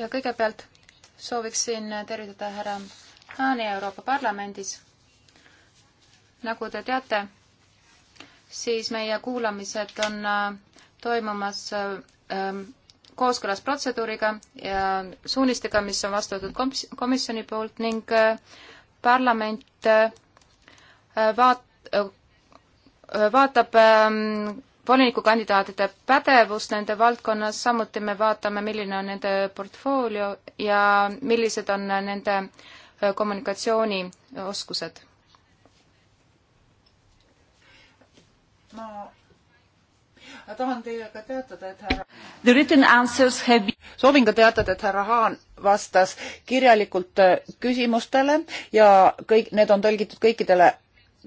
ja kõigepealt sooviksin tervitada härra Haani Euroopa Parlamendis. nagu te teate, siis meie kuulamised on äh, toimumas äh, ähm, kooskõlas protseduuriga ja suunistega, mis on vastu võetud komisjoni poolt ning äh, parlament vaat-, vaatab ähm, volinikukandidaatide pädevust nende valdkonnas, samuti me vaatame, milline on nende portfoolio ja millised on nende kommunikatsioonioskused. ma tahan teile ka teatada, et härra The written answers have been soovin ka teatada, et härra Haan vastas kirjalikult küsimustele ja kõik need on tõlgitud kõikidele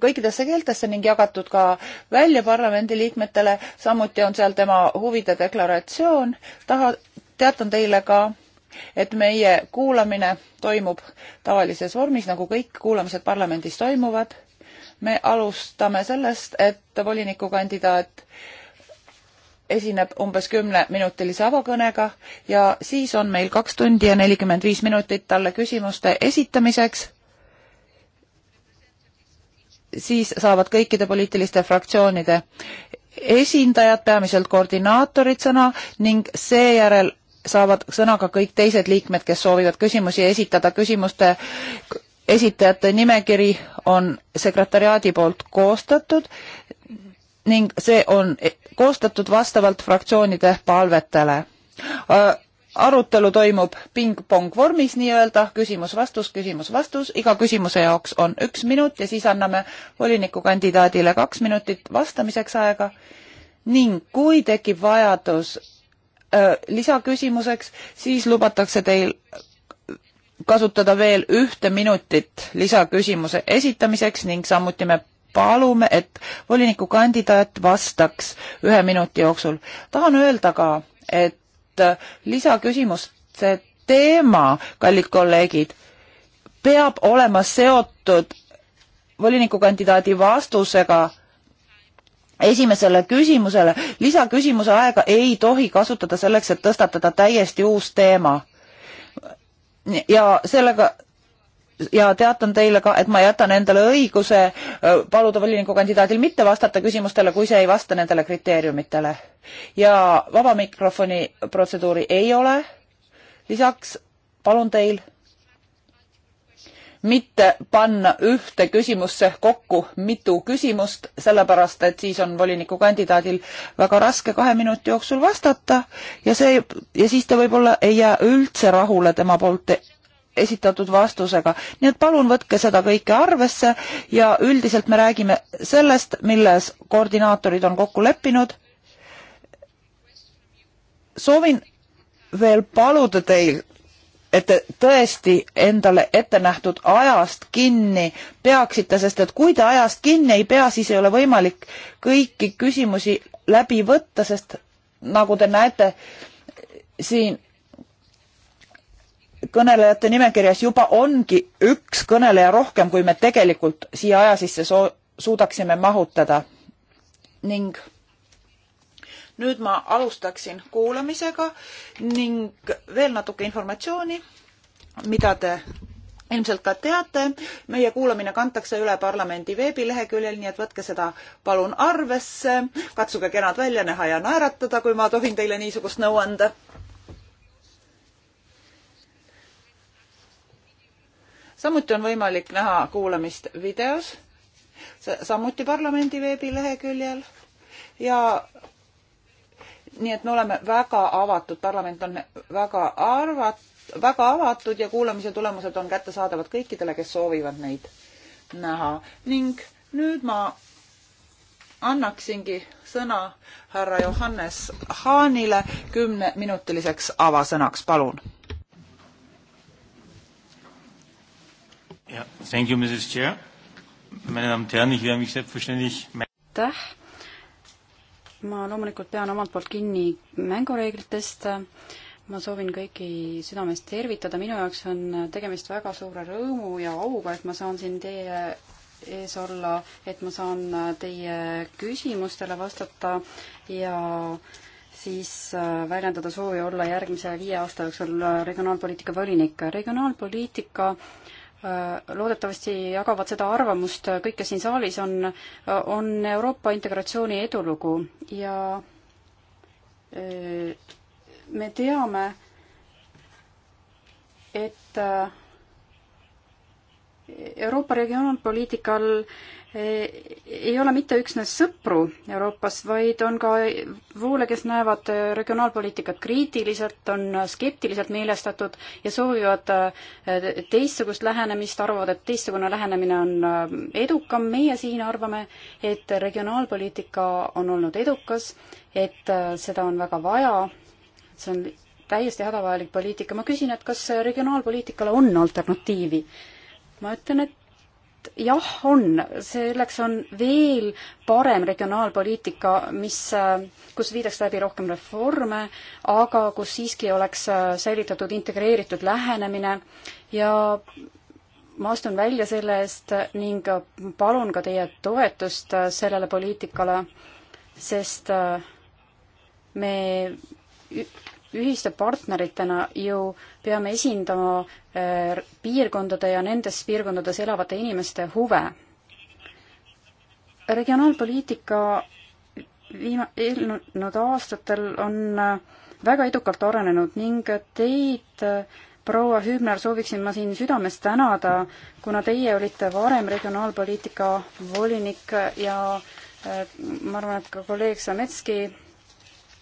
kõikidesse keeltesse ning jagatud ka välja parlamendi liikmetele. samuti on seal tema huvide deklaratsioon. taha, teatan teile ka, et meie kuulamine toimub tavalises vormis, nagu kõik kuulamised parlamendis toimuvad. me alustame sellest, et volinikukandidaat esineb umbes kümneminutilise avakõnega ja siis on meil kaks tundi ja nelikümmend viis minutit talle küsimuste esitamiseks siis saavad kõikide poliitiliste fraktsioonide esindajad, peamiselt koordinaatorid sõna ning seejärel saavad sõna ka kõik teised liikmed, kes soovivad küsimusi esitada. küsimuste esitajate nimekiri on sekretariaadi poolt koostatud ning see on koostatud vastavalt fraktsioonide palvetele. Äh, arutelu toimub ping-pong vormis nii-öelda, küsimus-vastus, küsimus-vastus, iga küsimuse jaoks on üks minut ja siis anname volinikukandidaadile kaks minutit vastamiseks aega ning kui tekib vajadus öö, äh, lisaküsimuseks, siis lubatakse teil kasutada veel ühte minutit lisaküsimuse esitamiseks ning samuti me palume, et volinikukandidaat vastaks ühe minuti jooksul. tahan öelda ka, et Äh, lisaküsimuste teema, kallid kolleegid, peab olema seotud volinikukandidaadi vastusega esimesele küsimusele. lisaküsimuse aega ei tohi kasutada selleks, et tõstatada täiesti uus teema. ja sellega ja teatan teile ka, et ma jätan endale õiguse paluda volinikukandidaadil mitte vastata küsimustele, kui see ei vasta nendele kriteeriumitele. ja vaba mikrofoni protseduuri ei ole. lisaks palun teil mitte panna ühte küsimusse kokku mitu küsimust, sellepärast et siis on volinikukandidaadil väga raske kahe minuti jooksul vastata ja see ja siis ta võib-olla ei jää üldse rahule tema poolt esitatud vastusega. nii et palun võtke seda kõike arvesse ja üldiselt me räägime sellest, milles koordinaatorid on kokku leppinud. soovin veel paluda teil, et te tõesti endale ettenähtud ajast kinni peaksite, sest et kui te ajast kinni ei pea, siis ei ole võimalik kõiki küsimusi läbi võtta, sest nagu te näete, siin kõnelejate nimekirjas juba ongi üks kõneleja rohkem, kui me tegelikult siia aja sisse so suudaksime mahutada. ning nüüd ma alustaksin kuulamisega ning veel natuke informatsiooni, mida te ilmselt ka teate, meie kuulamine kantakse üle parlamendi veebileheküljel, nii et võtke seda palun arvesse, katsuge kenad välja näha ja naeratada, kui ma tohin teile niisugust nõu anda samuti on võimalik näha kuulamist videos, samuti parlamendi veebileheküljel ja nii et me oleme väga avatud, parlament on väga arvat-, väga avatud ja kuulamise tulemused on kättesaadavad kõikidele, kes soovivad neid näha ning nüüd ma annaksingi sõna härra Johannes Haanile kümneminutiliseks avasõnaks, palun Yeah. Thank you, Mrs. Chair. Meine Damen und Herren, ich werde mich selbstverständlich... Aitäh! ma loomulikult pean omalt poolt kinni mängureeglitest. ma soovin kõiki südamest tervitada, minu jaoks on tegemist väga suure rõõmu ja auga, et ma saan siin teie ees olla, et ma saan teie küsimustele vastata ja siis äh, väljendada soovi olla järgmise viie aasta jooksul regionaalpoliitika volinik. regionaalpoliitika äh, Äh, loodetavasti jagavad seda arvamust kõik, kes siin saalis on, äh, on Euroopa integratsiooni edulugu ja äh, me teame, et äh, Euroopa regionaalpoliitikal eh, ei ole mitte üksnes sõpru Euroopas, vaid on ka voole, kes näevad regionaalpoliitikat kriitiliselt, on skeptiliselt meelestatud ja soovivad eh, teistsugust lähenemist, arvavad, et teistsugune lähenemine on eh, edukam. meie siin arvame, et regionaalpoliitika on olnud edukas, et seda on väga vaja, see on täiesti hädavajalik poliitika. ma küsin, et kas regionaalpoliitikale on alternatiivi? ma ütlen, et jah, on, selleks on veel parem regionaalpoliitika, mis, kus viidaks läbi rohkem reforme, aga kus siiski oleks säilitatud integreeritud lähenemine ja ma astun välja selle eest ning palun ka teie toetust sellele poliitikale, sest me ühiste partneritena ju peame esindama äh, piirkondade ja nendes piirkondades elavate inimeste huve. regionaalpoliitika viima-, eelnenud aastatel on äh, väga edukalt arenenud ning teid äh, proua Hübner, sooviksin ma siin südamest tänada, kuna teie olite varem regionaalpoliitika volinik ja ma arvan, et ka kolleeg Sametski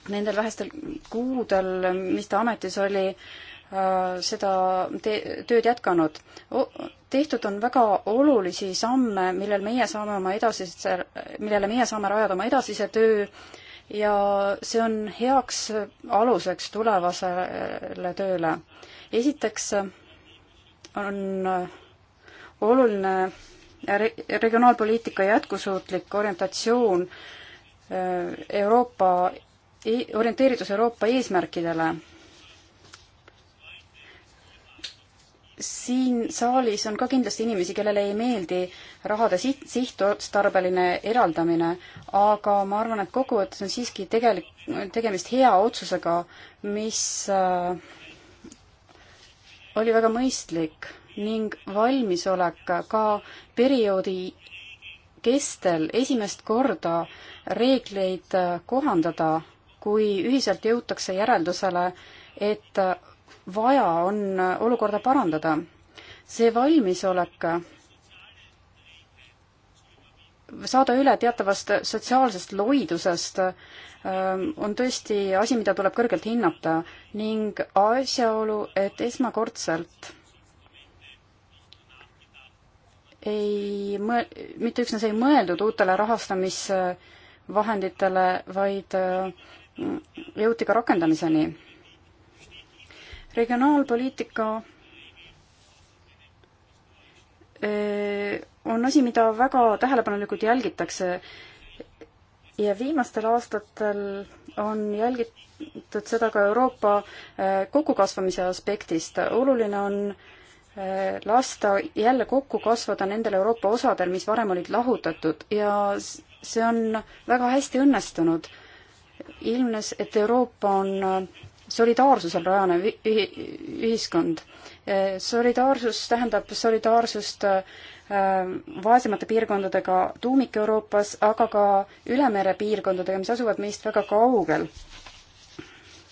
nendel vähestel kuudel, mis ta ametis oli, äh, seda te-, tööd jätkanud. Tehtud on väga olulisi samme, millel meie saame oma edasise, millele meie saame rajada oma edasise töö ja see on heaks aluseks tulevasele tööle. esiteks on oluline re-, regionaalpoliitika jätkusuutlik orientatsioon äh, Euroopa E-, orienteeritus Euroopa eesmärkidele. siin saalis on ka kindlasti inimesi, kellele ei meeldi rahade siht, sihtotstarbeline eraldamine, aga ma arvan, et kokkuvõttes on siiski tegelik, tegemist hea otsusega, mis äh, oli väga mõistlik ning valmisolek ka perioodi kestel esimest korda reegleid äh, kohandada kui ühiselt jõutakse järeldusele, et vaja on olukorda parandada. see valmisolek saada üle teatavast sotsiaalsest loidusest ähm, on tõesti asi, mida tuleb kõrgelt hinnata ning asjaolu, et esmakordselt ei mõe-, mitte üksnes ei mõeldud uutele rahastamisvahenditele, vaid äh, jõuti ka rakendamiseni. regionaalpoliitika eh, on asi, mida väga tähelepanelikult jälgitakse ja viimastel aastatel on jälgitud seda ka Euroopa eh, kokkukasvamise aspektist. oluline on eh, lasta jälle kokku kasvada nendel Euroopa osadel, mis varem olid lahutatud ja see on väga hästi õnnestunud ilmnes, et Euroopa on äh, solidaarsusel rajanev ühiskond. Äh, solidaarsus tähendab solidaarsust äh, vaesemate piirkondadega Tuumik-Euroopas, aga ka ülemere piirkondadega, mis asuvad meist väga kaugel.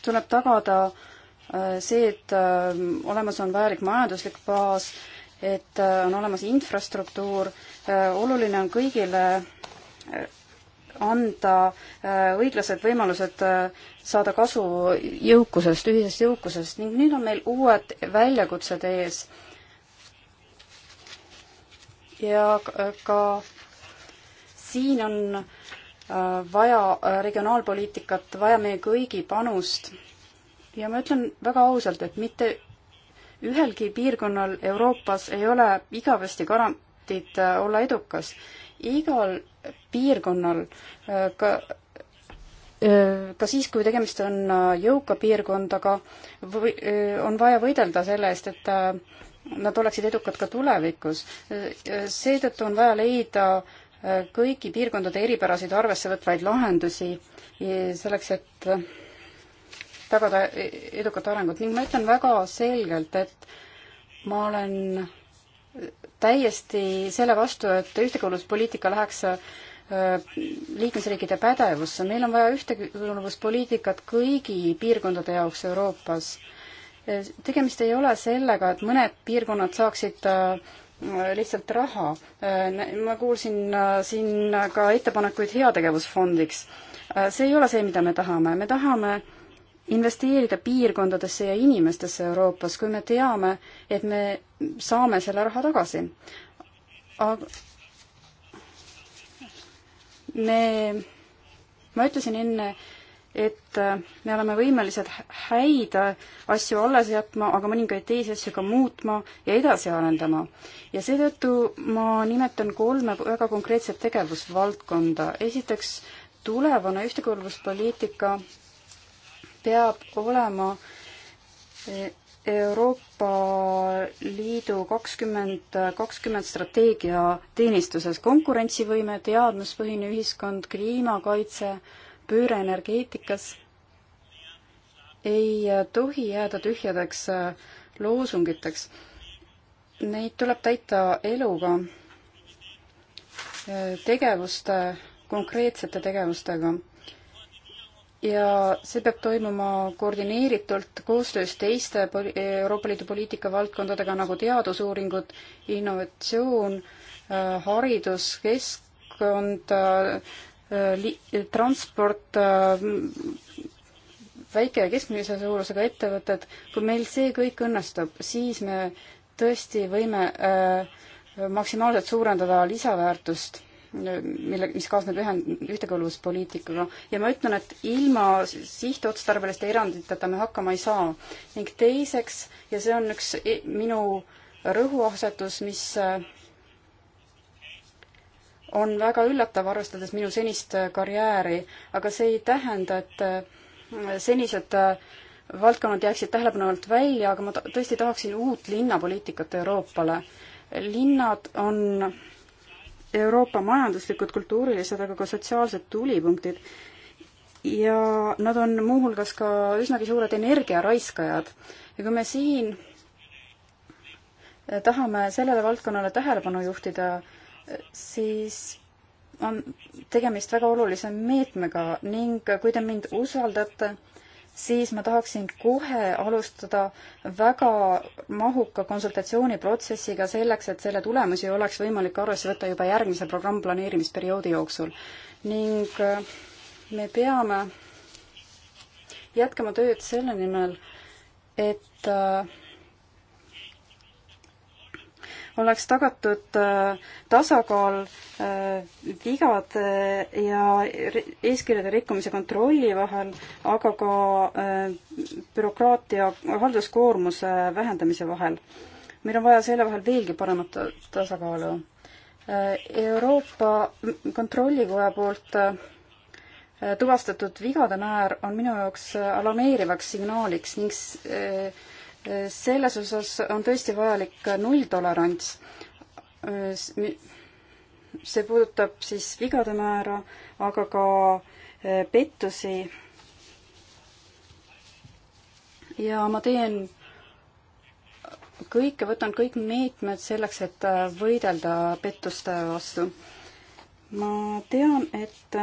tuleb tagada see, et olemas on vajalik majanduslik baas, et on olemas infrastruktuur, oluline on kõigile anda äh, õiglased võimalused äh, saada kasu jõukusest, ühisest jõukusest ning nüüd on meil uued väljakutsed ees. ja ka äh, siin on vaja regionaalpoliitikat, vaja meie kõigi panust. ja ma ütlen väga ausalt, et mitte ühelgi piirkonnal Euroopas ei ole igavesti garantiid olla edukas igal piirkonnal äh, ka äh, ka siis, kui tegemist on äh, jõuka piirkondaga, või on vaja võidelda selle eest, et nad oleksid edukad ka tulevikus. seetõttu on vaja leida kõigi piirkondade eripärasid arvesse võtvaid lahendusi selleks, et tagada e-, edukat arengut ning ma ütlen väga selgelt, et ma olen täiesti selle vastu, et ühtekuuluvuspoliitika läheks liikmesriikide pädevusse, meil on vaja ühtekuuluvuspoliitikat kõigi piirkondade jaoks Euroopas. E, tegemist ei ole sellega, et mõned piirkonnad saaksid lihtsalt raha. E, ma kuulsin äh, siin ka ettepanekuid heategevusfondiks. Äh, see ei ole see, mida me tahame, me tahame investeerida piirkondadesse ja inimestesse Euroopas, kui me teame, et me saame selle raha tagasi. aga me, ma ütlesin enne, et me oleme võimelised häid asju alles jätma, aga mõningaid teisi asju ka muutma ja edasi arendama. ja seetõttu ma nimetan kolme väga konkreetset tegevusvaldkonda. esiteks, tulevane ühtekuuluvuspoliitika peab olema Euroopa Liidu kakskümmend kakskümmend strateegia teenistuses konkurentsivõime, teadmuspõhine ühiskond, kliimakaitse, pööre energeetikas ei tohi jääda tühjadeks äh, loosungiteks. Neid tuleb täita eluga, äh, tegevuste, konkreetsete tegevustega ja see peab toimuma koordineeritult koostöös teiste Euroopa Liidu poliitikavaldkondadega nagu teadusuuringud, innovatsioon, äh, haridus, keskkond, äh, transport, äh, väike ja keskmise suurusega ettevõtted, kui meil see kõik õnnestub, siis me tõesti võime maksimaalselt suurendada lisaväärtust mille, mis kaasneb ühend-, ühtekuuluvuspoliitikaga. ja ma ütlen, et ilma sihtotstarbeliste eranditeta me hakkama ei saa. ning teiseks, ja see on üks minu rõhuasetus, mis äh, on väga üllatav, arvestades minu senist äh, karjääri, aga see ei tähenda, et äh, senised valdkonnad jääksid tähelepanu alt välja, aga ma tõesti tahaksin uut linnapoliitikat Euroopale. linnad on Euroopa majanduslikud, kultuurilised, aga ka sotsiaalsed tulipunktid. ja nad on muuhulgas ka üsnagi suured energiaraiskajad. ja kui me siin tahame sellele valdkonnale tähelepanu juhtida, siis on tegemist väga olulise meetmega ning kui te mind usaldate, siis ma tahaksin kohe alustada väga mahuka konsultatsiooniprotsessiga selleks, et selle tulemusi oleks võimalik arvesse võtta juba järgmise programm planeerimisperioodi jooksul. ning äh, me peame jätkama tööd selle nimel, et äh, oleks tagatud äh, tasakaal äh, vigade äh, ja eeskirjade rikkumise kontrolli vahel, aga ka bürokraatia halduskoormuse vähendamise vahel. meil on vaja selle vahel veelgi paremat tasakaalu. Euroopa Kontrollikoja poolt tuvastatud vigade määr on minu jaoks alarmeerivaks signaaliks ning selles osas on tõesti vajalik nulltolerants. see puudutab siis vigade määra, aga ka eh, pettusi. ja ma teen kõike, võtan kõik meetmed selleks, et eh, võidelda pettuste vastu. ma tean, et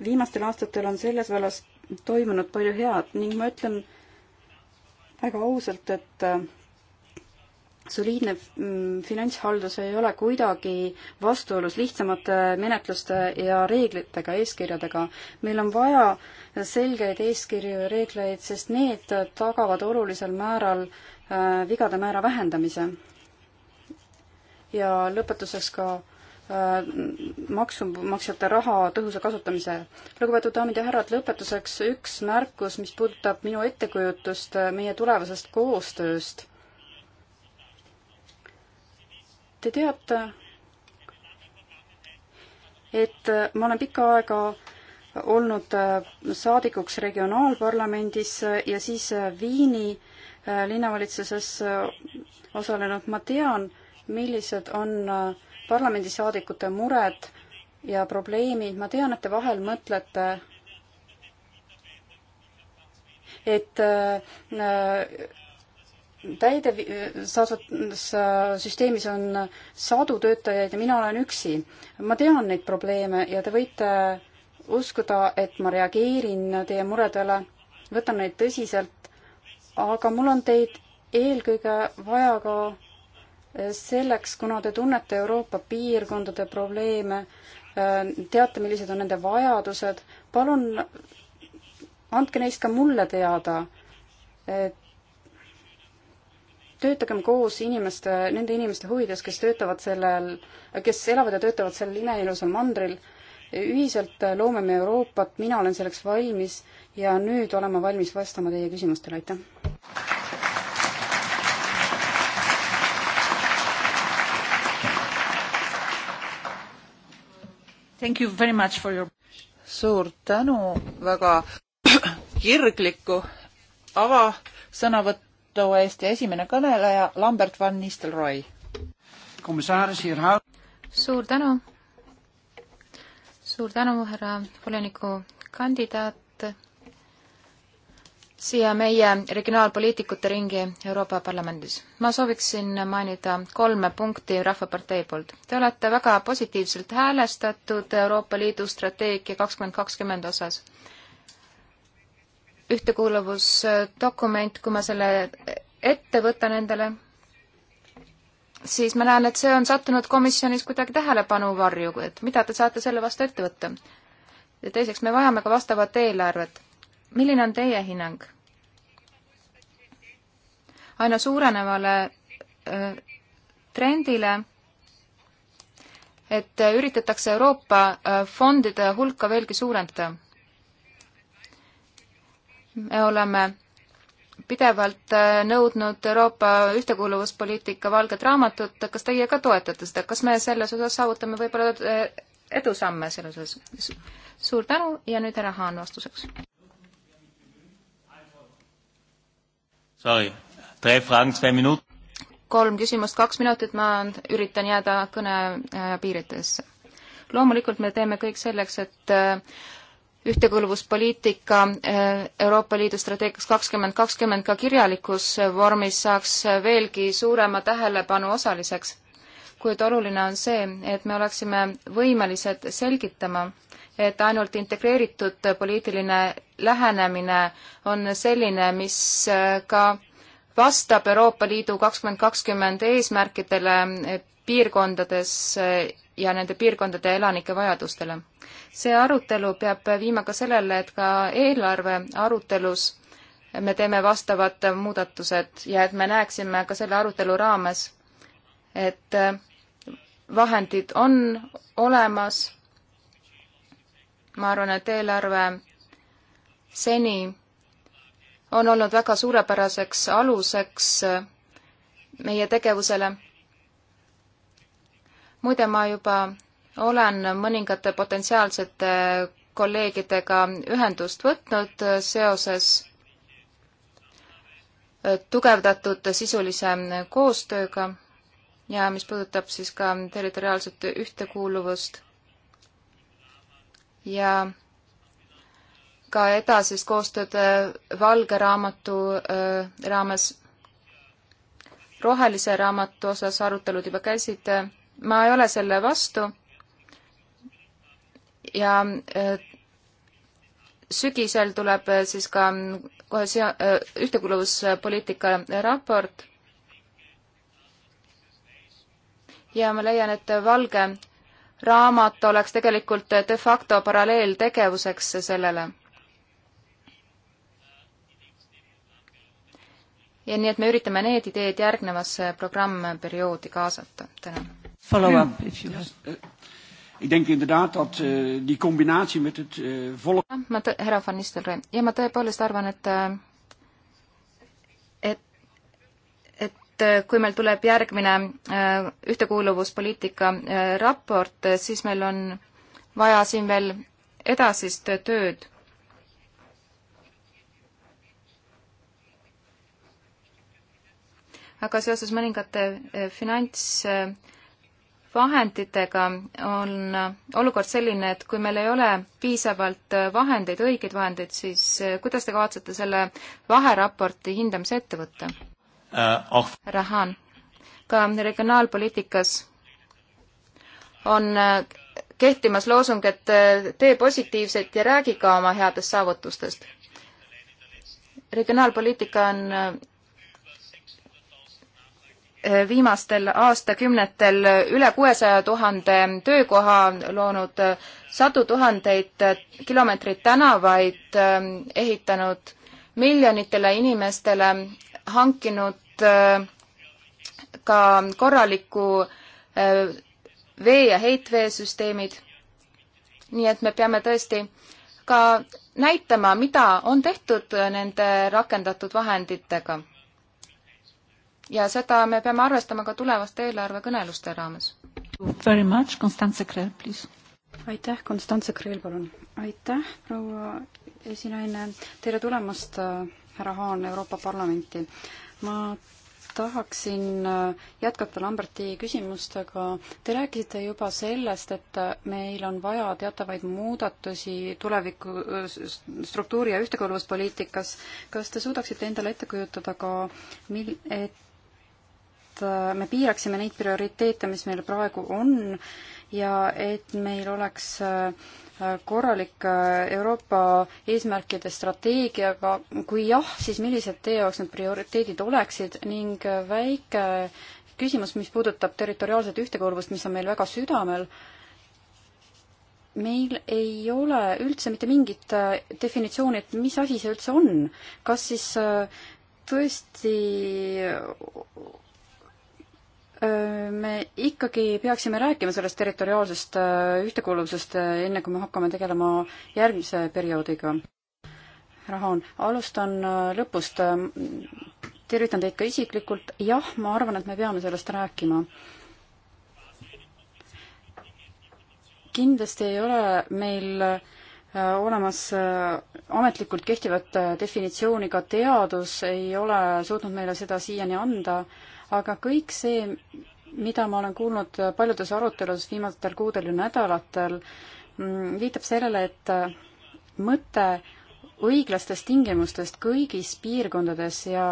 viimastel aastatel on selles vallas toimunud palju head ning ma ütlen, väga ausalt, et äh, soliidne mm, finantshaldus ei ole kuidagi vastuolus lihtsamate menetluste ja reeglitega, eeskirjadega. meil on vaja selgeid eeskirju ja reegleid, sest need tagavad olulisel määral äh, vigade määra vähendamise. ja lõpetuseks ka äh, Äh, maksumaksjate raha tõhusa kasutamise. lugupeetud daamid ja härrad, lõpetuseks üks märkus, mis puudutab minu ettekujutust äh, meie tulevasest koostööst. Te teate, et äh, ma olen pikka aega olnud saadikuks regionaalparlamendis ja siis Viini linnavalitsuses osalenud, ma tean, millised on äh, parlamendisaadikute mured ja probleemid, ma tean, et te vahel mõtlete, et äh, täidev-, saadetus äh, süsteemis on sadu töötajaid ja mina olen üksi. ma tean neid probleeme ja te võite uskuda, et ma reageerin teie muredele, võtan neid tõsiselt, aga mul on teid eelkõige vaja ka selleks, kuna te tunnete Euroopa piirkondade probleeme, äh, teate, millised on nende vajadused, palun andke neist ka mulle teada. töötagem koos inimeste, nende inimeste huvides, kes töötavad sellel, kes elavad ja töötavad sellel imeilusal mandril. ühiselt loome me Euroopat, mina olen selleks valmis ja nüüd olen ma valmis vastama teie küsimustele, aitäh! Your... suur tänu väga kirgliku avasõnavõtu eest ja esimene kõneleja Lambert van Nistelrooy. suur tänu. suur tänu, härra volinikukandidaat siia meie regionaalpoliitikute ringi Euroopa Parlamendis. ma sooviksin mainida kolme punkti Rahvapartei poolt. Te olete väga positiivselt häälestatud Euroopa Liidu strateegia kakskümmend kakskümmend osas. ühtekuuluvusdokument, kui ma selle ette võtan endale, siis ma näen, et see on sattunud komisjonis kuidagi tähelepanu varju, et mida te saate selle vastu ette võtta. ja teiseks, me vajame ka vastavat eelarvet milline on teie hinnang? aina suurenevale trendile, et üritatakse Euroopa fondide hulka veelgi suurendada. me oleme pidevalt nõudnud Euroopa ühtekuuluvuspoliitika valget raamatut, kas teie ka toetate seda, kas me selles osas saavutame võib-olla edusamme selles osas? suur tänu ja nüüd härra Haan vastuseks Sorry, tre fragen, zwei minut. kolm küsimust, kaks minutit, ma üritan jääda kõne äh, piiridesse. loomulikult me teeme kõik selleks, et äh, ühtekuuluvuspoliitika äh, Euroopa Liidu strateegias kakskümmend kakskümmend ka kirjalikus vormis saaks veelgi suurema tähelepanu osaliseks kuid oluline on see, et me oleksime võimelised selgitama, et ainult integreeritud poliitiline lähenemine on selline, mis äh, ka vastab Euroopa Liidu kakskümmend kakskümmend eesmärkidele piirkondades äh, ja nende piirkondade elanike vajadustele. see arutelu peab viima ka sellele, et ka eelarve arutelus me teeme vastavad muudatused ja et me näeksime ka selle arutelu raames, et äh, vahendid on olemas, ma arvan, et eelarve seni on olnud väga suurepäraseks aluseks meie tegevusele. muide, ma juba olen mõningate potentsiaalsete kolleegidega ühendust võtnud seoses tugevdatud sisulise koostööga ja mis puudutab siis ka territoriaalset ühtekuuluvust ja ka edasist koostööd äh, Valge raamatu äh, raames. rohelise raamatu osas arutelud juba käisid, ma ei ole selle vastu ja äh, sügisel tuleb siis ka kohe sea-, ühtekuuluvuspoliitika raport ja ma leian, et valge raamat oleks tegelikult de facto paralleeltegevuseks sellele ja nii, et me üritame need ideed järgnevasse programmperioodi kaasata. tänan. Follow-up hmm. if you have. Ik denk inderdaad dat uh, die combinatie met het uh, eh, volk... Ma härra Van Nistelrooy, ja ma tõepoolest arvan, et, eh, et, et kui meil tuleb järgmine äh, ühtekuuluvuspoliitika äh, raport, siis meil on vaja siin veel edasist tööd aga seoses mõningate eh, finantsvahenditega on eh, olukord selline, et kui meil ei ole piisavalt eh, vahendeid, õigeid vahendeid, siis kuidas te kavatsete selle vaheraporti hindamise ette võtta uh,? Oh. Rahan, ka regionaalpoliitikas on kehtimas loosung, et tee positiivset ja räägi ka oma headest saavutustest. regionaalpoliitika on viimastel aastakümnetel üle kuuesaja tuhande töökoha loonud, sadu tuhandeid kilomeetreid tänavaid ähm, ehitanud, miljonitele inimestele hankinud äh, ka korraliku äh, vee- ja heitveesüsteemid. nii et me peame tõesti ka näitama, mida on tehtud äh, nende rakendatud vahenditega ja seda me peame arvestama ka tulevaste eelarvekõneluste raames. Very much, Konstantse Kreel, please. aitäh, Konstantse Kreel, palun. aitäh, proua esinaine, tere tulemast, äh, härra Haan, Euroopa Parlamenti. ma tahaksin äh, jätkata Lamberti küsimustega. Te rääkisite juba sellest, et äh, meil on vaja teatavaid muudatusi tuleviku struktuuri- ja ühtekuuluvuspoliitikas. kas te suudaksite endale ette kujutada ka, mil-, et et äh, me piiraksime neid prioriteete, mis meil praegu on ja et meil oleks äh, korralik äh, Euroopa eesmärkide strateegiaga, kui jah, siis millised teie jaoks need prioriteedid oleksid ning väike küsimus, mis puudutab territoriaalset ühtekuuluvust, mis on meil väga südamel, meil ei ole üldse mitte mingit definitsiooni, et mis asi see üldse on. kas siis tõesti me ikkagi peaksime rääkima sellest territoriaalsest ühtekuuluvusest, enne kui me hakkame tegelema järgmise perioodiga. Rahan, alustan lõpust. tervitan teid ka isiklikult. jah, ma arvan, et me peame sellest rääkima. kindlasti ei ole meil olemas ametlikult kehtivat definitsiooni, ka teadus ei ole suutnud meile seda siiani anda aga kõik see, mida ma olen kuulnud paljudes arutelus viimastel kuudel ja nädalatel, mm, viitab sellele, et mõte õiglastest tingimustest kõigis piirkondades ja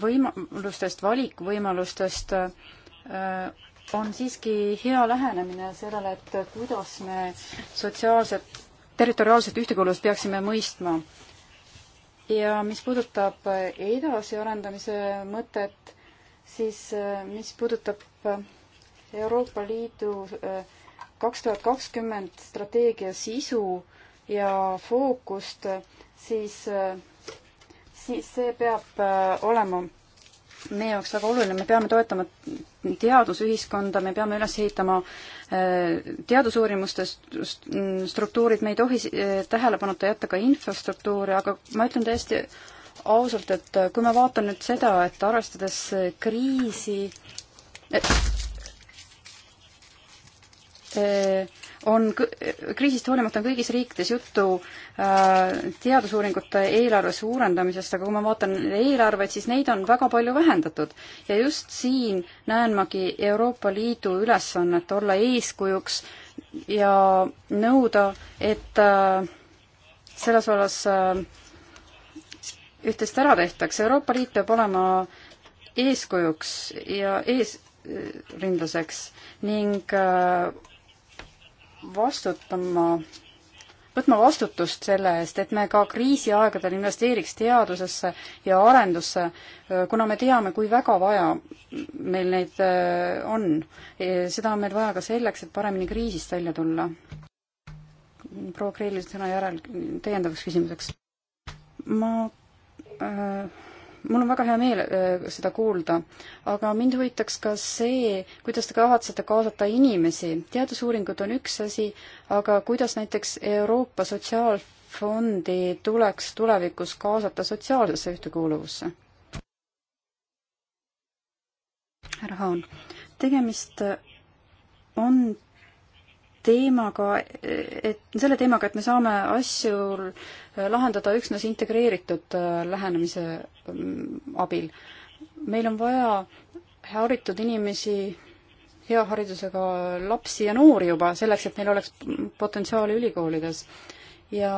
võimalustest, valikvõimalustest äh, on siiski hea lähenemine sellele, et kuidas me sotsiaalset, territoriaalset ühtekuuluvust peaksime mõistma. ja mis puudutab edasiarendamise mõtet, siis äh, mis puudutab äh, Euroopa Liidu äh, kaks tuhat kakskümmend strateegia sisu ja fookust, siis, siis see peab olema meie jaoks väga oluline, me peame toetama teadusühiskonda, me peame üles ehitama teadusuurimuste struktuurid, me ei tohi tähelepanuta jätta ka infrastruktuuri, aga ma ütlen täiesti ausalt, et kui ma vaatan nüüd seda, et arvestades kriisi eh, on, kriisist hoolimata on kõigis riikides juttu äh, teadusuuringute eelarve suurendamisest, aga kui ma vaatan eelarveid, siis neid on väga palju vähendatud. ja just siin näen magi Euroopa Liidu ülesannet olla eeskujuks ja nõuda, et äh, selles vallas äh, üht-teist ära tehtaks. Euroopa Liit peab olema eeskujuks ja eesrindlaseks ning äh, vastutama, võtma vastutust selle eest, et me ka kriisiaegadel investeeriks teadusesse ja arendusse, äh, kuna me teame, kui väga vaja meil neid äh, on. seda on meil vaja ka selleks, et paremini kriisist välja tulla. proua Kreelil sõna järel täiendavaks küsimuseks. ma Äh, mul on väga hea meel äh, seda kuulda, aga mind huvitaks ka see, kuidas te kavatsete kaasata inimesi. teadusuuringud on üks asi, aga kuidas näiteks Euroopa Sotsiaalfondi tuleks tulevikus kaasata sotsiaalsesse ühtekuuluvusse? härra Haan, tegemist on teemaga, et selle teemaga, et me saame asju äh, lahendada üksnes integreeritud äh, lähenemise mm, abil. meil on vaja haritud inimesi, hea haridusega lapsi ja noori juba, selleks et neil oleks potentsiaali ülikoolides. ja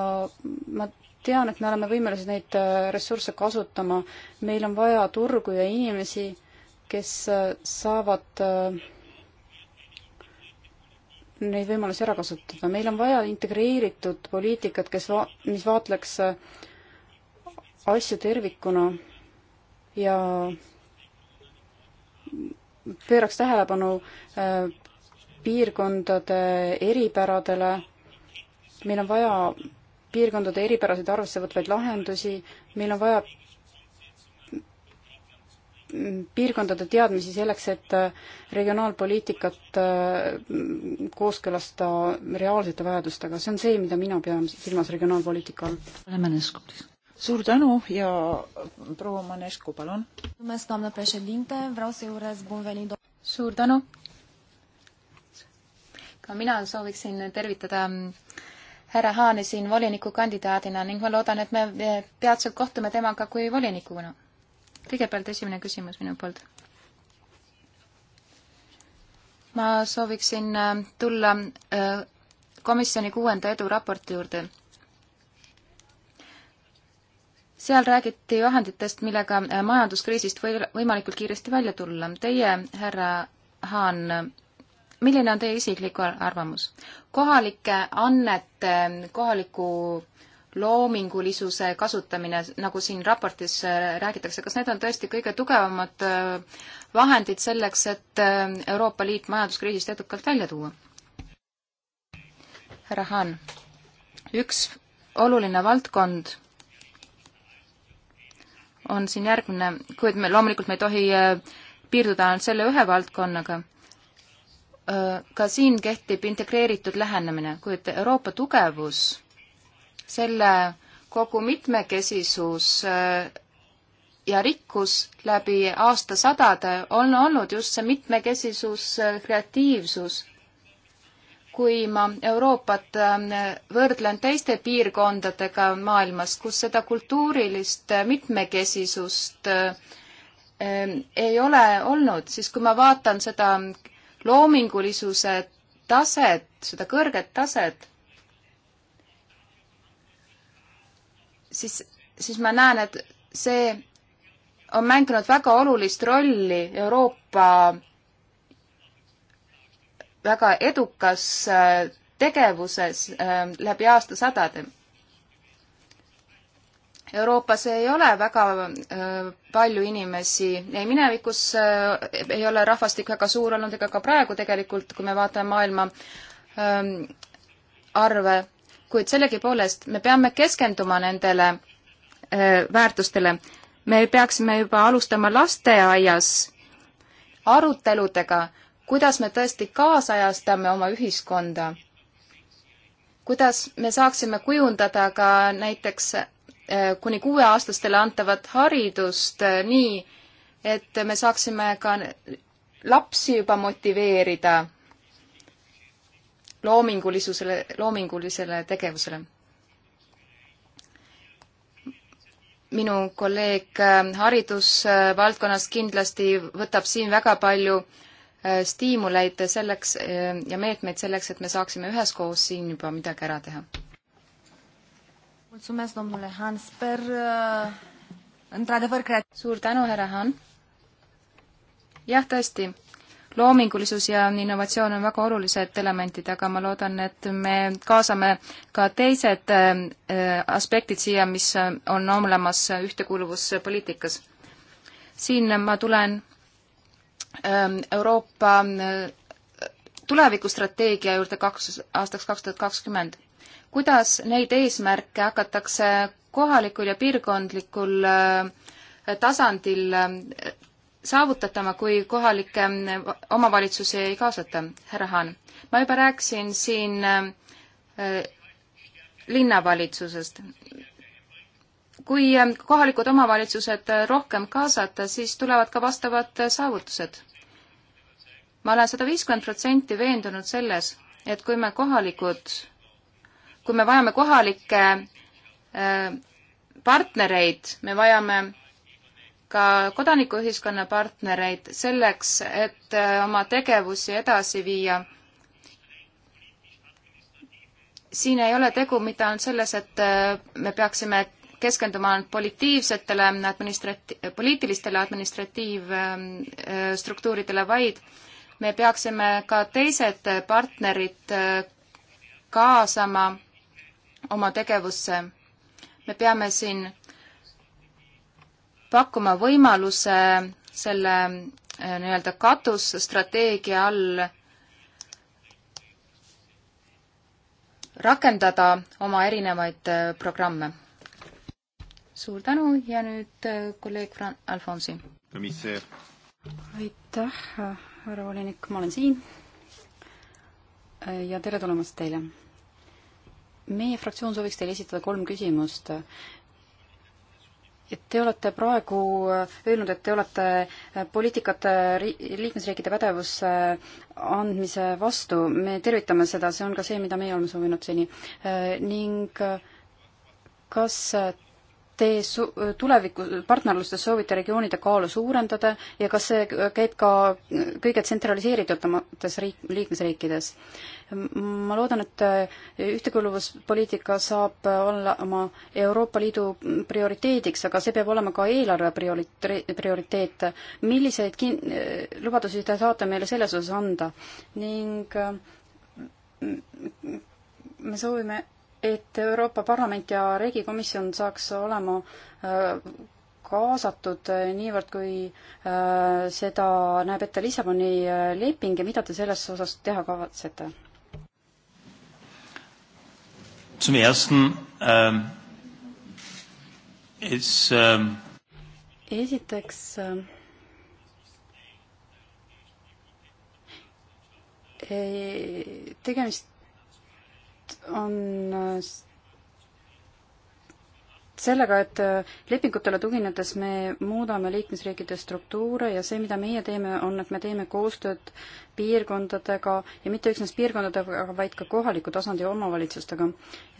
ma tean, et me oleme võimelised neid äh, ressursse kasutama, meil on vaja turgu ja inimesi, kes saavad äh, neid võimalusi ära kasutada. meil on vaja integreeritud poliitikat, kes va-, mis vaatleks äh, asju tervikuna ja pööraks tähelepanu äh, piirkondade eripäradele. meil on vaja piirkondade eripärasid arvesse võtvaid lahendusi, meil on vaja piirkondade teadmisi selleks, et äh, regionaalpoliitikat äh, kooskõlastada reaalsete vajadustega, see on see, mida mina pean silmas regionaalpoliitika all. suur tänu ja proua Manescu, palun. suur tänu. ka mina sooviksin tervitada mm, härra Haane siin volinikukandidaadina ning ma loodan, et me peatselt kohtume temaga kui volinikuga kõigepealt esimene küsimus minu poolt. ma sooviksin äh, tulla äh, komisjoni kuuenda eduraporti juurde. seal räägiti vahenditest, millega äh, majanduskriisist või võimalikult kiiresti välja tulla. Teie, härra Haan, milline on teie isiklik arvamus? kohalike annete, kohaliku loomingulisuse kasutamine, nagu siin raportis äh, räägitakse, kas need on tõesti kõige tugevamad äh, vahendid selleks, et äh, Euroopa Liit majanduskriisist edukalt välja tuua? härra Hahn, üks oluline valdkond on siin järgmine, kuid me loomulikult me ei tohi piirduda ainult selle ühe valdkonnaga ka siin kehtib integreeritud lähenemine, kuid Euroopa tugevus selle kogu mitmekesisus äh, ja rikkus läbi aastasadade on olnud just see mitmekesisus, äh, kreatiivsus. kui ma Euroopat äh, võrdlen teiste piirkondadega maailmas, kus seda kultuurilist mitmekesisust ei ole olnud, siis kui ma vaatan seda loomingulisuse taset, seda kõrget taset, siis, siis ma näen, et see on mänginud väga olulist rolli Euroopa väga edukas äh, tegevuses äh, läbi aastasadade. Euroopas ei ole väga äh, palju inimesi, ei minevikus ei ole rahvastik väga suur olnud ega ka praegu tegelikult, kui me vaatame maailma ähm, arve kuid sellegipoolest me peame keskenduma nendele väärtustele. me peaksime juba alustama lasteaias aruteludega, kuidas me tõesti kaasajastame oma ühiskonda. kuidas me saaksime kujundada ka näiteks kuni kuueaastastele antavat haridust nii, et me saaksime ka lapsi juba motiveerida loomingulisusele, loomingulisele tegevusele. minu kolleeg äh, haridusvaldkonnas äh, kindlasti võtab siin väga palju äh, stiimuleid selleks ja meetmeid selleks, et me saaksime üheskoos siin juba midagi ära teha. suur tänu, härra Han! jah, tõesti loomingulisus ja innovatsioon on väga olulised elemendid, aga ma loodan, et me kaasame ka teised äh, aspektid siia, mis on olemas ühtekuuluvuspoliitikas. siin ma tulen ähm, Euroopa äh, tulevikustrateegia juurde kaks, aastaks kaks tuhat kakskümmend. kuidas neid eesmärke hakatakse kohalikul ja piirkondlikul äh, tasandil saavutatama, kui kohalikke mm, omavalitsusi ei kaasata. härra Haan, ma juba rääkisin siin äh, linnavalitsusest. kui äh, kohalikud omavalitsused rohkem kaasata, siis tulevad ka vastavad saavutused. ma olen sada viiskümmend protsenti veendunud selles, et kui me kohalikud, kui me vajame kohalikke äh, partnereid, me vajame ka kodanikuühiskonna partnereid selleks, et äh, oma tegevusi edasi viia. siin ei ole tegu mitte ainult selles, et äh, me peaksime keskenduma ainult politiivsetele administrati-, poliitilistele administratiivstruktuuridele, ähm, äh, vaid me peaksime ka teised partnerid kaasama oma tegevusse. me peame siin pakkuma võimaluse selle eh, nii-öelda katusstrateegia all rakendada oma erinevaid eh, programme. suur tänu ja nüüd eh, kolleeg Fran-, Alfonsi. aitäh, härra volinik, ma olen siin. ja tere tulemast teile meie fraktsioon sooviks teile esitada kolm küsimust et te olete praegu äh, öelnud, et te olete äh, poliitikate äh, liikmesriikide pädevusse andmise vastu, me tervitame seda, see on ka see, mida meie oleme soovinud seni, ning kas te su-, tuleviku partnerlustes soovite regioonide kaalu suurendada ja kas see käib ka kõige tsentraliseeritumate riik, liikmesriikides? ma loodan, et äh, ühtekuuluvuspoliitika saab olla oma Euroopa Liidu prioriteediks, aga see peab olema ka eelarve prioriteet, prioriteet. milliseid kin-, äh, lubadusi te saate meile selles osas anda? ning äh, me soovime et Euroopa Parlament ja Riigikomisjon saaks olema äh, kaasatud äh, niivõrd, kui äh, seda näeb ette Lissaboni leping ja mida te selles osas teha kavatsete? Zum ersten ähm, ist ähm esiteks äh, tegemist on äh, sellega, et äh, lepingutele tuginedes me muudame liikmesriikide struktuure ja see, mida meie teeme, on, et me teeme koostööd piirkondadega ja mitte üksnes piirkondadega, vaid ka kohaliku tasandi omavalitsustega.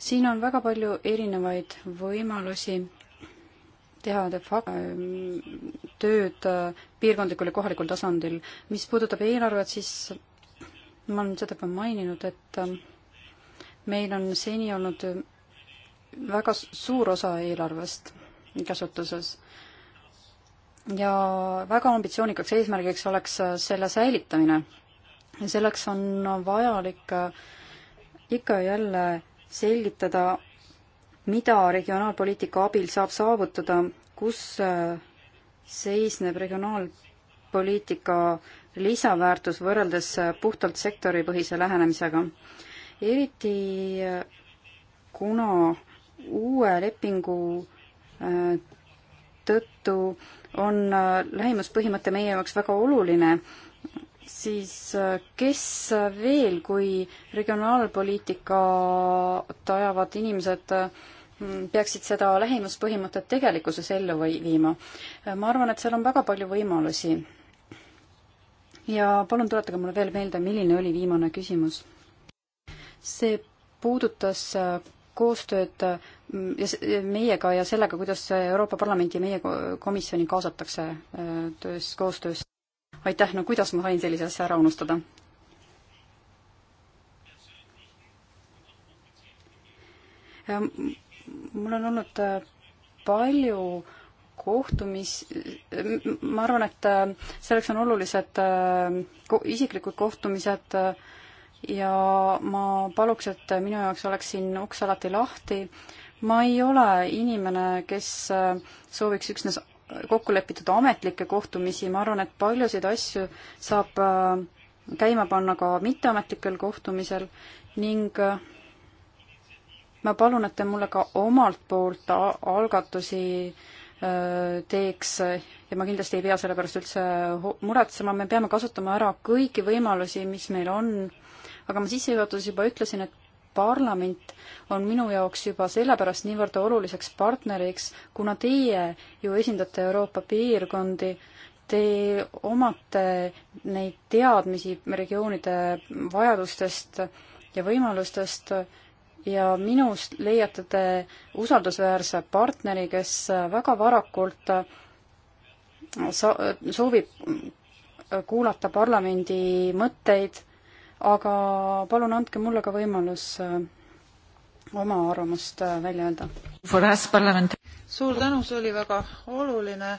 siin on väga palju erinevaid võimalusi teha de facto ähm, tööd äh, piirkondlikul ja kohalikul tasandil. mis puudutab eelarvet, siis ma olen seda juba maininud, et ähm, meil on seni olnud väga suur osa eelarvest kasutuses ja väga ambitsioonikaks eesmärgiks oleks selle säilitamine. selleks on vajalik ikka ja jälle selgitada, mida regionaalpoliitika abil saab saavutada, kus seisneb regionaalpoliitika lisaväärtus võrreldes puhtalt sektoripõhise lähenemisega eriti äh, kuna uue lepingu äh, tõttu on äh, lähimuspõhimõte meie jaoks väga oluline, siis kes veel kui regionaalpoliitikat ajavad inimesed peaksid seda lähimuspõhimõtet tegelikkuses ellu või viima. ma arvan, et seal on väga palju võimalusi. ja palun tuletage mulle veel meelde, milline oli viimane küsimus see puudutas äh, koostööd mm, meiega ja sellega, kuidas Euroopa Parlamenti ja meie komisjoni kaasatakse äh, töös, koostöös. aitäh, no kuidas ma sain sellise asja ära unustada? mul on olnud äh, palju kohtumis, ma arvan, et selleks on olulised isiklikud kohtumised äh, ja ma paluks, et minu jaoks oleks siin uks alati lahti. ma ei ole inimene, kes äh, sooviks üksnes kokku lepitud ametlikke kohtumisi, ma arvan, et paljusid asju saab äh, käima panna ka mitteametlikel kohtumisel ning äh, ma palun, et te mulle ka omalt poolt algatusi teeks ja ma kindlasti ei pea selle pärast üldse muretsema, me peame kasutama ära kõiki võimalusi, mis meil on aga ma sissejuhatuses juba ütlesin, et parlament on minu jaoks juba sellepärast niivõrd oluliseks partneriks, kuna teie ju esindate Euroopa piirkondi, te omate neid teadmisi regioonide vajadustest ja võimalustest ja minust leiate te usaldusväärse partneri, kes väga varakult sa-, soovib kuulata parlamendi mõtteid aga palun andke mulle ka võimalus äh, oma arvamust äh, välja öelda. suur tänu, see oli väga oluline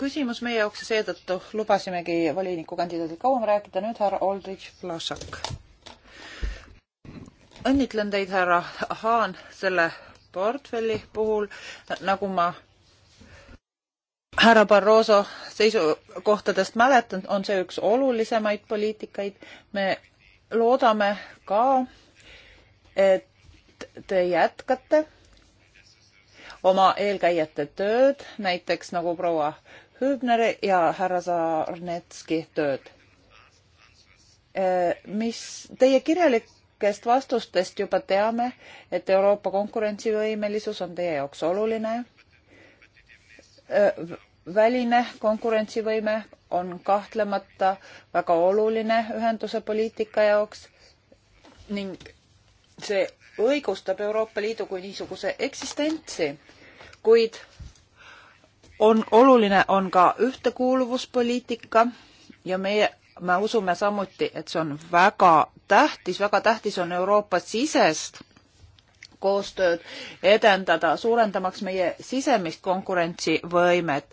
küsimus meie jaoks ja seetõttu lubasimegi volinikukandidaadil kauem rääkida. nüüd härra Oldrich Vlasak. õnnitlen teid, härra Haan, selle portfelli puhul, nagu ma härra Barroso seisukohtadest mäletan, on see üks olulisemaid poliitikaid. me loodame ka, et te jätkate oma eelkäijate tööd, näiteks nagu proua Hübneri ja härra Sarnetski tööd. Äh, mis teie kirjalikest vastustest juba teame, et Euroopa konkurentsivõimelisus on teie jaoks oluline väline konkurentsivõime on kahtlemata väga oluline ühenduse poliitika jaoks ning see õigustab Euroopa Liidu kui niisuguse eksistentsi, kuid on oluline, on ka ühtekuuluvuspoliitika ja meie, me usume samuti, et see on väga tähtis, väga tähtis on Euroopa sisest koostööd edendada, suurendamaks meie sisemist konkurentsivõimet.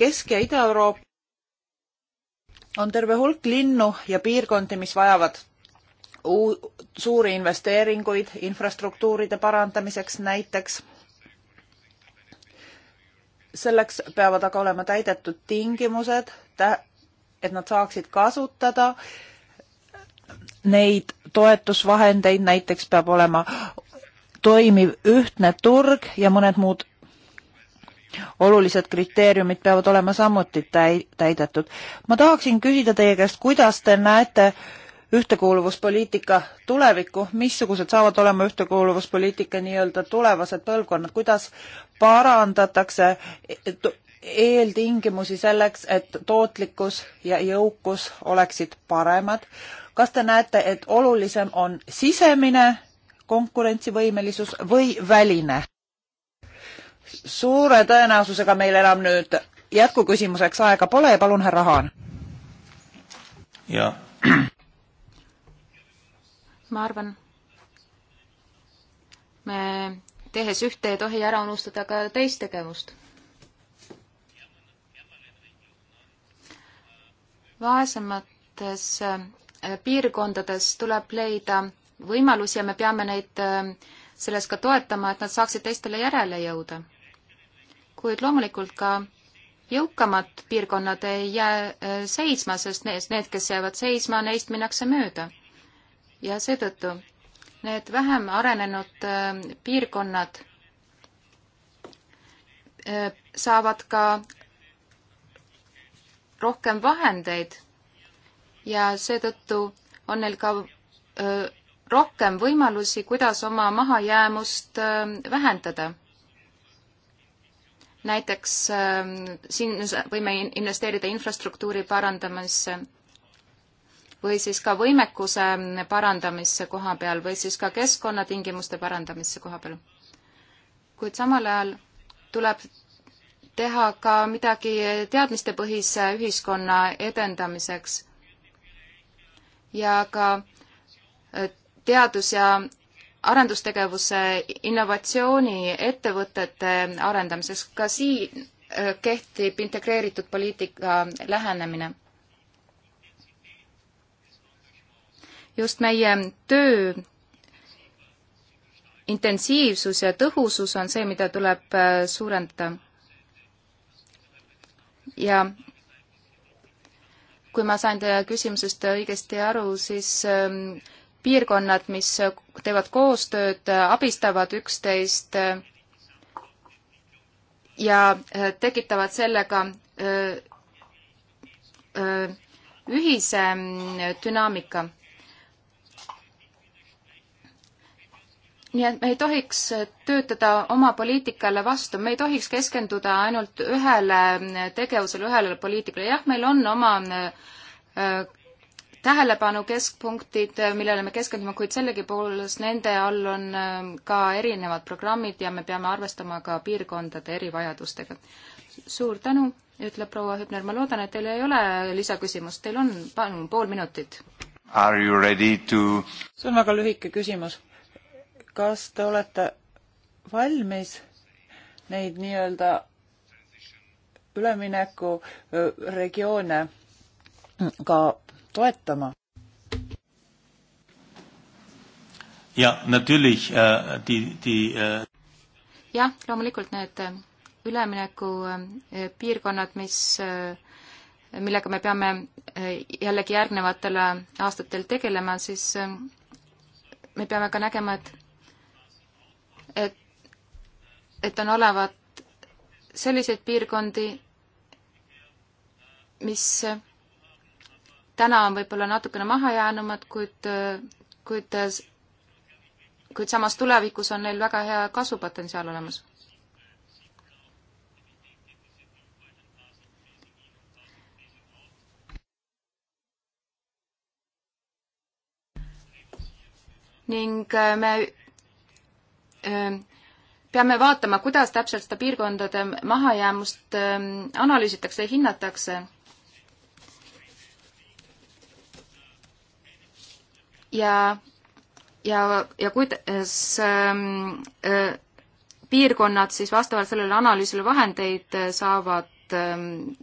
Kesk- ja Ida-Euroopa on terve hulk linnu ja piirkondi, mis vajavad suuri investeeringuid infrastruktuuride parandamiseks näiteks. selleks peavad aga olema täidetud tingimused, et nad saaksid kasutada neid toetusvahendeid, näiteks peab olema toimiv ühtne turg ja mõned muud olulised kriteeriumid peavad olema samuti täidetud. ma tahaksin küsida teie käest, kuidas te näete ühtekuuluvuspoliitika tulevikku, missugused saavad olema ühtekuuluvuspoliitika nii-öelda tulevased põlvkonnad, kuidas parandatakse eeltingimusi selleks, et tootlikkus ja jõukus oleksid paremad. kas te näete, et olulisem on sisemine konkurentsivõimelisus või väline. suure tõenäosusega meil enam nüüd jätkuküsimuseks aega pole ja palun, härra Haan. jaa. ma arvan, me tehes ühte ei tohi ära unustada ka teist tegevust. vaesemates piirkondades tuleb leida võimalusi ja me peame neid ähm, selles ka toetama, et nad saaksid teistele järele jõuda. kuid loomulikult ka jõukamad piirkonnad ei jää äh, seisma, sest need, need, kes jäävad seisma, neist minnakse mööda. ja seetõttu need vähem arenenud ähm, piirkonnad äh, saavad ka rohkem vahendeid ja seetõttu on neil ka öö, äh, rohkem võimalusi, kuidas oma mahajäämust äh, vähendada. näiteks äh, siin võime investeerida infrastruktuuri parandamisse või siis ka võimekuse mm, parandamisse koha peal või siis ka keskkonnatingimuste parandamisse koha peal. kuid samal ajal tuleb teha ka midagi teadmistepõhise ühiskonna edendamiseks ja ka äh, teadus- ja arendustegevuse innovatsiooni ettevõtete arendamiseks, ka siin äh, kehtib integreeritud poliitika lähenemine. just meie töö intensiivsus ja tõhusus on see, mida tuleb äh, suurendada. ja kui ma sain teie küsimusest õigesti aru, siis ähm, piirkonnad, mis teevad koostööd, abistavad üksteist äh, ja äh, tekitavad sellega äh, ühise mm, dünaamika. nii et me ei tohiks töötada oma poliitikale vastu, me ei tohiks keskenduda ainult ühele mm, tegevusele, ühele poliitikale, jah, meil on oma mm, tähelepanu keskpunktid, millele me keskendume, kuid sellegipoolest nende all on ähm, ka erinevad programmid ja me peame arvestama ka piirkondade erivajadustega. suur tänu, ütleb proua Hübner, ma loodan, et teil ei ole lisaküsimust, teil on palun pool minutit. Are you ready to? see on väga lühike küsimus. kas te olete valmis neid nii-öelda üleminekuregioone äh, ka toetama. ja, natürlich äh,, die, die äh... jah, loomulikult need äh, üleminekupiirkonnad, äh, mis, äh, millega me peame jällegi järgnevatele aastatel tegelema, siis me peame ka nägema, et, et, et on olevat selliseid piirkondi, mis täna on võib-olla natukene mahajäänumad, kuid, kuid, kuid samas tulevikus on neil väga hea kasvupotentsiaal olemas. ning äh, me äh, peame vaatama, kuidas täpselt seda piirkondade mahajäämust ähm, analüüsitakse ja hinnatakse ja, ja, ja kuidas ähm, äh, piirkonnad siis vastavalt sellele analüüsile vahendeid äh, saavad ähm,,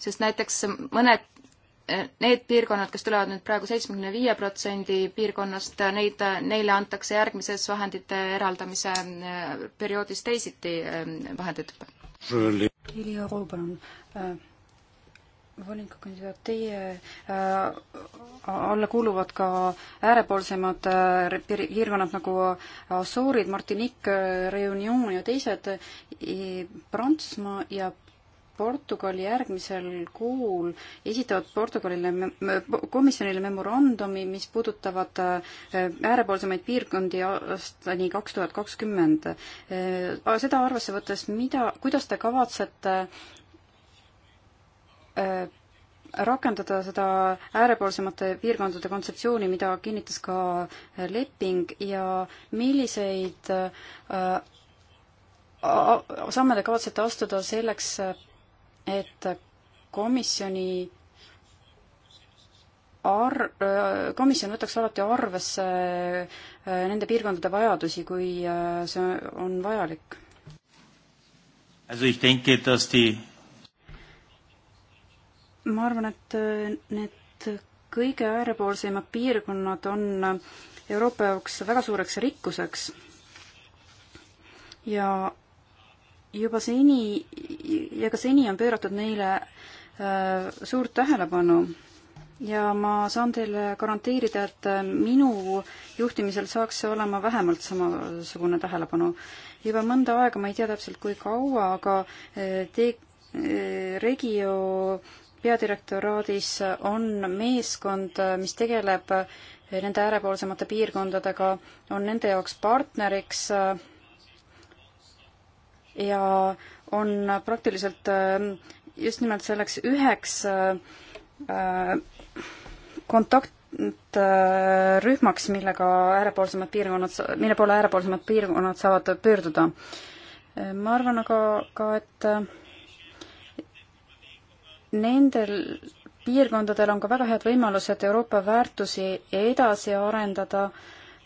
sest näiteks mõned äh, Need piirkonnad, kes tulevad nüüd praegu seitsmekümne viie protsendi piirkonnast, äh, neid, äh, neile antakse järgmises vahendite eraldamise äh, perioodis teisiti ähm, vahendid. Helio Ruben, volinikukandidaat, teie äh, alla kuuluvad ka äärepoolsemad äh, piirkonnad nagu äh, Asoorid, Martinique, äh, Reunion ja teised. E-, Prantsusmaa ja Portugali järgmisel kuul esitavad Portugalile me komisjonile memorandumi, mis puudutavad äh, äärepoolsemaid piirkondi aastani kaks tuhat kakskümmend. seda arvesse võttes, mida, kuidas te kavatsete Äh, rakendada seda äärepoolsemate piirkondade kontseptsiooni, mida kinnitas ka leping ja milliseid äh, samme te kavatsete astuda selleks, et komisjoni ar-, äh, komisjon võtaks alati arvesse nende piirkondade vajadusi, kui see on vajalik? Also ich denke, dass die ma arvan, et äh, need kõige äärepoolsemad piirkonnad on äh, Euroopa jaoks väga suureks rikkuseks ja juba seni ja ka seni on pööratud neile äh, suurt tähelepanu ja ma saan teile garanteerida, et äh, minu juhtimisel saaks see olema vähemalt samasugune tähelepanu. juba mõnda aega, ma ei tea täpselt, kui kaua, aga te-, Regio peadirektoraadis on meeskond, mis tegeleb nende äärepoolsemate piirkondadega, on nende jaoks partneriks ja on praktiliselt just nimelt selleks üheks äh, kontaktrühmaks, millega äärepoolsemad piirkonnad, mille poole äärepoolsemad piirkonnad saavad pöörduda. ma arvan aga ka, et nendel piirkondadel on ka väga head võimalused Euroopa väärtusi edasi arendada,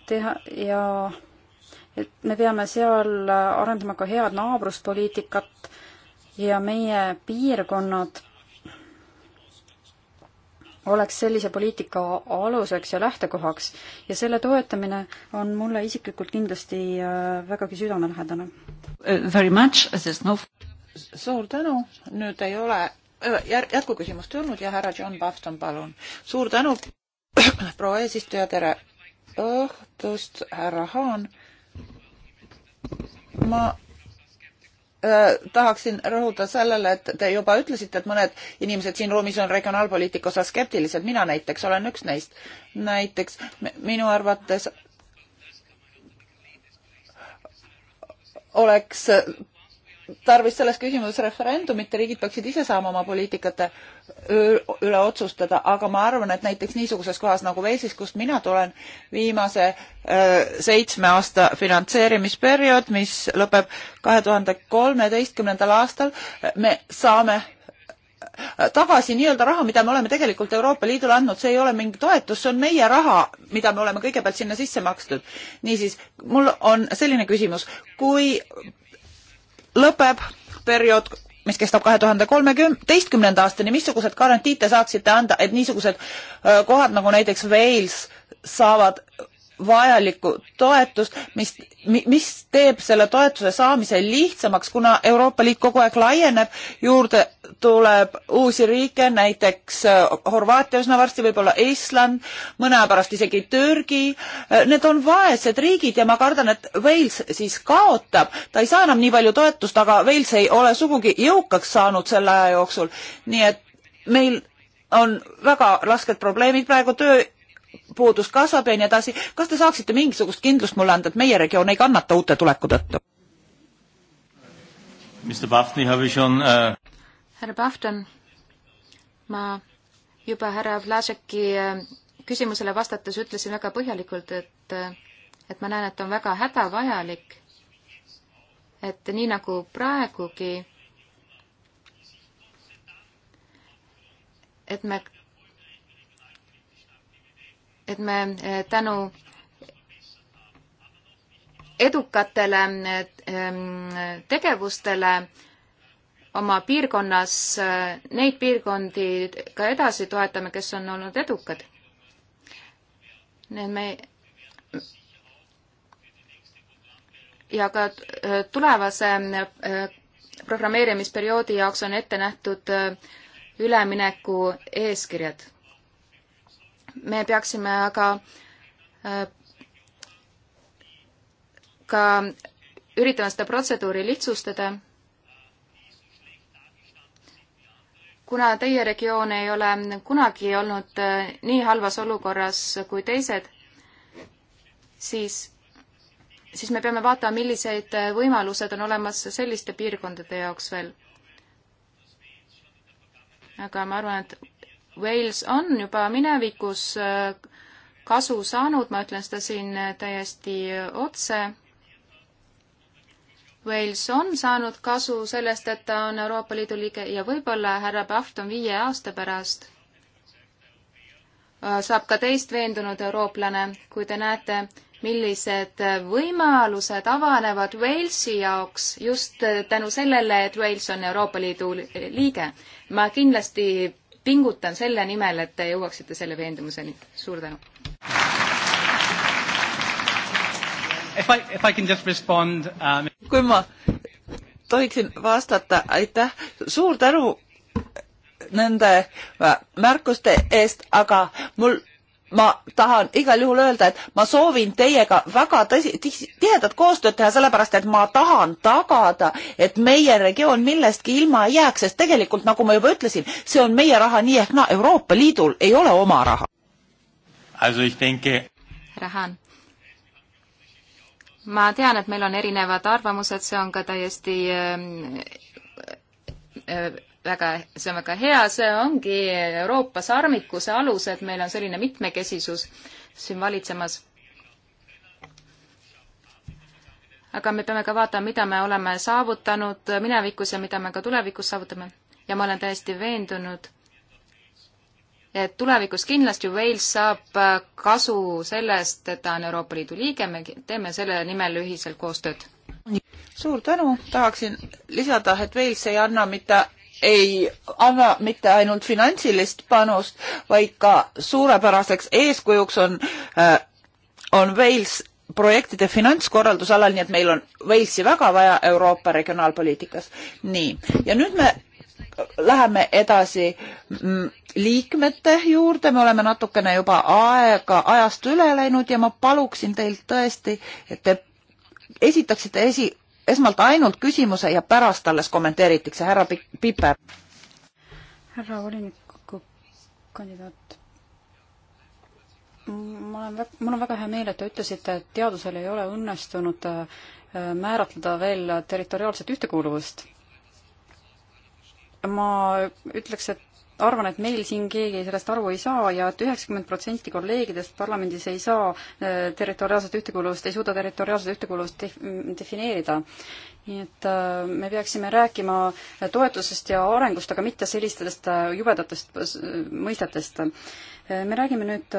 teha ja et me peame seal arendama ka head naabruspoliitikat ja meie piirkonnad oleks sellise poliitika aluseks ja lähtekohaks ja selle toetamine on mulle isiklikult kindlasti äh, vägagi südamelähedane. Very much, sest noh. suur tänu, nüüd ei ole Äh, jätkuküsimust ei olnud ja härra John Bafton, palun. suur tänu, proua eesistuja, tere õhtust, härra Haan. ma äh, tahaksin rõhuda sellele, et te juba ütlesite, et mõned inimesed siin ruumis on regionaalpoliitika osas skeptilised, mina näiteks olen üks neist. näiteks minu arvates oleks tarvis selles küsimuses referendumit ja riigid peaksid ise saama oma poliitikate üle otsustada, aga ma arvan, et näiteks niisuguses kohas nagu Velsis, kust mina tulen, viimase äh, seitsme aasta finantseerimisperiood, mis lõpeb kahe tuhande kolmeteistkümnendal aastal, me saame tagasi nii-öelda raha, mida me oleme tegelikult Euroopa Liidule andnud, see ei ole mingi toetus, see on meie raha, mida me oleme kõigepealt sinna sisse makstud. niisiis, mul on selline küsimus, kui lõpeb periood, mis kestab kahe tuhande kolmeteistkümnenda aastani, missugused garantiid te saaksite anda, et niisugused äh, kohad nagu näiteks Wales saavad vajalikku toetust, mis, mis teeb selle toetuse saamise lihtsamaks, kuna Euroopa Liit kogu aeg laieneb, juurde tuleb uusi riike, näiteks äh, Horvaatia üsna varsti, võib-olla Island, mõne aja pärast isegi Türgi. Äh, need on vaesed riigid ja ma kardan, et Wales siis kaotab, ta ei saa enam nii palju toetust, aga Wales ei ole sugugi jõukaks saanud selle aja jooksul, nii et meil on väga rasked probleemid praegu töö puudus kasvab ja nii edasi. kas te saaksite mingisugust kindlust mulle anda, et meie regioon ei kannata uute tuleku tõttu? Uh, härra Pahvton, ma juba härra Vlašeki uh, küsimusele vastates ütlesin väga põhjalikult, et, uh, et ma näen, et on väga hädavajalik, et nii nagu praegugi, et me et me eh, tänu edukatele eh, tegevustele oma piirkonnas eh, neid piirkondi ka edasi toetame, kes on olnud edukad. nii et me ja ka tulevase programmeerimisperioodi jaoks on ette nähtud ülemineku eeskirjad me peaksime aga äh, ka üritama seda protseduuri lihtsustada. kuna teie regioon ei ole kunagi olnud äh, nii halvas olukorras kui teised, siis, siis me peame vaatama, millised äh, võimalused on olemas selliste piirkondade jaoks veel. aga ma arvan, et Wales on juba minevikus äh, kasu saanud, ma ütlen seda siin äh, täiesti äh, otse. Wales on saanud kasu sellest, et ta on Euroopa Liidu liige ja võib-olla härra Pahvton viie aasta pärast saab ka teist veendunud eurooplane, kui te näete, millised võimalused avanevad Walesi jaoks just tänu sellele, et Wales on Euroopa Liidu liige. ma kindlasti pingutan selle nimel, et te jõuaksite selle veendumuseni. suur tänu! Um... kui ma tohiksin vastata, aitäh, suur tänu nende äh, märkuste eest, aga mul ma tahan igal juhul öelda, et ma soovin teiega väga tõsi, tihedat koostööd teha, sellepärast et ma tahan tagada, et meie regioon millestki ilma ei jääks, sest tegelikult, nagu ma juba ütlesin, see on meie raha nii ehk naa no,, Euroopa Liidul ei ole oma raha. Rahan. ma tean, et meil on erinevad arvamused, see on ka täiesti ähm, äh, äh, väga, see on väga hea, see ongi Euroopa sarmikuse alus, et meil on selline mitmekesisus siin valitsemas. aga me peame ka vaatama, mida me oleme saavutanud minevikus ja mida me ka tulevikus saavutame. ja ma olen täiesti veendunud, et tulevikus kindlasti Wales saab kasu sellest, et ta on Euroopa Liidu liige, me teeme selle nimel ühiselt koostööd. suur tänu, tahaksin lisada, et Wales ei anna mitte ei anna mitte ainult finantsilist panust, vaid ka suurepäraseks eeskujuks on, äh, on Wales projektide finantskorraldusalal, nii et meil on Walesi väga vaja Euroopa regionaalpoliitikas. nii, ja nüüd me läheme edasi mm, liikmete juurde, me oleme natukene juba aega, ajast üle läinud ja ma paluksin teilt tõesti, et te esitaksite esi, esmalt ainult küsimuse ja pärast alles kommenteeritakse, härra Piper. härra voliniku kandidaat. ma olen väga, mul on väga hea meel, et te ütlesite, et teadusel ei ole õnnestunud äh, määratleda veel territoriaalset ühtekuuluvust. ma ütleks, et arvan, et meil siin keegi sellest aru ei saa ja et üheksakümmend protsenti kolleegidest parlamendis ei saa äh, territoriaalset ühtekuuluvust, ei suuda territoriaalset ühtekuuluvust def-, defineerida. nii et äh, me peaksime rääkima äh, toetusest ja arengust, aga mitte sellistest jubedatest mõistetest. me räägime nüüd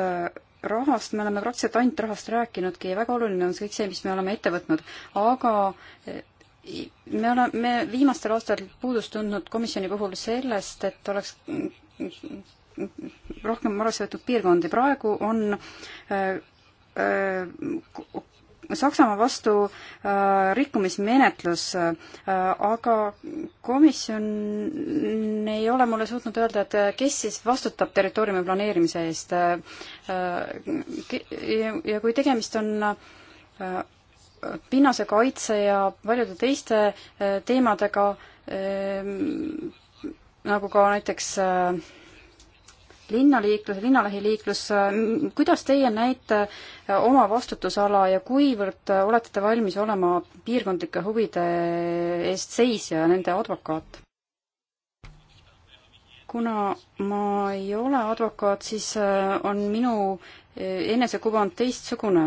rahast, me oleme praktiliselt ainult rahast rääkinudki ja väga oluline on see kõik see, mis me oleme ette võtnud, aga me oleme viimastel aastatel puudust tundnud komisjoni puhul sellest, et oleks rohkem arvesse võetud piirkondi. praegu on äh, äh, Saksamaa vastu äh, rikkumismenetlus äh,, aga komisjon ei ole mulle suutnud öelda, et kes siis vastutab territooriumi planeerimise eest äh,. äh ja kui tegemist on äh, pinnase kaitse ja paljude teiste äh, teemadega, ähm, nagu ka näiteks äh, linnaliiklus, linnalähiliiklus, äh, kuidas teie näite oma vastutusala ja kuivõrd olete te valmis olema piirkondlike huvide eest seisja ja nende advokaat? kuna ma ei ole advokaat, siis äh, on minu äh, enesekuvand teistsugune.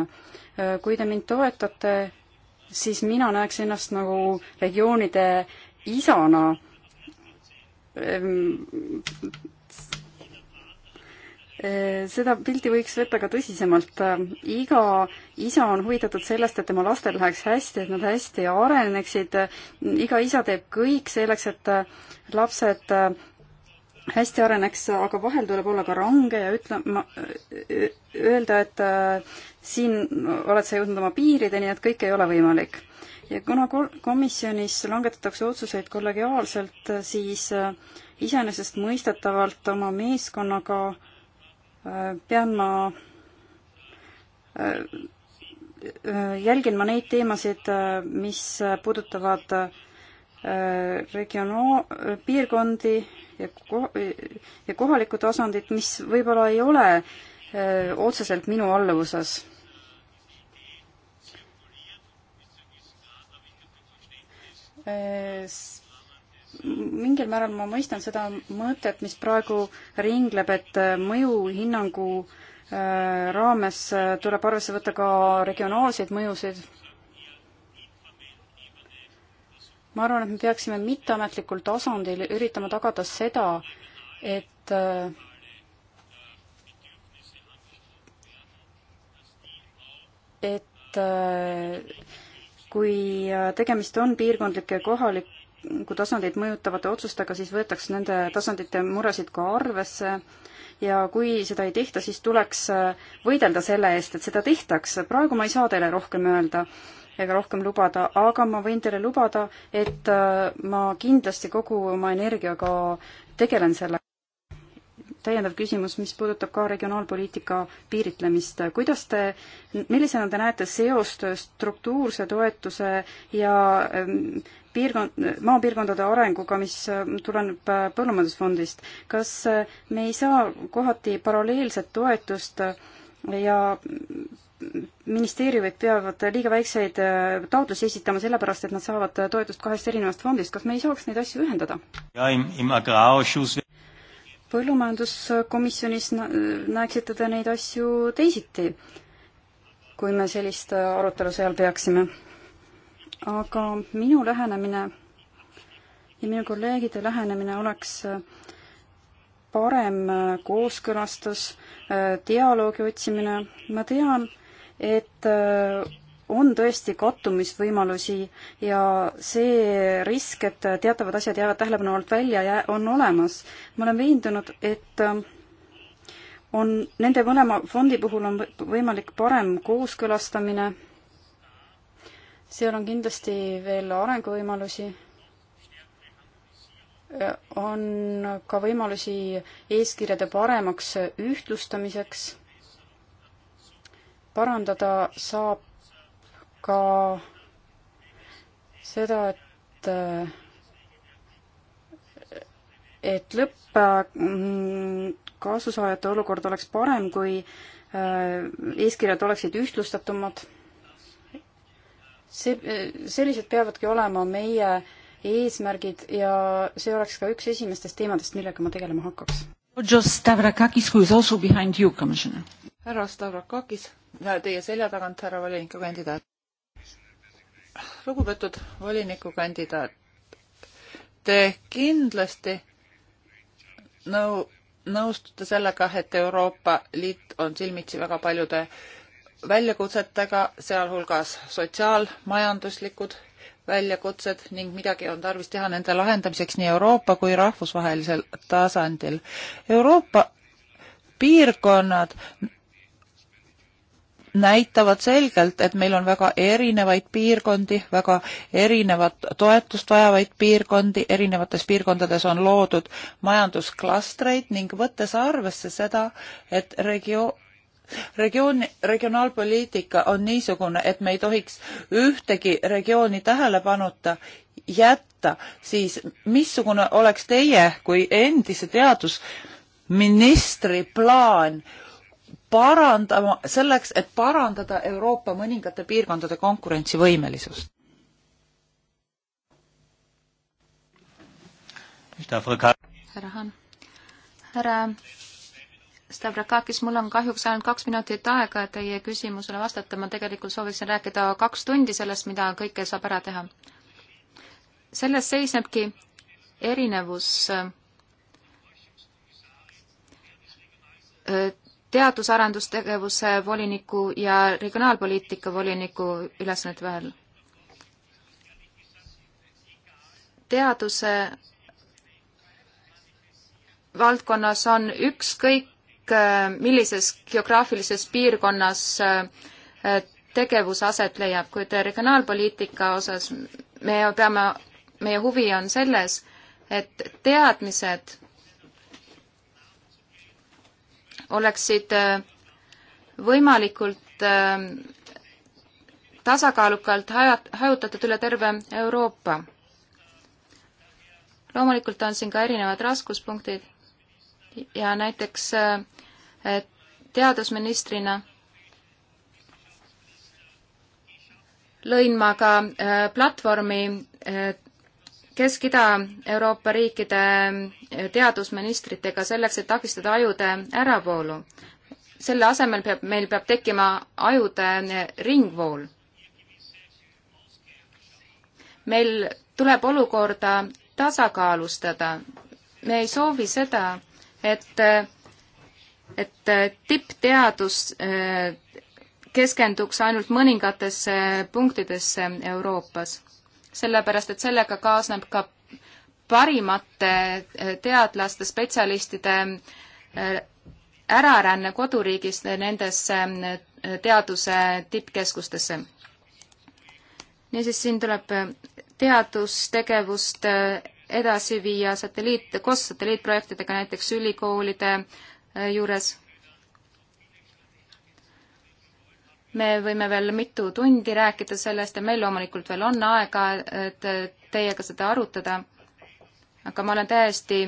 Äh, kui te mind toetate, siis mina näeks ennast nagu regioonide isana. Ehm, seda pilti võiks võtta ka tõsisemalt. iga isa on huvitatud sellest, et tema lastel läheks hästi, et nad hästi areneksid. iga isa teeb kõik selleks, et lapsed hästi areneks, aga vahel tuleb olla ka range ja ütle, ma, öelda, et äh, siin oled sa jõudnud oma piirideni, et kõik ei ole võimalik. ja kuna komisjonis langetatakse otsuseid kollegiaalselt, siis äh, iseenesestmõistetavalt oma meeskonnaga äh, pean ma äh, äh jälgin ma neid teemasid, äh, mis puudutavad äh, Äh, regionaal-, äh, piirkondi ja ko-, äh, ja kohalikku tasandit, mis võib-olla ei ole otseselt minu alluvuses. mingil määral ma mõistan seda mõtet, mis praegu ringleb, et mõjuhinnangu raames tuleb arvesse võtta ka regionaalseid mõjusid ma arvan, et me peaksime mitteametlikul tasandil üritama tagada seda, et et kui tegemist on piirkondlike kohaliku tasandit mõjutavate otsustega, siis võetakse nende tasandite muresid ka arvesse ja kui seda ei tehta, siis tuleks võidelda selle eest, et seda tehtaks. praegu ma ei saa teile rohkem öelda ega rohkem lubada, aga ma võin teile lubada, et äh, ma kindlasti kogu oma energiaga tegelen sellega. täiendav küsimus, mis puudutab ka regionaalpoliitika piiritlemist. kuidas te, millisena te näete seost struktuurse toetuse ja ähm, piirkond, maapiirkondade arenguga, mis äh, tuleneb äh, Põllumajandusfondist. kas me ei saa kohati paralleelset toetust ja ministeeriumid peavad liiga väikseid äh, taotlusi esitama, sellepärast et nad saavad toetust kahest erinevast fondist, kas me ei saaks neid asju ühendada? põllumajanduskomisjonis näeksite te neid asju teisiti, kui me sellist äh, arutelu seal peaksime. aga minu lähenemine ja minu kolleegide lähenemine oleks äh, parem kooskõlastus, dialoogi otsimine, ma tean, et äh, on tõesti kattumisvõimalusi ja see risk, et teatavad asjad jäävad tähelepanu alt välja, on olemas. ma olen veendunud, et äh, on, nende mõlema fondi puhul on võimalik parem kooskõlastamine, seal on kindlasti veel arenguvõimalusi, on ka võimalusi eeskirjade paremaks ühtlustamiseks parandada saab ka seda, et et lõppkasusaajate mm, olukord oleks parem, kui äh, eeskirjad oleksid ühtlustatumad. see, sellised peavadki olema meie eesmärgid ja see oleks ka üks esimestest teemadest, millega ma tegelema hakkaks. härra Stavrakakis, teie selja tagant, härra volinikukandidaat. lugupeetud volinikukandidaat, te kindlasti nõu-, nõustute sellega, et Euroopa Liit on silmitsi väga paljude väljakutsetega, sealhulgas sotsiaalmajanduslikud väljakutsed ning midagi on tarvis teha nende lahendamiseks nii Euroopa kui rahvusvahelisel tasandil. Euroopa piirkonnad näitavad selgelt, et meil on väga erinevaid piirkondi, väga erinevat toetust vajavaid piirkondi, erinevates piirkondades on loodud majandusklastreid ning võttes arvesse seda, et regio-, regioon, regionaalpoliitika on niisugune, et me ei tohiks ühtegi regiooni tähelepanuta jätta, siis missugune oleks teie kui endise teadusministri plaan äh, parandama, selleks, et parandada Euroopa mõningate piirkondade konkurentsivõimelisust? härra Han, härra Stavrakakis, mul on kahjuks ainult kaks minutit aega teie küsimusele vastata, ma tegelikult sooviksin rääkida kaks tundi sellest, mida kõike saab ära teha. selles seisnebki erinevus äh, teadus-arendustegevuse voliniku ja regionaalpoliitika voliniku ülesannete vahel. teaduse valdkonnas on ükskõik millises geograafilises piirkonnas äh, tegevus aset leiab, kuid regionaalpoliitika osas me peame, meie huvi on selles, et teadmised oleksid äh, võimalikult äh, tasakaalukalt hajutatud üle terve Euroopa. loomulikult on siin ka erinevad raskuspunktid ja näiteks äh, teadusministrina lõin ma ka platvormi Kesk-Ida-Euroopa riikide eh, teadusministritega selleks, et takistada ajude äravoolu. selle asemel peab, meil peab tekkima ajude eh, ringvool. meil tuleb olukorda tasakaalustada. me ei soovi seda, et, eh, et tippteadus keskenduks ainult mõningatesse punktidesse Euroopas sellepärast et sellega kaasneb ka parimate eh, teadlaste, spetsialistide eh, äraränne koduriigist nendesse eh, teaduse tippkeskustesse. niisiis, siin tuleb teadustegevust edasi viia satelliit, koos satelliitprojektidega näiteks ülikoolide juures me võime veel mitu tundi rääkida sellest ja meil loomulikult veel on aega, et teiega seda arutada. aga ma olen täiesti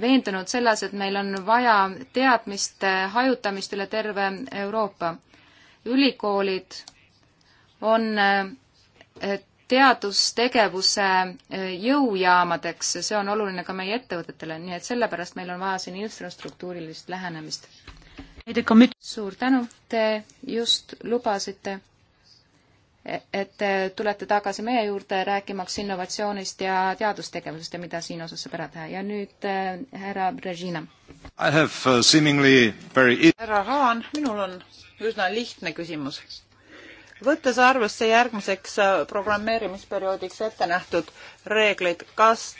veendunud selles, et meil on vaja teadmiste hajutamist üle terve Euroopa. ülikoolid on eh, teadustegevuse eh, jõujaamadeks ja see on oluline ka meie ettevõtetele, nii et sellepärast meil on vaja siin infrastruktuurilist lähenemist suur tänu, te just lubasite, et te tulete tagasi meie juurde rääkimaks innovatsioonist ja teadustegevusest ja mida siin osas saab ära teha ja nüüd äh, härra Brežina. Uh, e- härra Haan, minul on üsna lihtne küsimus võttes arvesse järgmiseks äh, programmeerimisperioodiks ette nähtud reegleid, kas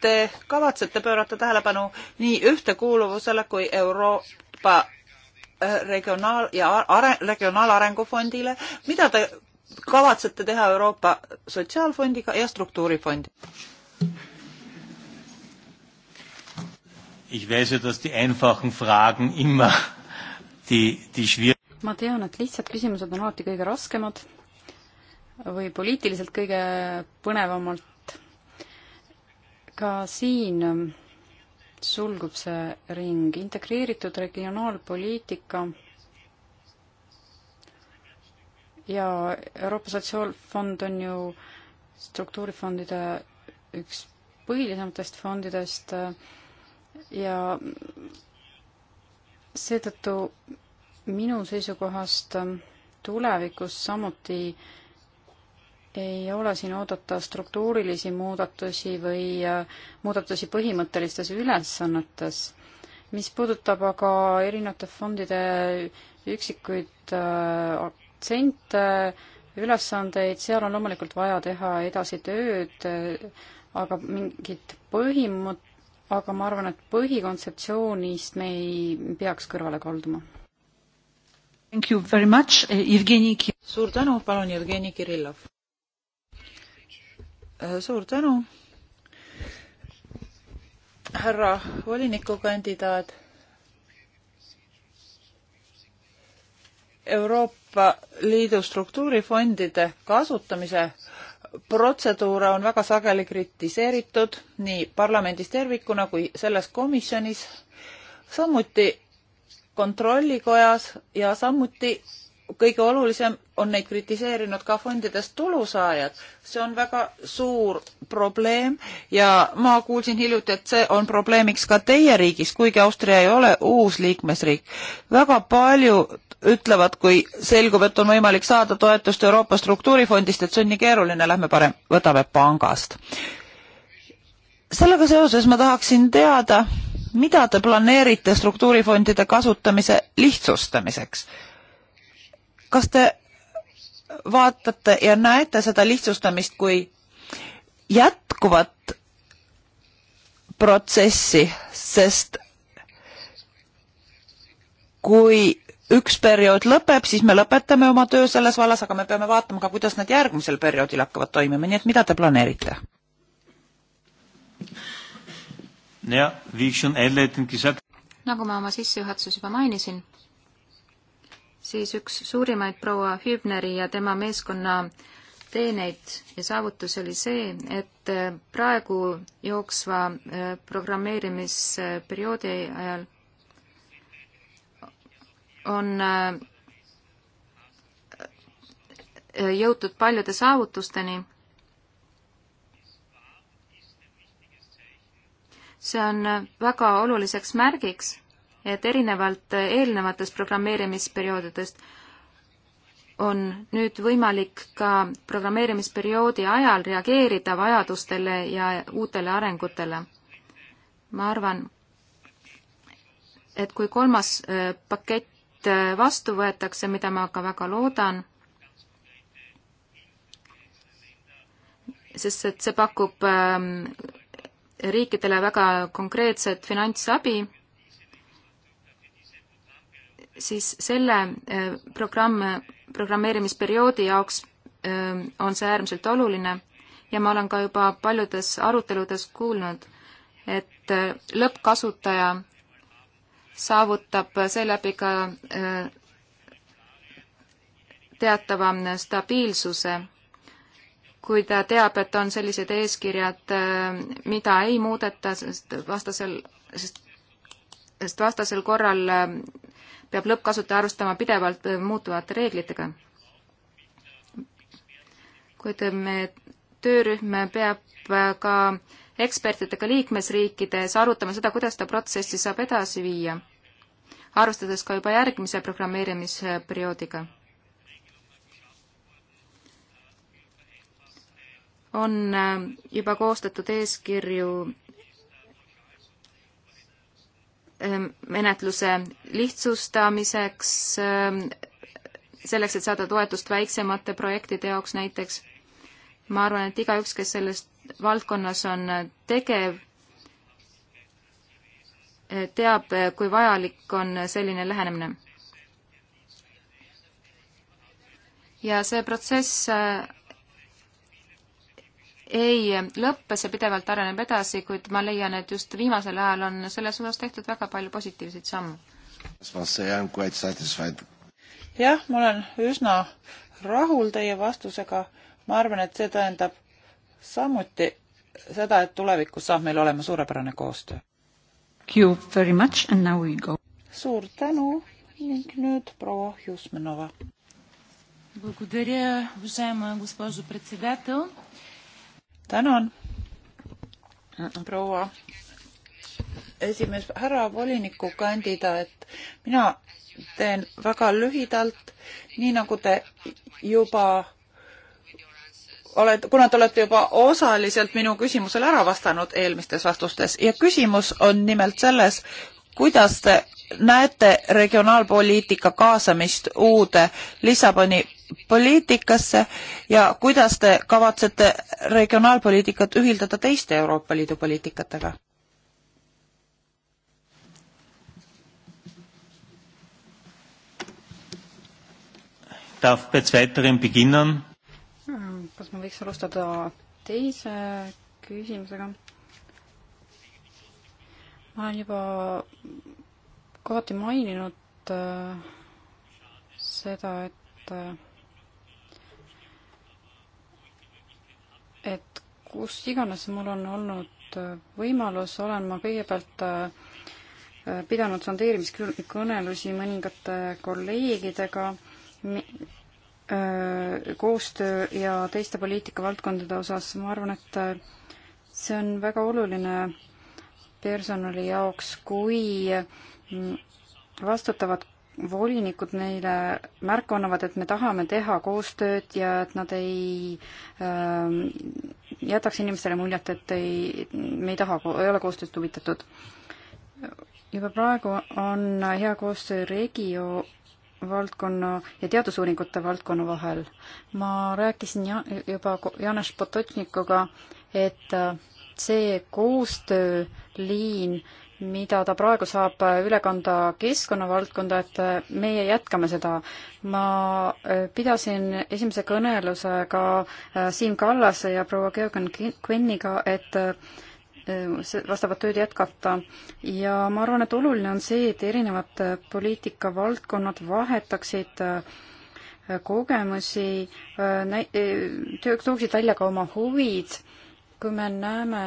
te kavatsete pöörata tähelepanu nii ühtekuuluvusele kui Euroopa regionaal- ja are-, regionaalarengufondile, mida te kavatsete teha Euroopa Sotsiaalfondiga ja Struktuurifondi? Ich weiß ja, dass die einfachen Fragen immer die, die schwier-... ma tean, et lihtsad küsimused on alati kõige raskemad või poliitiliselt kõige põnevamalt. ka siin sulgub see ring. integreeritud regionaalpoliitika ja Euroopa Sotsiaalfond on ju struktuurifondide üks põhilisematest fondidest äh, ja seetõttu minu seisukohast äh, tulevikus samuti äh, ei ole siin oodata struktuurilisi muudatusi või äh, muudatusi põhimõttelistes ülesannetes. mis puudutab aga erinevate fondide üksikuid äh, aktsente, ülesandeid, seal on loomulikult vaja teha edasi tööd, äh, aga mingit põhimõt-, aga ma arvan, et põhikontseptsioonist me ei peaks kõrvale kalduma. Thank you very much, Jevgeni. suur tänu, palun Jevgeni Kirillov Äh, suur tänu, härra volinikukandidaat. Euroopa Liidu struktuurifondide kasutamise protseduure on väga sageli kritiseeritud nii parlamendis tervikuna kui selles komisjonis, samuti kontrollikojas ja samuti kõige olulisem on neid kritiseerinud ka fondidest tulusaajad. see on väga suur probleem ja ma kuulsin hiljuti, et see on probleemiks ka teie riigis, kuigi Austria ei ole uus liikmesriik. väga palju ütlevad, kui selgub, et on võimalik saada toetust Euroopa struktuurifondist, et see on nii keeruline, lähme parem võtame pangast. sellega seoses ma tahaksin teada, mida te planeerite struktuurifondide kasutamise lihtsustamiseks kas te vaatate ja näete seda lihtsustamist kui jätkuvat protsessi, sest kui üks periood lõpeb, siis me lõpetame oma töö selles vallas, aga me peame vaatama ka, kuidas nad järgmisel perioodil hakkavad toimima, nii et mida te planeerite? nagu ma oma sissejuhatuses juba mainisin, siis üks suurimaid proua Hübneri ja tema meeskonna teeneid ja saavutus oli see, et äh, praegu jooksva äh, programmeerimisperioodi ajal on äh, jõutud paljude saavutusteni. see on väga oluliseks märgiks et erinevalt eelnevatest programmeerimisperioodidest on nüüd võimalik ka programmeerimisperioodi ajal reageerida vajadustele ja uutele arengutele. ma arvan, et kui kolmas äh, pakett äh, vastu võetakse, mida ma ka väga loodan, sest et see pakub ähm, riikidele väga konkreetset finantsabi siis selle äh, programm, äh, programmeerimisperioodi jaoks äh, on see äärmiselt oluline ja ma olen ka juba paljudes aruteludes kuulnud, et lõppkasutaja saavutab seeläbi ka teatava stabiilsuse, kui ta teab, et on sellised eeskirjad, mida ei muudeta, sest vastasel, sest sest vastasel korral peab lõppkasutaja arvestama pidevalt äh, muutuvate reeglitega. kuid äh, me, töörühm peab äh, ka ekspertidega liikmesriikides arutama seda, kuidas seda protsessi saab edasi viia, arvestades ka juba järgmise programmeerimisperioodiga. on juba koostatud eeskirju Ähm, menetluse lihtsustamiseks, ähm, selleks, et saada toetust väiksemate projektide jaoks näiteks. ma arvan, et igaüks, kes selles valdkonnas on tegev, äh, teab, äh, kui vajalik on selline lähenemine. ja see protsess äh, ei lõppe, see pidevalt areneb edasi, kuid ma leian, et just viimasel ajal on selles osas tehtud väga palju positiivseid samme. jah, ma olen üsna rahul teie vastusega. ma arvan, et see tõendab samuti seda, et tulevikus saab meil olema suurepärane koostöö. suur tänu ning nüüd proua Jusmenova. Благодаря, уважаема госпожо председател tänan, proua esimees, härra volinikukandidaat, mina teen väga lühidalt, nii nagu te juba olete, kuna te olete juba osaliselt minu küsimusele ära vastanud eelmistes vastustes ja küsimus on nimelt selles, kuidas te näete regionaalpoliitika kaasamist uude Lissaboni poliitikasse ja kuidas te kavatsete regionaalpoliitikat ühildada teiste Euroopa Liidu poliitikatega? kas ma võiks alustada teise küsimusega? ma olen juba kohati maininud äh, seda, et äh, et kus iganes mul on olnud äh, võimalus, olen ma kõigepealt äh, äh pidanud sondeerimiskõnelusi mõningate kolleegidega äh, koostöö ja teiste poliitikavaldkondade osas, ma arvan, et see on väga oluline äh, personali jaoks, kui vastutavad volinikud neile märku annavad, et me tahame teha koostööd ja et nad ei äh, jätaks inimestele muljet, et ei, me ei taha, ei ole koostööst huvitatud. juba praegu on hea koostöö regio valdkonna ja teadusuuringute valdkonna vahel. ma rääkisin ja, juba Janes Potočnikuga, et äh, see koostööliin, mida ta praegu saab üle kanda keskkonnavaldkonda, et meie jätkame seda. ma äh, pidasin esimese kõneluse ka äh, Siim Kallase ja proua Georg Quenniga, et äh, vastavat tööd jätkata ja ma arvan, et oluline on see, et erinevad poliitikavaldkonnad vahetaksid kogemusi, tooksid välja ka oma huvid kui me näeme,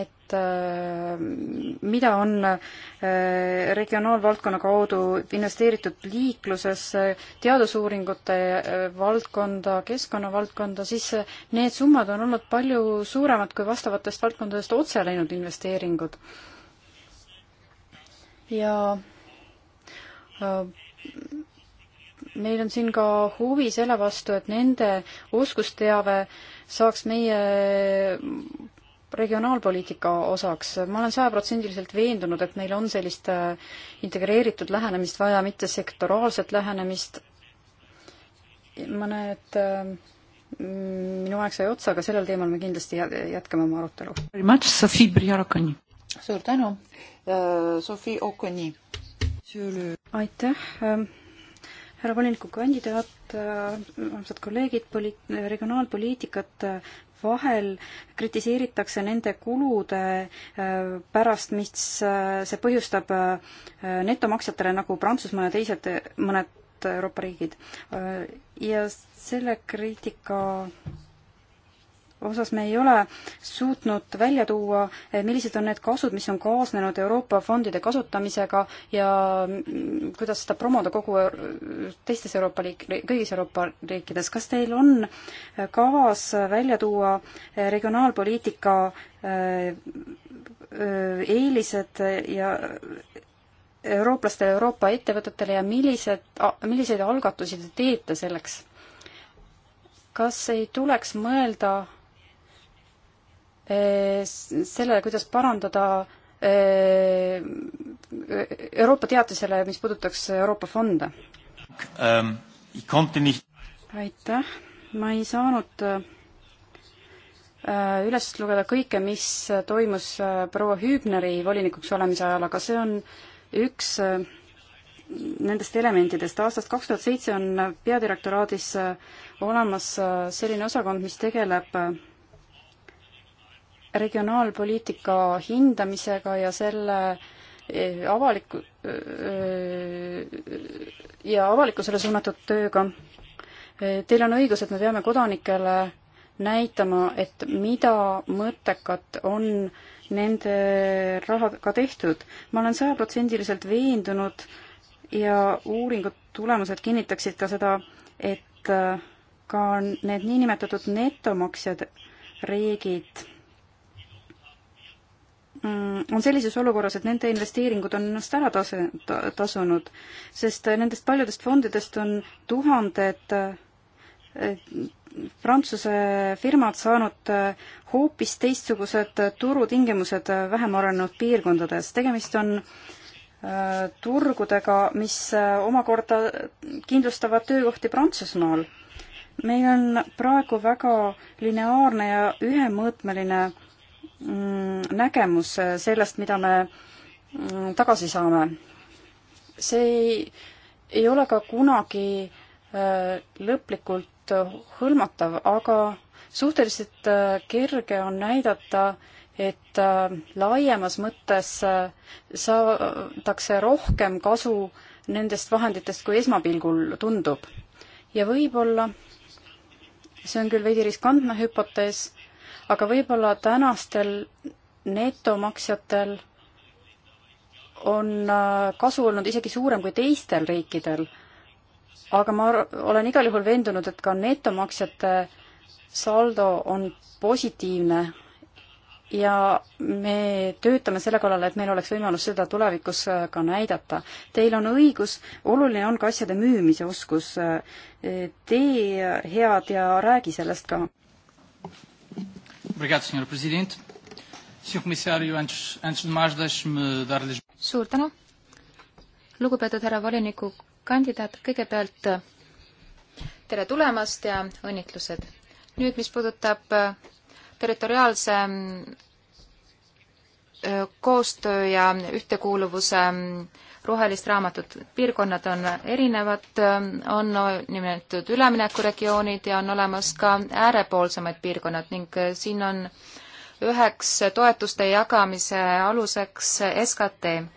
et äh, mida on äh, regionaalvaldkonna kaudu investeeritud liiklusesse, teadusuuringute äh, valdkonda, keskkonnavaldkonda, siis need summad on olnud palju suuremad kui vastavatest valdkondadest otse läinud investeeringud. ja meil on siin ka huvi selle vastu, et nende oskusteave saaks meie regionaalpoliitika osaks. ma olen sajaprotsendiliselt veendunud, et meil on sellist äh, integreeritud lähenemist vaja, mitte sektoraalset lähenemist. ma näen, et äh, minu aeg sai otsa, aga sellel teemal me kindlasti jätkame oma arutelu. suur tänu, äh, Sofi Okoni. aitäh ähm, härra volinikukandidaat, äh, armsad kolleegid, poli-, regionaalpoliitikat äh, vahel kritiseeritakse nende kulude äh, pärast, mis see põhjustab netomaksjatele, nagu Prantsusmaa ja teised mõned Euroopa riigid. ja selle kriitika osas me ei ole suutnud välja tuua, eh, millised on need kasud, mis on kaasnenud Euroopa fondide kasutamisega ja mm, kuidas seda promoda kogu teistes Euroopa liik-, kõigis Euroopa riikides. kas teil on eh, kavas välja tuua eh, regionaalpoliitika eelised ja eurooplastele, Euroopa ettevõtetele ja millised, milliseid algatusi te teete selleks? kas ei tuleks mõelda Eh, sellele, kuidas parandada eh, Euroopa teatisele, mis puudutaks Euroopa fonde ähm,? aitäh, ma ei saanud äh, üles lugeda kõike, mis toimus äh, proua Hübneri volinikuks olemise ajal, aga see on üks äh, nendest elementidest. aastast kaks tuhat seitse on peadirektoraadis olemas selline osakond, mis tegeleb regionaalpoliitika hindamisega ja selle e, avaliku e, ja avalikkusele suunatud tööga. E, teil on õigus, et me peame kodanikele näitama, et mida mõttekat on nende rahaga tehtud. ma olen sajaprotsendiliselt veendunud ja uuringu tulemused kinnitaksid ka seda, et ka need niinimetatud netomaksjad riigid Mm, on sellises olukorras, et nende investeeringud on ennast ära tase, ta, tasunud, sest äh, nendest paljudest fondidest on tuhanded äh, Prantsuse firmad saanud äh, hoopis teistsugused turutingimused vähem arenenud piirkondades. tegemist on turgudega, mis omakorda kindlustavad töökohti Prantsusmaal. meil on praegu väga lineaarne ja ühemõõtmeline Mm, nägemus sellest, mida me mm, tagasi saame. see ei, ei ole ka kunagi äh, lõplikult hõlmatav, aga suhteliselt äh, kerge on näidata, et äh, laiemas mõttes saadakse rohkem kasu nendest vahenditest, kui esmapilgul tundub. ja võib-olla, see on küll veidi riskantne hüpotees, aga võib-olla tänastel netomaksjatel on äh, kasu olnud isegi suurem kui teistel riikidel. aga ma olen igal juhul veendunud, et ka netomaksjate saldo on positiivne ja me töötame selle kallal, et meil oleks võimalus seda tulevikus äh, ka näidata. Teil on õigus, oluline on ka asjade müümise oskus. Äh, tee head ja räägi sellest ka. Obrigado, Sr. Presidente. Sr. Comissário, antes, antes de mais, deixe-me dar-lhes... Suur tänu. Lugupeetud härra voliniku kandidaat, kõigepealt tere tulemast ja õnnitlused. Nüüd, mis puudutab äh, territoriaalse äh, koostöö ja ühtekuuluvuse äh, rohelist raamatut. piirkonnad on erinevad, on nimelt üleminekuregioonid ja on olemas ka äärepoolsemad piirkonnad ning äh, siin on üheks toetuste jagamise aluseks SKT.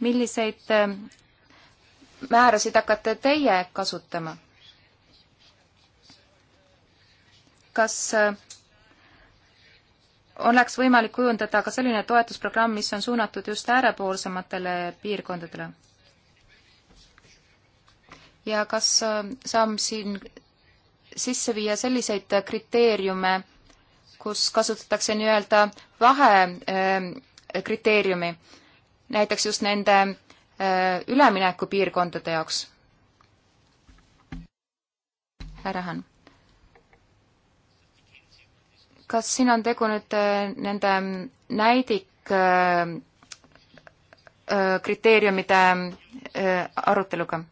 milliseid äh, määrasid hakkate teie kasutama? kas äh, oleks võimalik kujundada ka selline toetusprogramm, mis on suunatud just äärepoolsematele piirkondadele. ja kas äh, saab siin sisse viia selliseid kriteeriume, kus kasutatakse nii-öelda vahekriteeriumi, äh, näiteks just nende äh, üleminekupiirkondade jaoks? härra Hann kas siin on tegu nüüd äh, nende näidik äh, äh, kriteeriumide aruteluga?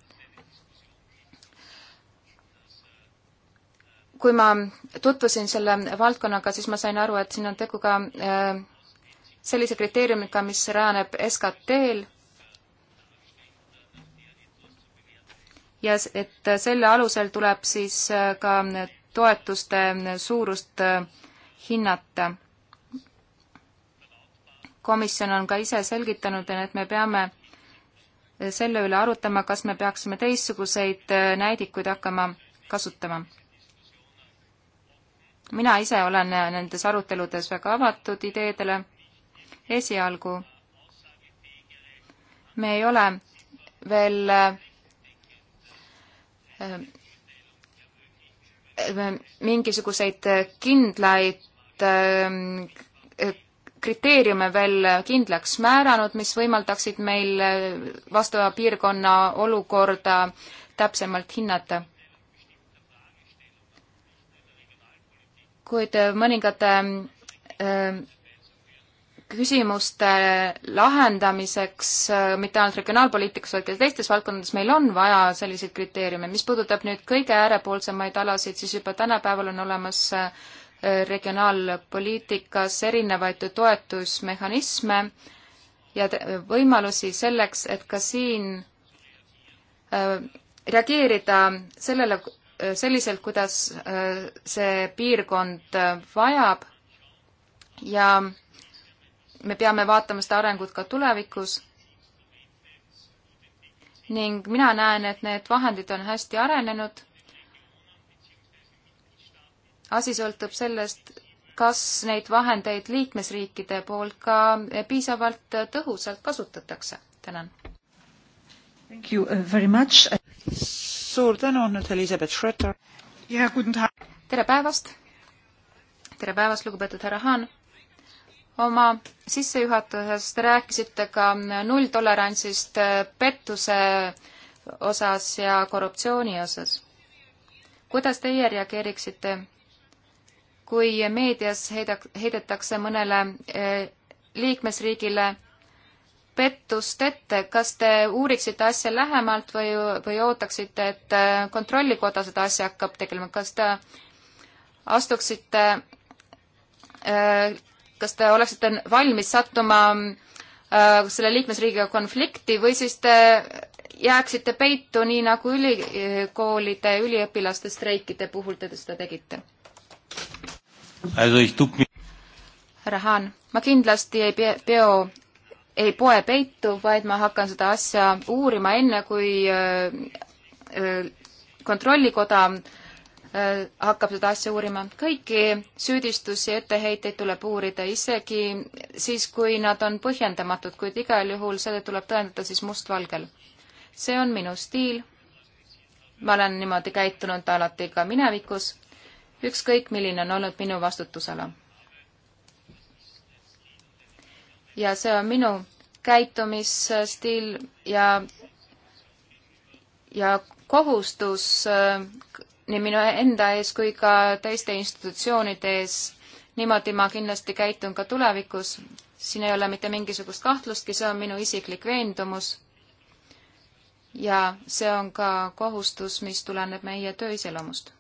kui ma tutvusin selle valdkonnaga, siis ma sain aru, et siin on tegu ka sellise kriteeriumiga, mis rajaneb SKT-l ja et selle alusel tuleb siis ka toetuste suurust hinnata. komisjon on ka ise selgitanud, et me peame selle üle arutama, kas me peaksime teistsuguseid näidikuid hakkama kasutama. mina ise olen nendes aruteludes väga avatud ideedele. esialgu me ei ole veel Äh, mingisuguseid äh, kindlaid ähm, äh, kriteeriume veel kindlaks määranud, mis võimaldaksid meil vastava piirkonna olukorda täpsemalt hinnata. kuid mõningate küsimuste lahendamiseks äh, mitte ainult regionaalpoliitikas, vaid ka teistes valdkondades meil on vaja selliseid kriteeriume. mis puudutab nüüd kõige äärepoolsemaid alasid, siis juba tänapäeval on olemas äh, regionaalpoliitikas erinevaid toetusmehhanisme ja võimalusi selleks, et ka siin äh, reageerida sellele, selliselt, kuidas see piirkond vajab ja me peame vaatama seda arengut ka tulevikus ning mina näen, et need vahendid on hästi arenenud. asi sõltub sellest, kas neid vahendeid liikmesriikide poolt ka piisavalt tõhusalt kasutatakse. tänan. Thank you uh, very much. suur tänu, nüüd Elizabeth Schröter. tere päevast. tere päevast, lugupeetud härra Haan oma sissejuhatuses te rääkisite ka nulltolerantsist äh, pettuse osas ja korruptsiooni osas. kuidas teie reageeriksite, kui meedias heida-, heidetakse mõnele äh, liikmesriigile pettust ette, kas te uuriksite asja lähemalt või, või ootaksite, et äh, kontrollikoda seda asja hakkab tegelema, kas te astuksite kas te oleksite valmis sattuma äh, selle liikmesriigiga konflikti või siis te jääksite peitu, nii nagu ülikoolide üliõpilaste streikide puhul te seda tegite? härra Haan, ma kindlasti ei pea, peo, ei poe peitu, vaid ma hakkan seda asja uurima enne, kui äh, äh, kontrollikoda äh, Äh, hakkab seda asja uurima. kõiki süüdistusi, etteheiteid tuleb uurida, isegi siis, kui nad on põhjendamatud, kuid igal juhul seda tuleb tõendada siis mustvalgel. see on minu stiil. ma olen niimoodi käitunud alati ka minevikus, ükskõik milline on olnud minu vastutusala. ja see on minu käitumisstiil ja, ja kohustus äh, nii minu enda ees kui ka teiste institutsioonide ees. niimoodi ma kindlasti käitun ka tulevikus. siin ei ole mitte mingisugust kahtlustki, see on minu isiklik veendumus. ja see on ka kohustus, mis tuleneb meie töö iseloomust.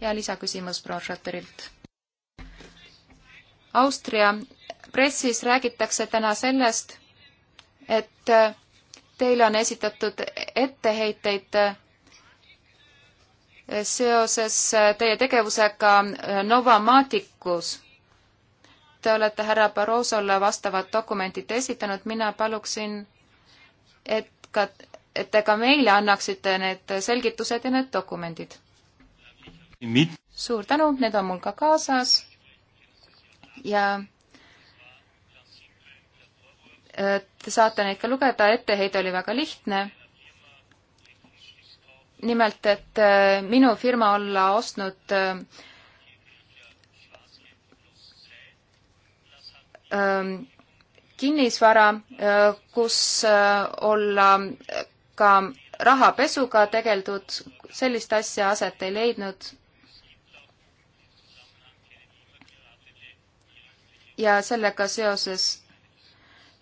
ja lisaküsimus proua Schotterilt. Austria pressis räägitakse täna sellest, et teile on esitatud etteheiteid seoses äh, teie tegevusega äh, Novamaticus. Te olete härra Barrosole vastavad dokumendid esitanud, mina paluksin, et ka, et te ka meile annaksite need selgitused ja need dokumendid. suur tänu, need on mul ka kaasas ja äh, te saate neid ka lugeda, etteheide oli väga lihtne nimelt, et äh, minu firma olla ostnud äh, ähm, kinnisvara, äh, kus olla ka rahapesuga tegeldud, sellist asja aset ei leidnud. ja sellega seoses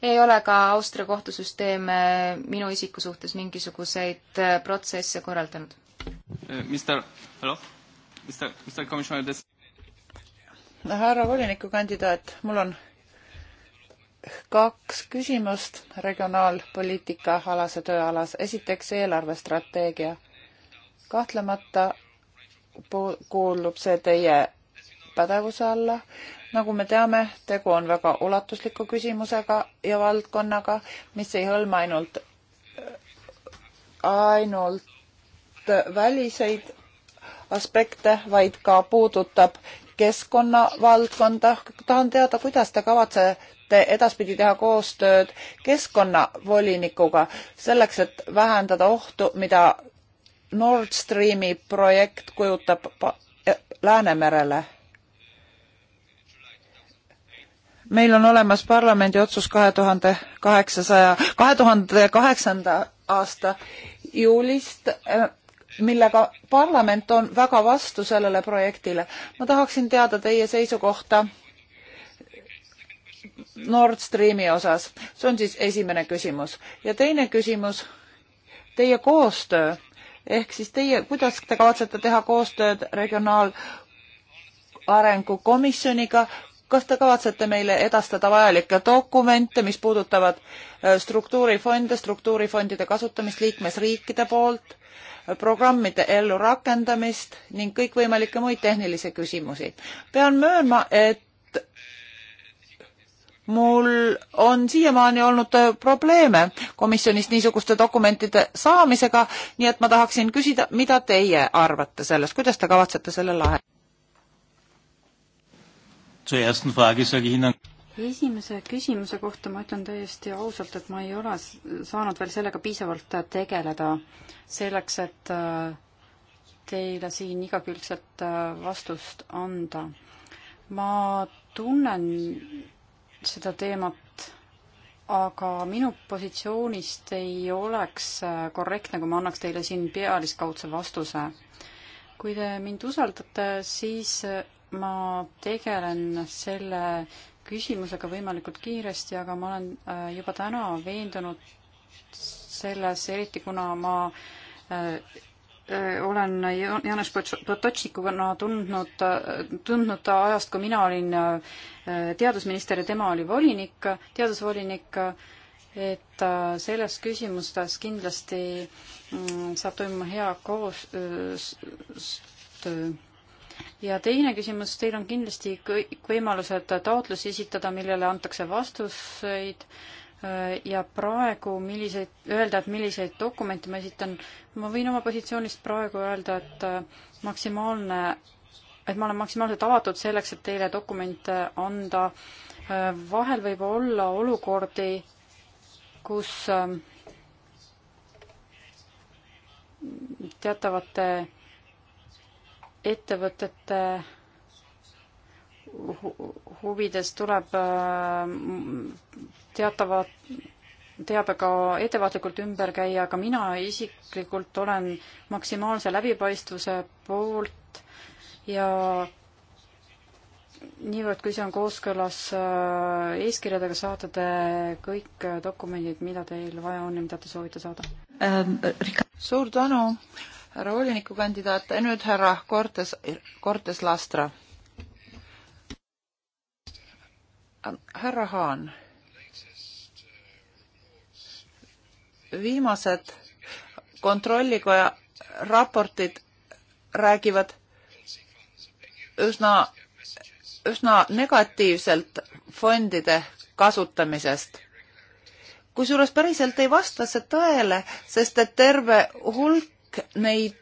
ei ole ka Austria kohtusüsteem minu isiku suhtes mingisuguseid äh, protsesse korraldanud. Äh, mister, hallo? Mister, mister komisjonär des-? Äh, härra volinikukandidaat, mul on kaks küsimust regionaalpoliitika alase tööalas. esiteks eelarvestrateegia. kahtlemata kuulub see teie pädevuse alla. nagu me teame, tegu on väga ulatusliku küsimusega ja valdkonnaga, mis ei hõlma ainult, ainult väliseid aspekte, vaid ka puudutab keskkonnavaldkonda. tahan teada, kuidas te kavatsete edaspidi teha koostööd keskkonnavolinikuga selleks, et vähendada ohtu, mida Nord Streami projekt kujutab Läänemerele meil on olemas parlamendi otsus kahe tuhande kaheksasaja, kahe tuhande kaheksanda aasta juulist, äh, millega parlament on väga vastu sellele projektile. ma tahaksin teada teie seisukohta Nord Streami osas. see on siis esimene küsimus. ja teine küsimus, teie koostöö ehk siis teie, kuidas te kavatsete teha koostööd regionaalarengu komisjoniga, kas te kavatsete meile edastada vajalikke dokumente, mis puudutavad äh, struktuurifonde, struktuurifondide kasutamist liikmesriikide poolt, äh, programmide ellurakendamist ning kõikvõimalikke muid tehnilisi küsimusi. pean möönma, et mul on siiamaani olnud äh, probleeme komisjonist niisuguste dokumentide saamisega, nii et ma tahaksin küsida, mida teie arvate sellest, kuidas te kavatsete selle lahendada? esimese küsimuse kohta ma ütlen täiesti ausalt, et ma ei ole saanud veel sellega piisavalt tegeleda, selleks et äh, teile siin igakülgset äh, vastust anda. ma tunnen seda teemat, aga minu positsioonist ei oleks äh, korrektne, kui ma annaks teile siin pealiskaudse vastuse. kui te mind usaldate, siis ma tegelen selle küsimusega võimalikult kiiresti, aga ma olen äh, juba täna veendunud selles, eriti kuna ma äh, äh, olen Janes Potočnikuna tundnud, tundnud ta ajast, kui mina olin teadusminister ja tema oli volinik, teadusvolinik, et selles küsimustes kindlasti mm, saab toimuma hea koostöö ja teine küsimus, teil on kindlasti kõik võimalused taotlusi esitada, millele antakse vastuseid ja praegu milliseid, öelda, et milliseid dokumente ma esitan, ma võin oma positsioonist praegu öelda, et äh, maksimaalne, et ma olen maksimaalselt avatud selleks, et teile dokumente anda. Äh, vahel võib olla olukordi, kus äh, teatavate ettevõtete huvides tuleb äh, teatava teabega ettevaatlikult ümber käia, aga mina isiklikult olen maksimaalse läbipaistvuse poolt ja niivõrd, kui see on kooskõlas äh, eeskirjadega, saate te kõik dokumendid, mida teil vaja on ja mida te soovite saada ähm,. Äh, suur tänu härra volinikukandidaat ja nüüd härra Cortes, Cortes Lastra. härra Haan. viimased kontrollikoja raportid räägivad üsna, üsna negatiivselt fondide kasutamisest kusjuures päriselt ei vasta see tõele, sest et terve hulk kõik neid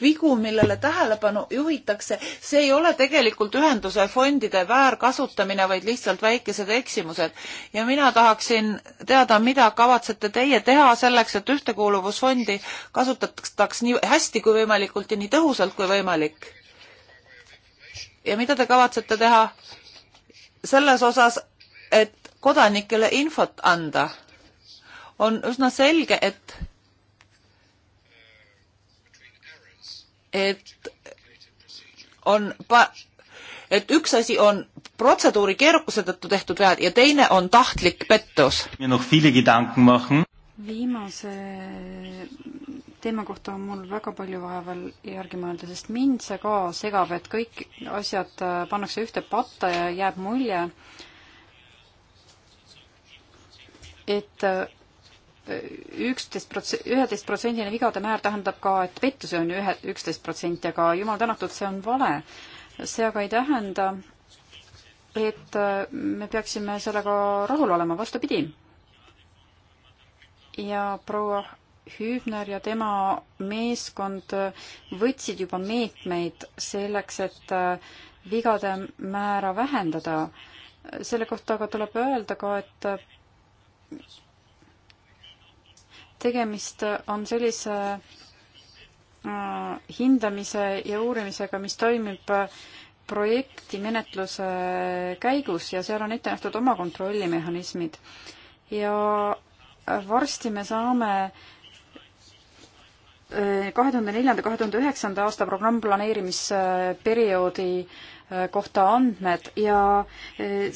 vigu, millele tähelepanu juhitakse, see ei ole tegelikult ühenduse fondide väärkasutamine, vaid lihtsalt väikesed eksimused. ja mina tahaksin teada, mida kavatsete teie teha selleks, et ühtekuuluvusfondi kasutataks nii hästi kui võimalikult ja nii tõhusalt kui võimalik. ja mida te kavatsete teha selles osas, et kodanikele infot anda? on üsna selge, et et on pa-, et üks asi on protseduuri keerukuse tõttu tehtud vead ja teine on tahtlik pettus. viimase teema kohta on mul väga palju vaja veel järgi mõelda, sest mind see ka segab, et kõik asjad äh, pannakse ühte patta ja jääb mulje, et äh, üksteist prots-, üheteistprotsendine vigade määr tähendab ka, et pettusi on ühe, üksteist protsenti, aga jumal tänatud, see on vale. see aga ei tähenda, et äh, me peaksime sellega rahul olema, vastupidi. ja proua Hübner ja tema meeskond äh, võtsid juba meetmeid selleks, et äh, vigade määra vähendada. selle kohta aga tuleb öelda ka, et tegemist on sellise äh, hindamise ja uurimisega, mis toimib äh, projekti menetluse käigus ja seal on ette nähtud oma kontrollimehhanismid. ja varsti me saame äh, kahe tuhande neljanda, kahe tuhande üheksanda aasta programm planeerimisperioodi äh, Äh, kohta andmed ja äh,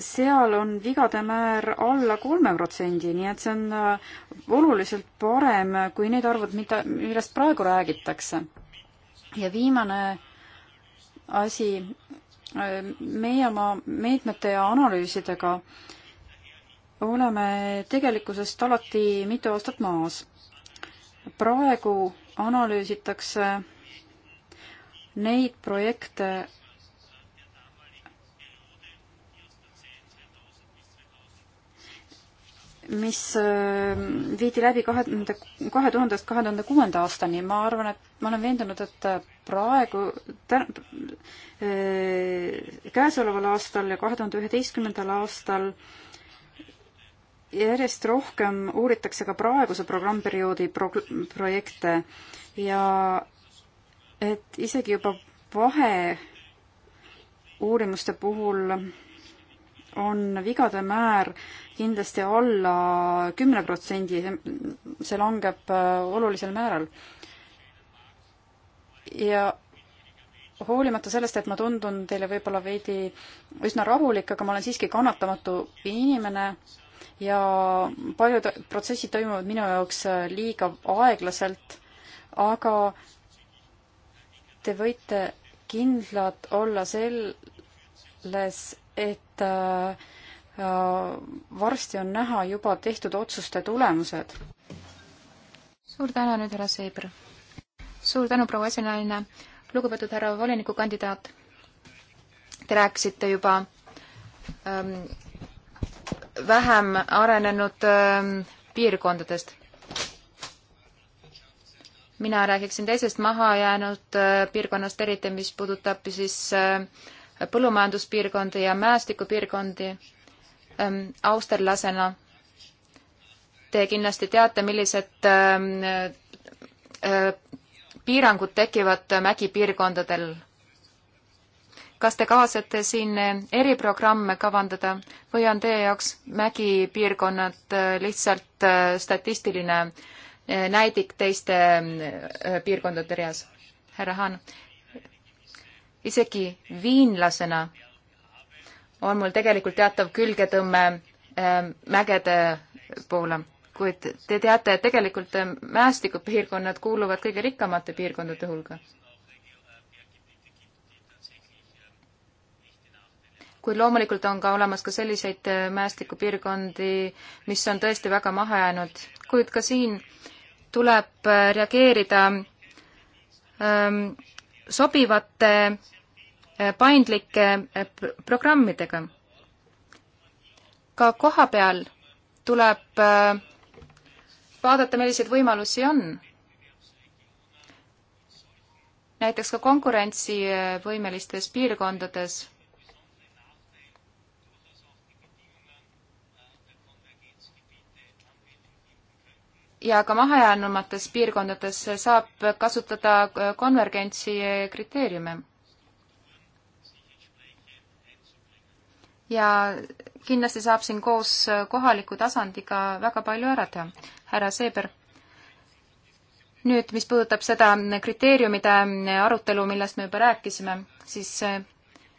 seal on vigade määr alla kolme protsendi, nii et see on äh, oluliselt parem kui need arvud, mida, millest praegu räägitakse. ja viimane asi, meie oma meetmete ja analüüsidega oleme tegelikkusest alati mitu aastat maas. praegu analüüsitakse neid projekte, mis äh, viidi läbi kahe tuhande, kahe tuhandest kahe tuhande kuuenda aastani, ma arvan, et ma olen veendunud, et praegu tä-, äh, käesoleval aastal ja kahe tuhande üheteistkümnendal aastal järjest rohkem uuritakse ka praeguse programmperioodi pro-, projekte ja et isegi juba vahe uurimuste puhul on vigade määr kindlasti alla kümne protsendi, see langeb äh, olulisel määral. ja hoolimata sellest, et ma tundun teile võib-olla veidi üsna rahulik, aga ma olen siiski kannatamatu inimene ja paljud protsessid toimuvad minu jaoks äh, liiga aeglaselt, aga te võite kindlad olla selles, et äh, äh, varsti on näha juba tehtud otsuste tulemused. suur tänu nüüd, härra Seeber. suur tänu, proua esinaine. lugupeetud härra volinikukandidaat, te rääkisite juba ähm, vähem arenenud ähm, piirkondadest. mina räägiksin teisest mahajäänud äh, piirkonnast eriti, mis puudutab siis äh, põllumajanduspiirkondi ja mäestikupiirkondi ähm, austerlasena. Te kindlasti teate, millised ähm, äh, piirangud tekivad mägipiirkondadel. kas te kavatsete siin eriprogramme kavandada või on teie jaoks mägipiirkonnad äh, lihtsalt äh, statistiline näidik teiste piirkondade reas? härra Haan, isegi viinlasena on mul tegelikult teatav külgetõmme äh, mägede poole, kuid te teate, et tegelikult ähm, mäestikupiirkonnad kuuluvad kõige rikkamate piirkondade hulga. kuid loomulikult on ka olemas ka selliseid äh, mäestikupiirkondi, mis on tõesti väga maha jäänud, kuid ka siin tuleb äh, reageerida ähm, sobivate paindlike eh, programmidega. ka koha peal tuleb eh, vaadata, milliseid võimalusi on. näiteks ka konkurentsivõimelistes piirkondades ja ka mahajäänumates piirkondades saab kasutada eh, konvergentsi kriteeriume ja kindlasti saab siin koos äh, kohaliku tasandiga väga palju ära teha. härra Seeber, nüüd mis puudutab seda kriteeriumide arutelu, millest me juba rääkisime, siis äh,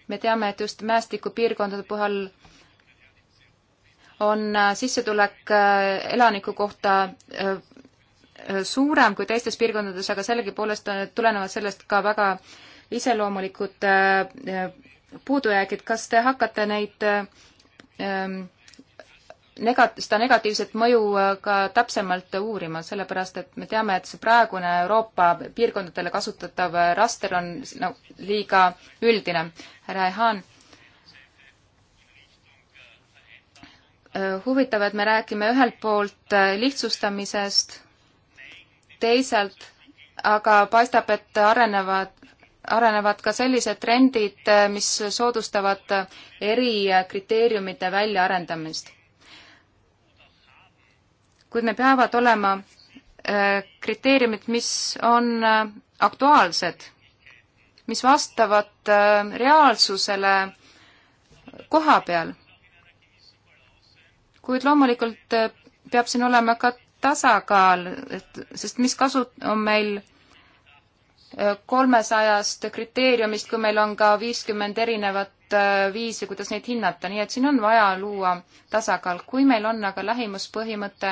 me teame, et just mäestikupiirkondade puhul on äh, sissetulek elaniku kohta suurem kui teistes piirkondades, aga sellegipoolest tulenevad sellest ka väga iseloomulikud puudujäägid, kas te hakkate neid ähm, nega-, seda negatiivset mõju äh, ka täpsemalt uurima, sellepärast et me teame, et see praegune Euroopa piirkondadele kasutatav raster on no, liiga üldine. härra Ehan, äh, huvitav, et me räägime ühelt poolt äh, lihtsustamisest, teisalt aga paistab, et arenevad arenevad ka sellised trendid, mis soodustavad eri kriteeriumite väljaarendamist. kuid me peavad olema äh, kriteeriumid, mis on äh, aktuaalsed, mis vastavad äh, reaalsusele koha peal. kuid loomulikult peab siin olema ka tasakaal, et sest mis kasu on meil kolmesajast kriteeriumist, kui meil on ka viiskümmend erinevat äh, viisi, kuidas neid hinnata, nii et siin on vaja luua tasakaal. kui meil on aga lähimuspõhimõte,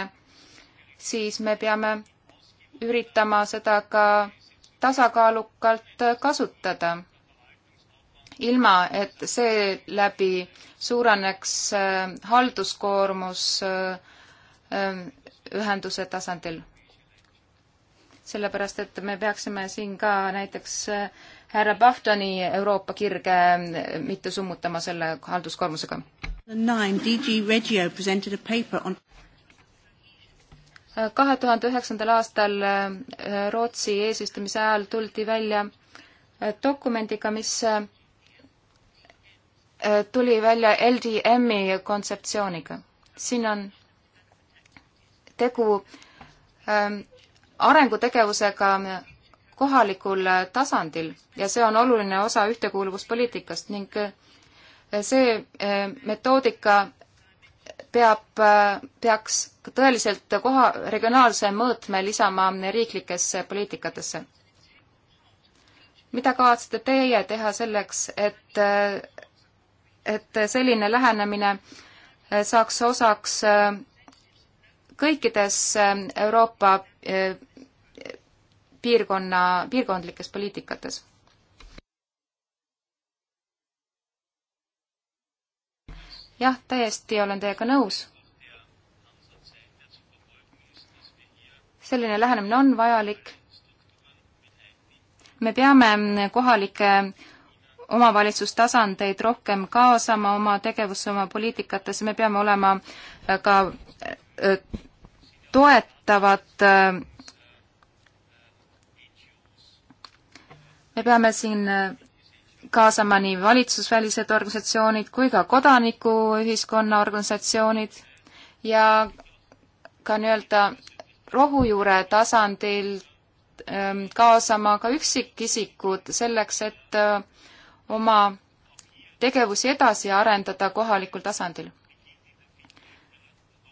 siis me peame üritama seda ka tasakaalukalt kasutada, ilma et seeläbi suureneks äh, halduskoormus äh, ühenduse tasandil sellepärast et me peaksime siin ka näiteks eh, härra Baftoni Euroopa kirge eh, mitte summutama selle halduskoormusega. Eh, kahe tuhande üheksandal aastal Rootsi eesistumise ajal tuldi välja dokumendiga, mis tuli välja LDM-i kontseptsiooniga. siin on tegu arengutegevusega kohalikul tasandil ja see on oluline osa ühtekuuluvuspoliitikast ning eh, see eh, metoodika peab, eh, peaks tõeliselt koha, regionaalse mõõtme lisama riiklikesse poliitikatesse. mida kavatsete teie teha selleks, et, et selline lähenemine saaks osaks kõikides Euroopa Eh, piirkonna, piirkondlikes poliitikates. jah, täiesti olen teiega nõus. selline lähenemine on vajalik. me peame kohalike omavalitsustasandeid rohkem kaasama oma tegevusse, oma poliitikatesse, me peame olema ka eh, toetavad äh, me peame siin äh, kaasama nii valitsusvälised organisatsioonid kui ka kodanikuühiskonna organisatsioonid ja ka nii-öelda rohujuure tasandil ähm, kaasama ka üksikisikud selleks, et äh, oma tegevusi edasi arendada kohalikul tasandil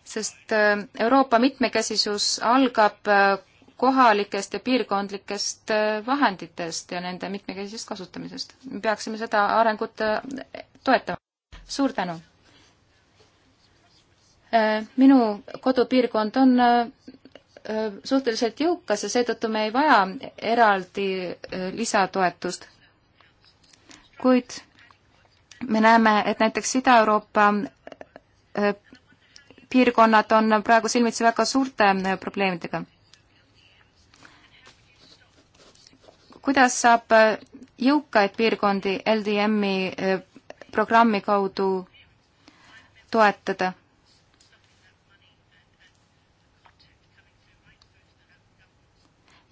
sest äh, Euroopa mitmekesisus algab äh, kohalikest ja piirkondlikest äh, vahenditest ja nende mitmekesisest kasutamisest. me peaksime seda arengut toetama. suur tänu! minu kodupiirkond on suhteliselt jõukas ja seetõttu me ei vaja eraldi lisatoetust. kuid me näeme, et näiteks Ida-Euroopa piirkonnad on praegu silmitsi väga suurte äh, probleemidega. kuidas saab äh, jõukaid piirkondi LDM-i äh, programmi kaudu toetada?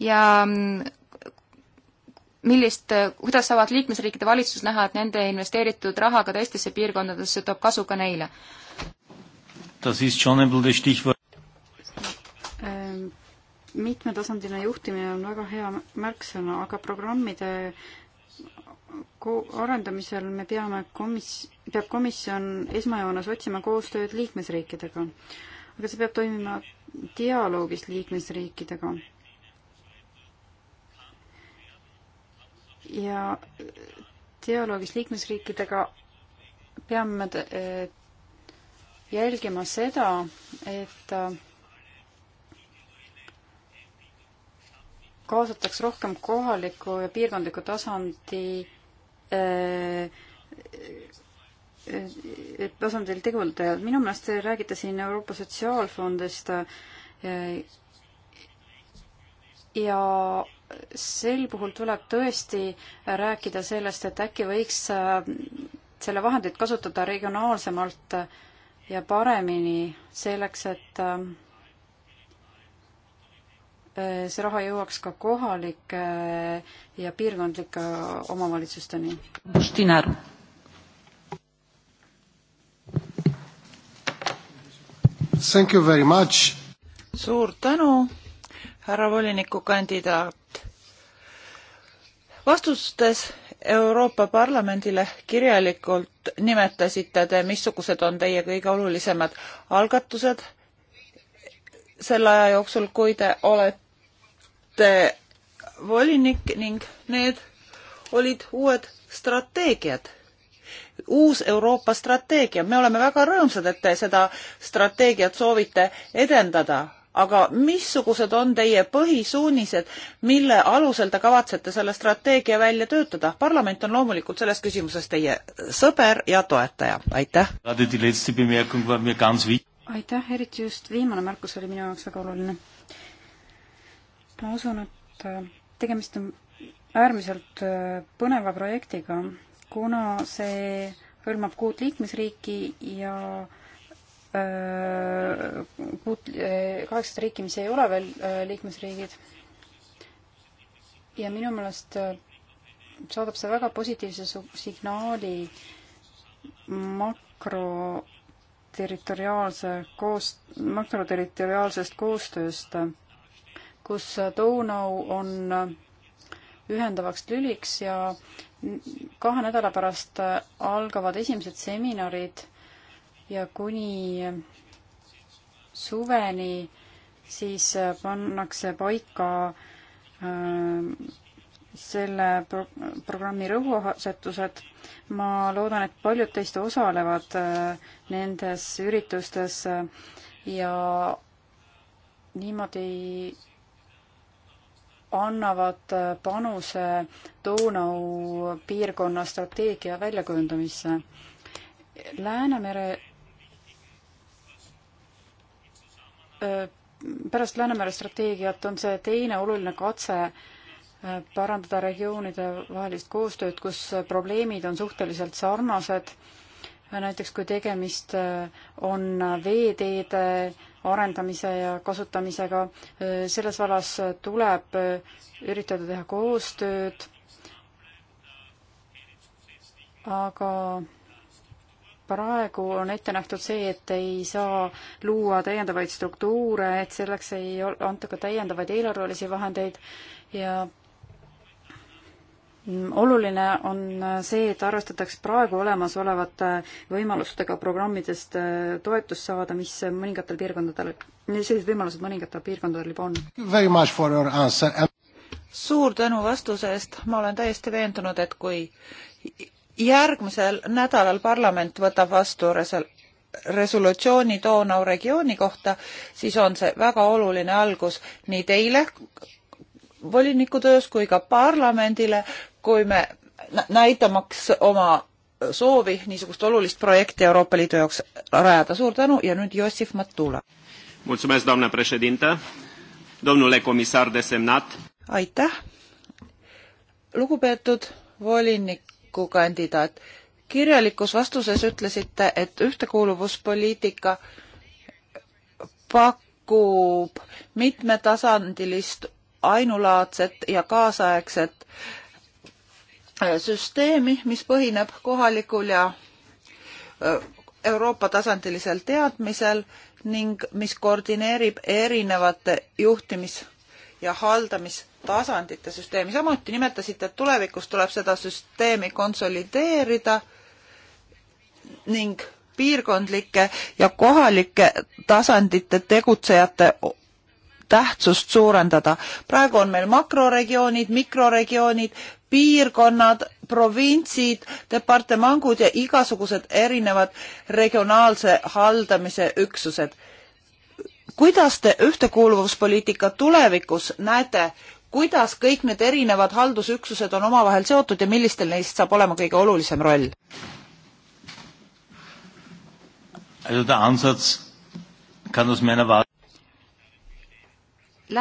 ja mm, millist, kuidas saavad liikmesriikide valitsus näha, et nende investeeritud raha ka teistesse piirkondadesse toob kasu ka neile? Das ist schon ein blödes Stichwort. Ähm, mitmetasandiline juhtimine on väga hea märksõna, aga programmide arendamisel me peame komis-, peab komisjon esmajoones otsima koostööd liikmesriikidega. aga see peab toimima dialoogis liikmesriikidega. ja dialoogis liikmesriikidega peame äh, jälgima seda, et äh, kaasataks rohkem kohaliku ja piirkondliku tasandi äh, äh, tasandil tegutsejaid. minu meelest te räägite siin Euroopa Sotsiaalfondist ja sel puhul tuleb tõesti rääkida sellest, et äkki võiks selle vahendeid kasutada regionaalsemalt äh, ja paremini selleks, et äh, see raha jõuaks ka kohalike äh, ja piirkondlike omavalitsusteni. Bustinaru. Thank you very much. suur tänu, härra volinikukandidaat. vastustes Euroopa Parlamendile kirjalikult nimetasite te, missugused on teie kõige olulisemad algatused selle aja jooksul, kui te olete volinik ning need olid uued strateegiad, uus Euroopa strateegia. me oleme väga rõõmsad, et te seda strateegiat soovite edendada aga missugused on teie põhisuunised, mille alusel te kavatsete selle strateegia välja töötada? parlament on loomulikult selles küsimuses teie sõber ja toetaja, aitäh! aitäh, eriti just viimane märkus oli minu jaoks väga oluline. ma usun, et äh, tegemist on äärmiselt äh, põneva projektiga, kuna see hõlmab kuut liikmesriiki ja äh, kuut, äh, äh, kaheksat riiki, mis ei ole veel äh, liikmesriigid. ja minu meelest saadab see väga positiivse signaali makroterritoriaalse koos, makroterritoriaalsest koostööst, kus Donau on ühendavaks lüliks ja kahe nädala pärast algavad esimesed seminarid ja kuni suveni siis pannakse paika äh, selle pro programmi rõhuasetused. ma loodan, et paljud teist osalevad äh, nendes üritustes äh, ja niimoodi annavad äh, panuse Donau piirkonna strateegia väljakujundamisse. Läänemere Äh, pärast Läänemere strateegiat on see teine oluline katse äh, parandada regioonide vahelist koostööd, kus äh, probleemid on suhteliselt sarnased. näiteks kui tegemist on veeteede arendamise ja kasutamisega, selles vallas tuleb üritada teha koostööd, aga praegu on ette nähtud see, et ei saa luua täiendavaid struktuure, et selleks ei anta ka täiendavaid eelarvelisi vahendeid ja oluline on see, et arvestataks praegu olemasolevate võimalustega programmidest äh, toetust saada, mis mõningatel piirkondadel, sellised võimalused mõningatel piirkondadel juba on. suur tänu vastuse eest, ma olen täiesti veendunud, et kui järgmisel nädalal parlament võtab vastu resol resolutsiooni Donau regiooni kohta, siis on see väga oluline algus nii teile volinikutöös kui ka parlamendile, kui me näitamaks oma soovi niisugust olulist projekti Euroopa Liidu jaoks rajada. suur tänu ja nüüd Jossif Matula. aitäh, lugupeetud volinik volinikukandidaat. kirjalikus vastuses ütlesite, et ühtekuuluvuspoliitika pakub mitmetasandilist ainulaadset ja kaasaegset äh, süsteemi, mis põhineb kohalikul ja äh, Euroopa tasandilisel teadmisel ning mis koordineerib erinevate juhtimis- ja haldamis- tasandite süsteemi. samuti nimetasite, et tulevikus tuleb seda süsteemi konsolideerida ning piirkondlike ja kohalike tasandite tegutsejate tähtsust suurendada. praegu on meil makroregioonid, mikroregioonid, piirkonnad, provintsid, departemangud ja igasugused erinevad regionaalse haldamise üksused kuidas te ühtekuuluvuspoliitika tulevikus näete, kuidas kõik need erinevad haldusüksused on omavahel seotud ja millistel neist saab olema kõige olulisem roll?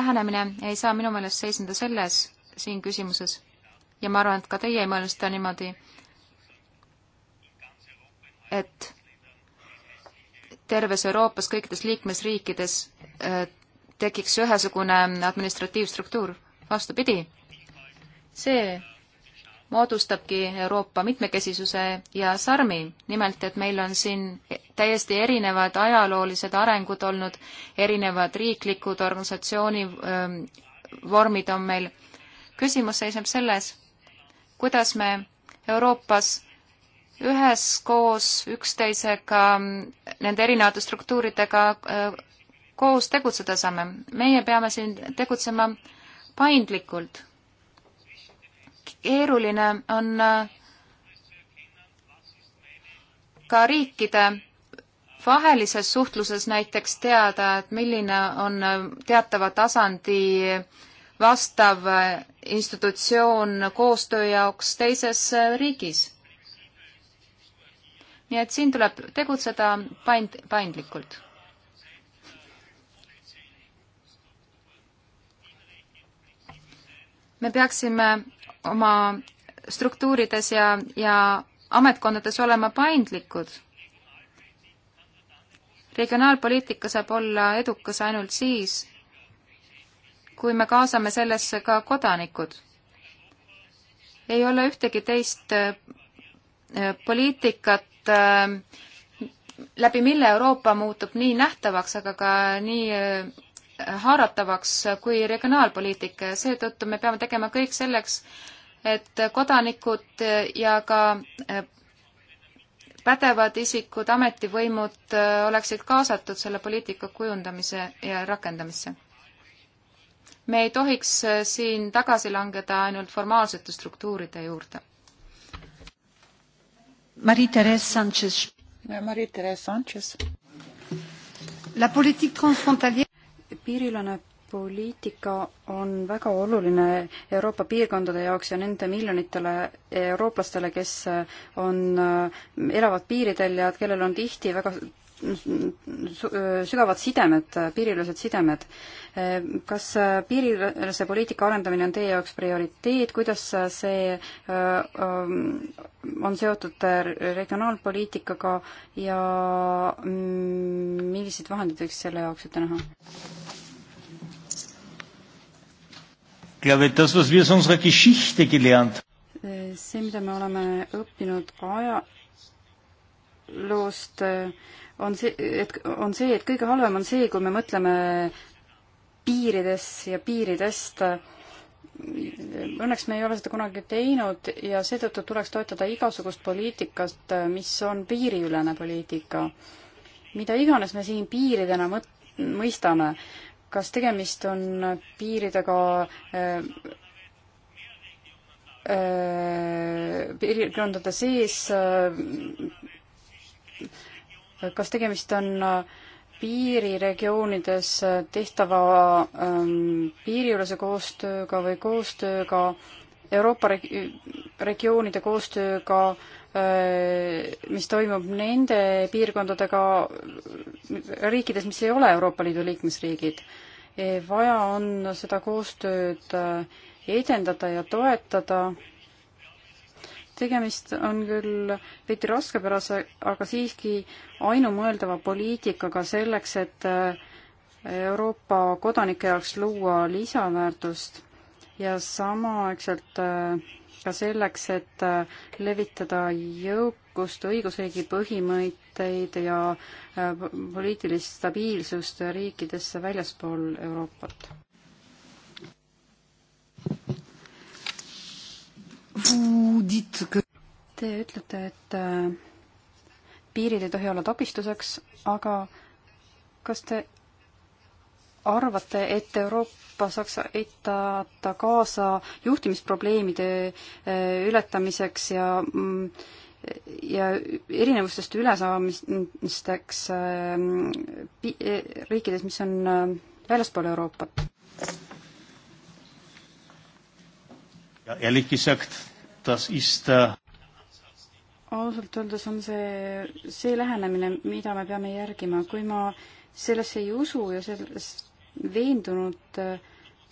lähenemine ei saa minu meelest seisneda selles siin küsimuses ja ma arvan, et ka teie ei mõelnud seda niimoodi, et terves Euroopas kõikides liikmesriikides äh, tekiks ühesugune administratiivstruktuur vastupidi, see moodustabki Euroopa mitmekesisuse ja sarmi. nimelt, et meil on siin täiesti erinevad ajaloolised arengud olnud, erinevad riiklikud organisatsiooni ähm, vormid on meil. küsimus seisneb selles, kuidas me Euroopas üheskoos üksteisega, ähm, nende erinevate struktuuridega äh, koos tegutseda saame. meie peame siin tegutsema äh, paindlikult. keeruline on äh, ka riikide vahelises suhtluses näiteks teada, et milline on äh, teatava tasandi vastav äh, institutsioon koostöö jaoks teises riigis. nii et siin tuleb tegutseda paind-, paindlikult me peaksime oma struktuurides ja, ja ametkondades olema paindlikud. regionaalpoliitika saab olla edukas ainult siis, kui me kaasame sellesse ka kodanikud. ei ole ühtegi teist äh, poliitikat äh, läbi mille Euroopa muutub nii nähtavaks, aga ka nii äh, haaratavaks kui regionaalpoliitika ja seetõttu me peame tegema kõik selleks, et kodanikud ja ka eh, pädevad isikud, ametivõimud eh, oleksid kaasatud selle poliitika kujundamise ja rakendamisse. me ei tohiks eh, siin tagasi langeda ainult formaalsete struktuuride juurde. Marie-Therese Sanchez. Marie-Therese Sanchez. La politique transfrontalière piiriülene poliitika on väga oluline Euroopa piirkondade jaoks ja nende miljonitele eurooplastele, kes äh, on, äh, elavad piiridel ja kellel on tihti väga äh, sügavad sidemed, piiriülesed sidemed. kas piiriülese poliitika arendamine on teie jaoks prioriteet, kuidas see ähm, on seotud regionaalpoliitikaga ja mm, milliseid vahendeid võiks selle jaoks ette näha? see, mida me oleme õppinud ajaloost, eh, on see, et on see, et kõige halvem on see, kui me mõtleme piirides ja piiridest. Õnneks me ei ole seda kunagi teinud ja seetõttu tuleks toetada igasugust poliitikat, mis on piiriülene poliitika. mida iganes me siin piiridena mõt-, mõistame, kas tegemist on piiridega äh, äh, piirkondade sees, äh, kas tegemist on piiriregioonides tehtava ähm, piiriülese koostööga või koostööga Euroopa regioonide koostööga äh, Äh, mis toimub nende piirkondadega riikides, mis ei ole Euroopa Liidu liikmesriigid. Äh, vaja on seda koostööd äh, edendada ja toetada. tegemist on küll veidi raskepärase, aga siiski ainumõeldava poliitikaga selleks, et Euroopa kodanike jaoks luua lisaväärtust ja samaaegselt äh, ka selleks, et äh, levitada jõukust, õigusriigi põhimõtteid ja äh, poliitilist stabiilsust riikidesse väljaspool Euroopat? Te ütlete, et äh, piirid ei tohi olla takistuseks, aga kas te arvate, et Euroopa saaks aidata kaasa juhtimisprobleemide eh, ületamiseks ja mm, ja erinevustest ülesaamisteks eh, eh, riikides, mis on väljaspool Euroopat? ausalt öeldes on see, see lähenemine, mida me peame järgima, kui ma sellesse ei usu ja sellest veendunud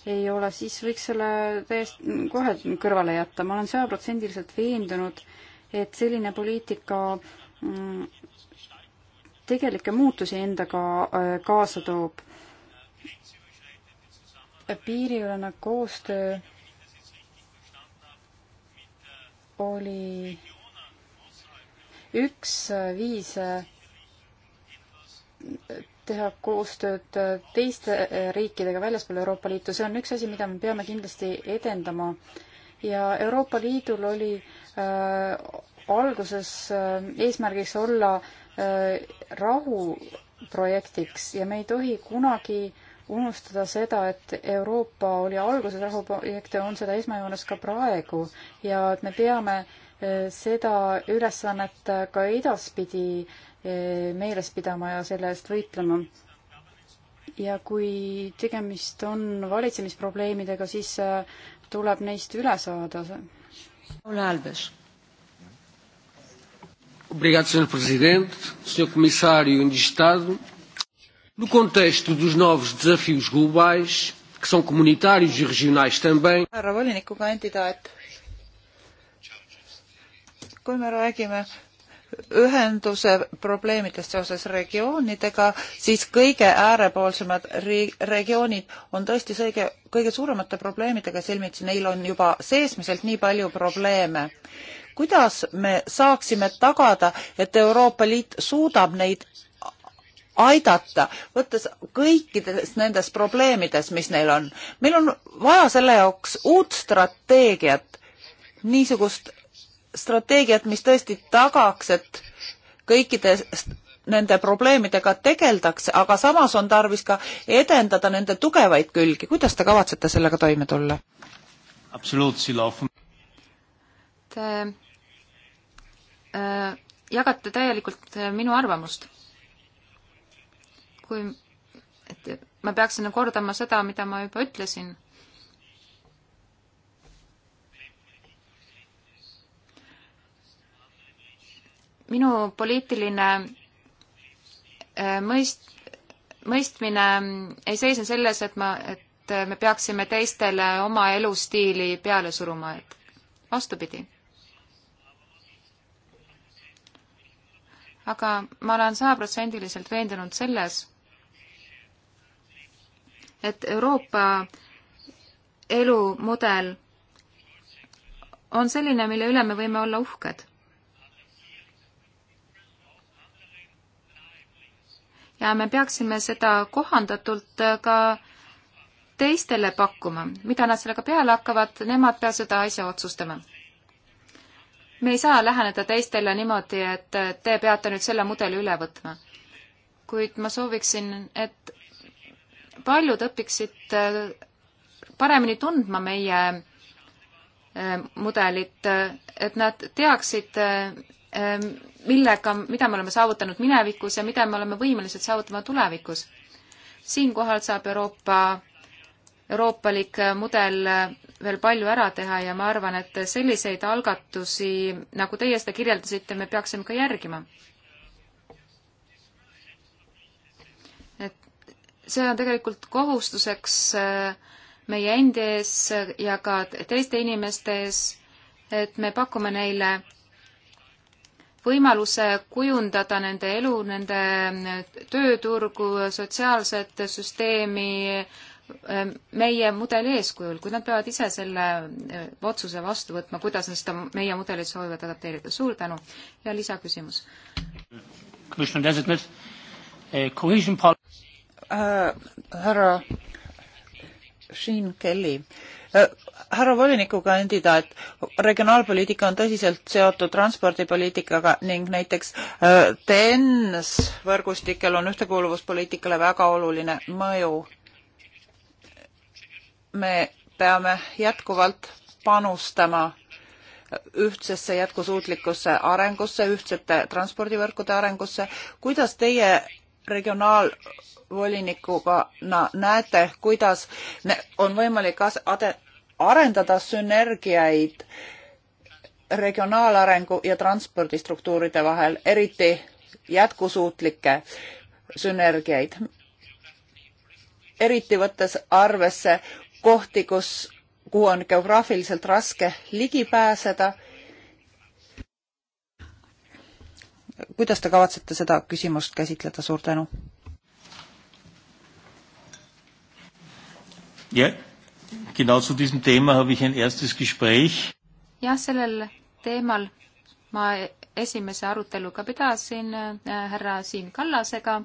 ei ole, siis võiks selle täiesti kohe kõrvale jätta. ma olen sajaprotsendiliselt veendunud, et selline poliitika mm, tegelikke muutusi endaga äh, kaasa toob. piiriülene koostöö oli üks viis teha koostööd äh, teiste äh, riikidega väljaspool Euroopa Liitu, see on üks asi, mida me peame kindlasti edendama. ja Euroopa Liidul oli äh, alguses äh, eesmärgiks olla äh, rahuprojektiks ja me ei tohi kunagi unustada seda, et Euroopa oli alguses rahuprojekt ja on seda esmajoones ka praegu ja et me peame äh, seda ülesannet äh, ka edaspidi äh, E, meeles pidama ja selle eest võitlema. ja kui tegemist on valitsemisprobleemidega, siis äh, tuleb neist üle saada. Paula Alves. Obrigado, Sr. Presidente, Sr. Comissário de Estado. No contexto dos novos desafios globais, que são comunitários e regionais também. härra voliniku kandidaat, kui me räägime ühenduse probleemidest seoses regioonidega, siis kõige äärepoolsemad regioonid on tõesti sõige, kõige suuremate probleemidega silmitsi, neil on juba seesmiselt nii palju probleeme. kuidas me saaksime tagada, et Euroopa Liit suudab neid aidata, võttes kõikides nendes probleemides, mis neil on. meil on vaja selle jaoks uut strateegiat, niisugust strateegiat, mis tõesti tagaks, et kõikide nende probleemidega tegeldakse, aga samas on tarvis ka edendada nende tugevaid külgi. kuidas te kavatsete sellega toime tulla? Te äh, jagate täielikult äh, minu arvamust. kui, et ma peaksin kordama seda, mida ma juba ütlesin minu poliitiline äh, mõist-, mõistmine ei seisne selles, et ma, et me peaksime teistele oma elustiili peale suruma, et vastupidi. aga ma olen sajaprotsendiliselt veendunud selles, et Euroopa elumudel on selline, mille üle me võime olla uhked ja me peaksime seda kohandatult ka teistele pakkuma. mida nad sellega peale hakkavad, nemad peavad seda asja otsustama. me ei saa läheneda teistele niimoodi, et te peate nüüd selle mudeli üle võtma. kuid ma sooviksin, et paljud õpiksid äh, paremini tundma meie äh, mudelit, äh, et nad teaksid, Ehm, millega, mida me oleme saavutanud minevikus ja mida me oleme võimelised saavutama tulevikus. siinkohal saab Euroopa, euroopalik äh, mudel äh, veel palju ära teha ja ma arvan, et selliseid algatusi, nagu teie seda kirjeldasite, me peaksime ka järgima. et see on tegelikult kohustuseks äh, meie endi ees ja ka teiste inimeste ees, et me pakume neile võimaluse kujundada nende elu, nende tööturgu, sotsiaalset süsteemi eh, meie mudeli eeskujul, kui nad peavad ise selle eh, otsuse vastu võtma, kuidas nad seda meie mudelit soovivad adapteerida. suur tänu ja lisaküsimus. Eh, äh, härra Shane Kelly äh, Äh, härra volinikukandidaat, regionaalpoliitika on tõsiselt seotud transpordipoliitikaga ning näiteks äh, TENS võrgustikel on ühtekuuluvuspoliitikale väga oluline mõju. me peame jätkuvalt panustama ühtsesse jätkusuutlikkusse arengusse, ühtsete transpordivõrkude arengusse. kuidas teie regionaal volinikuga na, näete, kuidas on võimalik arendada sünergiaid regionaalarengu ja transpordistruktuuride vahel, eriti jätkusuutlikke sünergiaid. eriti võttes arvesse kohti, kus, kuhu on geograafiliselt raske ligi pääseda. kuidas te kavatsete seda küsimust käsitleda, suur tänu! Ja, genau zu diesem Thema habe ich ein erstes Gespräch. jah, sellel teemal ma esimese arutelu ka pidasin äh, härra Siim Kallasega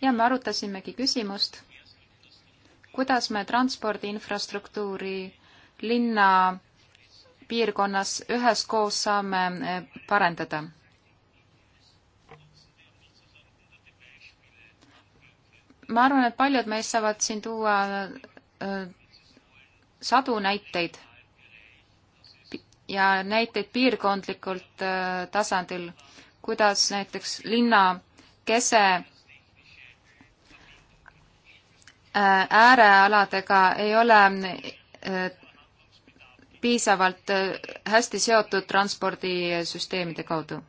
ja me arutasimegi küsimust, kuidas me transpordi infrastruktuuri linna piirkonnas üheskoos saame äh, parendada ma arvan, et paljud meist saavad siin tuua sadu näiteid ja näiteid piirkondlikult tasandil, kuidas näiteks linna kese äärealadega ei ole piisavalt hästi seotud transpordisüsteemide kaudu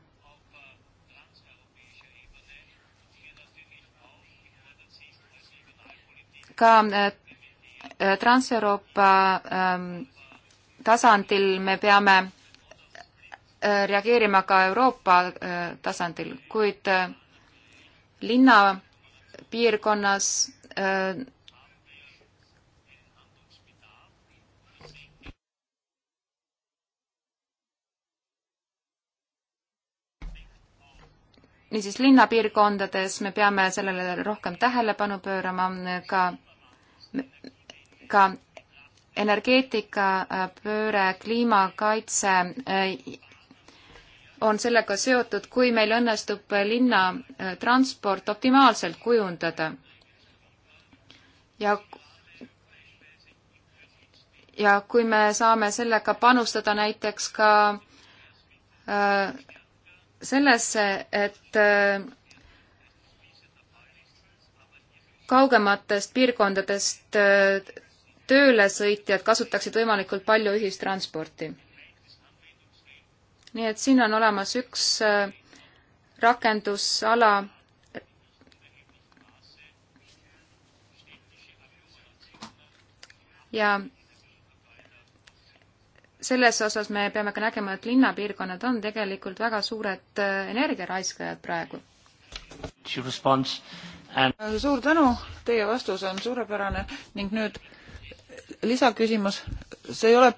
ka äh, Trans-Euroopa ähm, tasandil me peame äh, reageerima ka Euroopa äh, tasandil, kuid linnapiirkonnas niisiis linnapiirkondades me peame sellele rohkem tähelepanu pöörama ka ka energeetikapööre, äh, kliimakaitse äh, on sellega seotud, kui meil õnnestub linna äh, transport optimaalselt kujundada. ja, ja kui me saame sellega panustada näiteks ka äh, sellesse, et äh, kaugematest piirkondadest äh, tööle sõitjad kasutaksid võimalikult palju ühistransporti. nii et siin on olemas üks äh, rakendusala, ja selles osas me peame ka nägema, et linnapiirkonnad on tegelikult väga suured äh, energiaraiskajad praegu. And... suur tänu, teie vastus on suurepärane ning nüüd lisaküsimus, see ei ole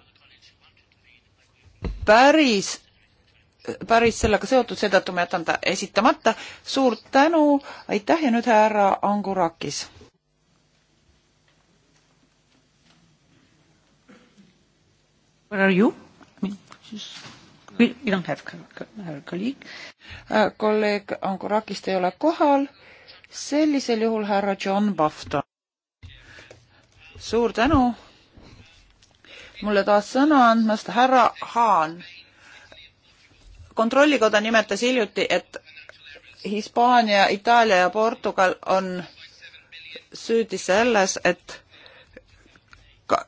päris, päris sellega seotud, seetõttu ma jätan ta esitamata. suur tänu, aitäh ja nüüd härra Angurakis. Where are you? We don't have her colleague. kolleeg Angurakist ei ole kohal sellisel juhul härra John Bafton. suur tänu mulle taas sõna andmast, härra Haan. kontrollikoda nimetas hiljuti, et Hispaania, Itaalia ja Portugal on süüdi selles, et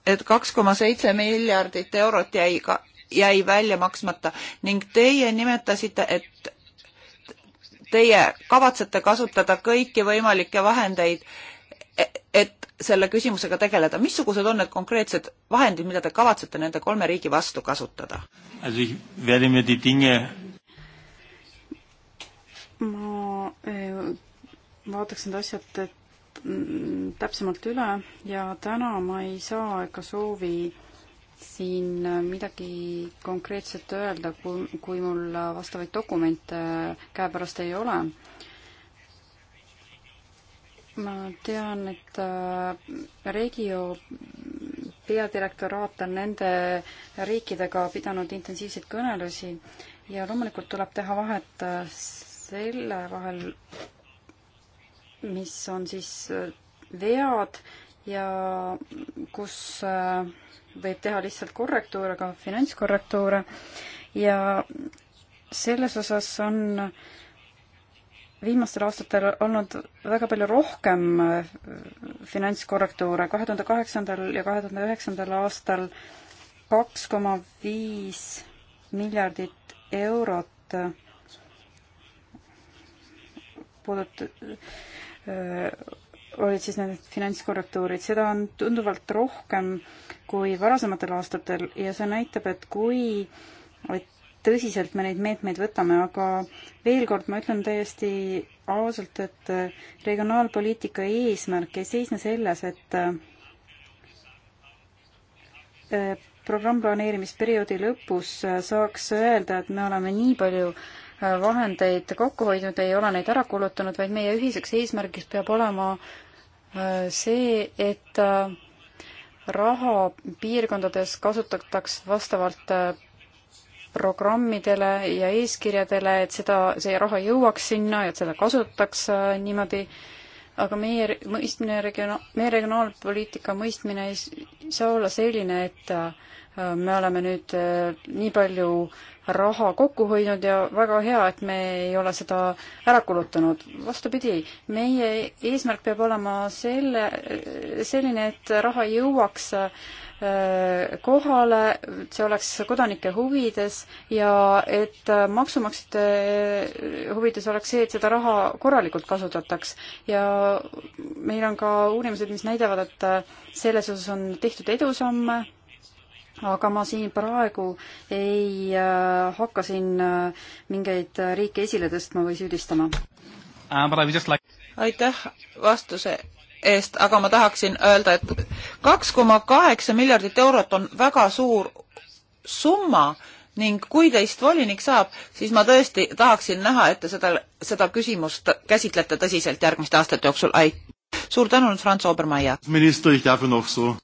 et kaks koma seitse miljardit eurot jäi ka, jäi välja maksmata ning teie nimetasite, et teie kavatsete kasutada kõiki võimalikke vahendeid, e-, et selle küsimusega tegeleda. missugused on need konkreetsed vahendid, mida te kavatsete nende kolme riigi vastu kasutada? ma äh, vaataks need asjad mm, täpsemalt üle ja täna ma ei saa ega soovi siin äh, midagi konkreetset öelda, kui, kui mul äh, vastavaid dokumente äh, käepärast ei ole. ma tean, et Regio peadirektoraat on nende riikidega pidanud intensiivseid kõnelusi ja loomulikult tuleb teha vahet selle vahel, mis on siis vead ja kus äh, võib teha lihtsalt korrektuure, ka finantskorrektuure ja selles osas on viimastel aastatel olnud väga palju rohkem äh, finantskorrektuure, kahe tuhande kaheksandal ja kahe tuhande üheksandal aastal kaks koma viis miljardit eurot äh, puudut-, olid siis need finantskorrektuurid, seda on tunduvalt rohkem kui varasematel aastatel ja see näitab, et kui tõsiselt me neid meetmeid võtame, aga veel kord ma ütlen täiesti ausalt, et regionaalpoliitika eesmärk ei seisne selles, et äh, programmplaneerimisperioodi lõpus äh, saaks öelda, et me oleme nii palju äh, vahendeid kokku hoidnud, ei ole neid ära kulutanud, vaid meie ühiseks eesmärgiks peab olema äh, see, et äh, raha piirkondades kasutatakse vastavalt äh, programmidele ja eeskirjadele, et seda, see raha jõuaks sinna ja et seda kasutatakse äh, niimoodi, aga meie mõistmine, regionaal, meie regionaalpoliitika mõistmine ei saa olla selline, et me oleme nüüd nii palju äh, raha kokku hoidnud ja väga hea, et me ei ole seda ära kulutanud. vastupidi, meie eesmärk peab olema selle, selline, et raha jõuaks äh, kohale, see oleks kodanike huvides ja et maksumaksjate äh, huvides oleks see, et seda raha korralikult kasutataks. ja meil on ka uurimused, mis näitavad, et äh, selles osas on tehtud edusamme aga ma siin praegu ei äh, hakka siin äh, mingeid riike esile tõstma või süüdistama. Uh, aitäh vastuse eest, aga ma tahaksin öelda, et kaks koma kaheksa miljardit eurot on väga suur summa ning kui teist volinik saab, siis ma tõesti tahaksin näha, et te seda, seda küsimust käsitlete tõsiselt järgmiste aastate jooksul. suur tänu, Franz Obermeier! minister, ich darf noch so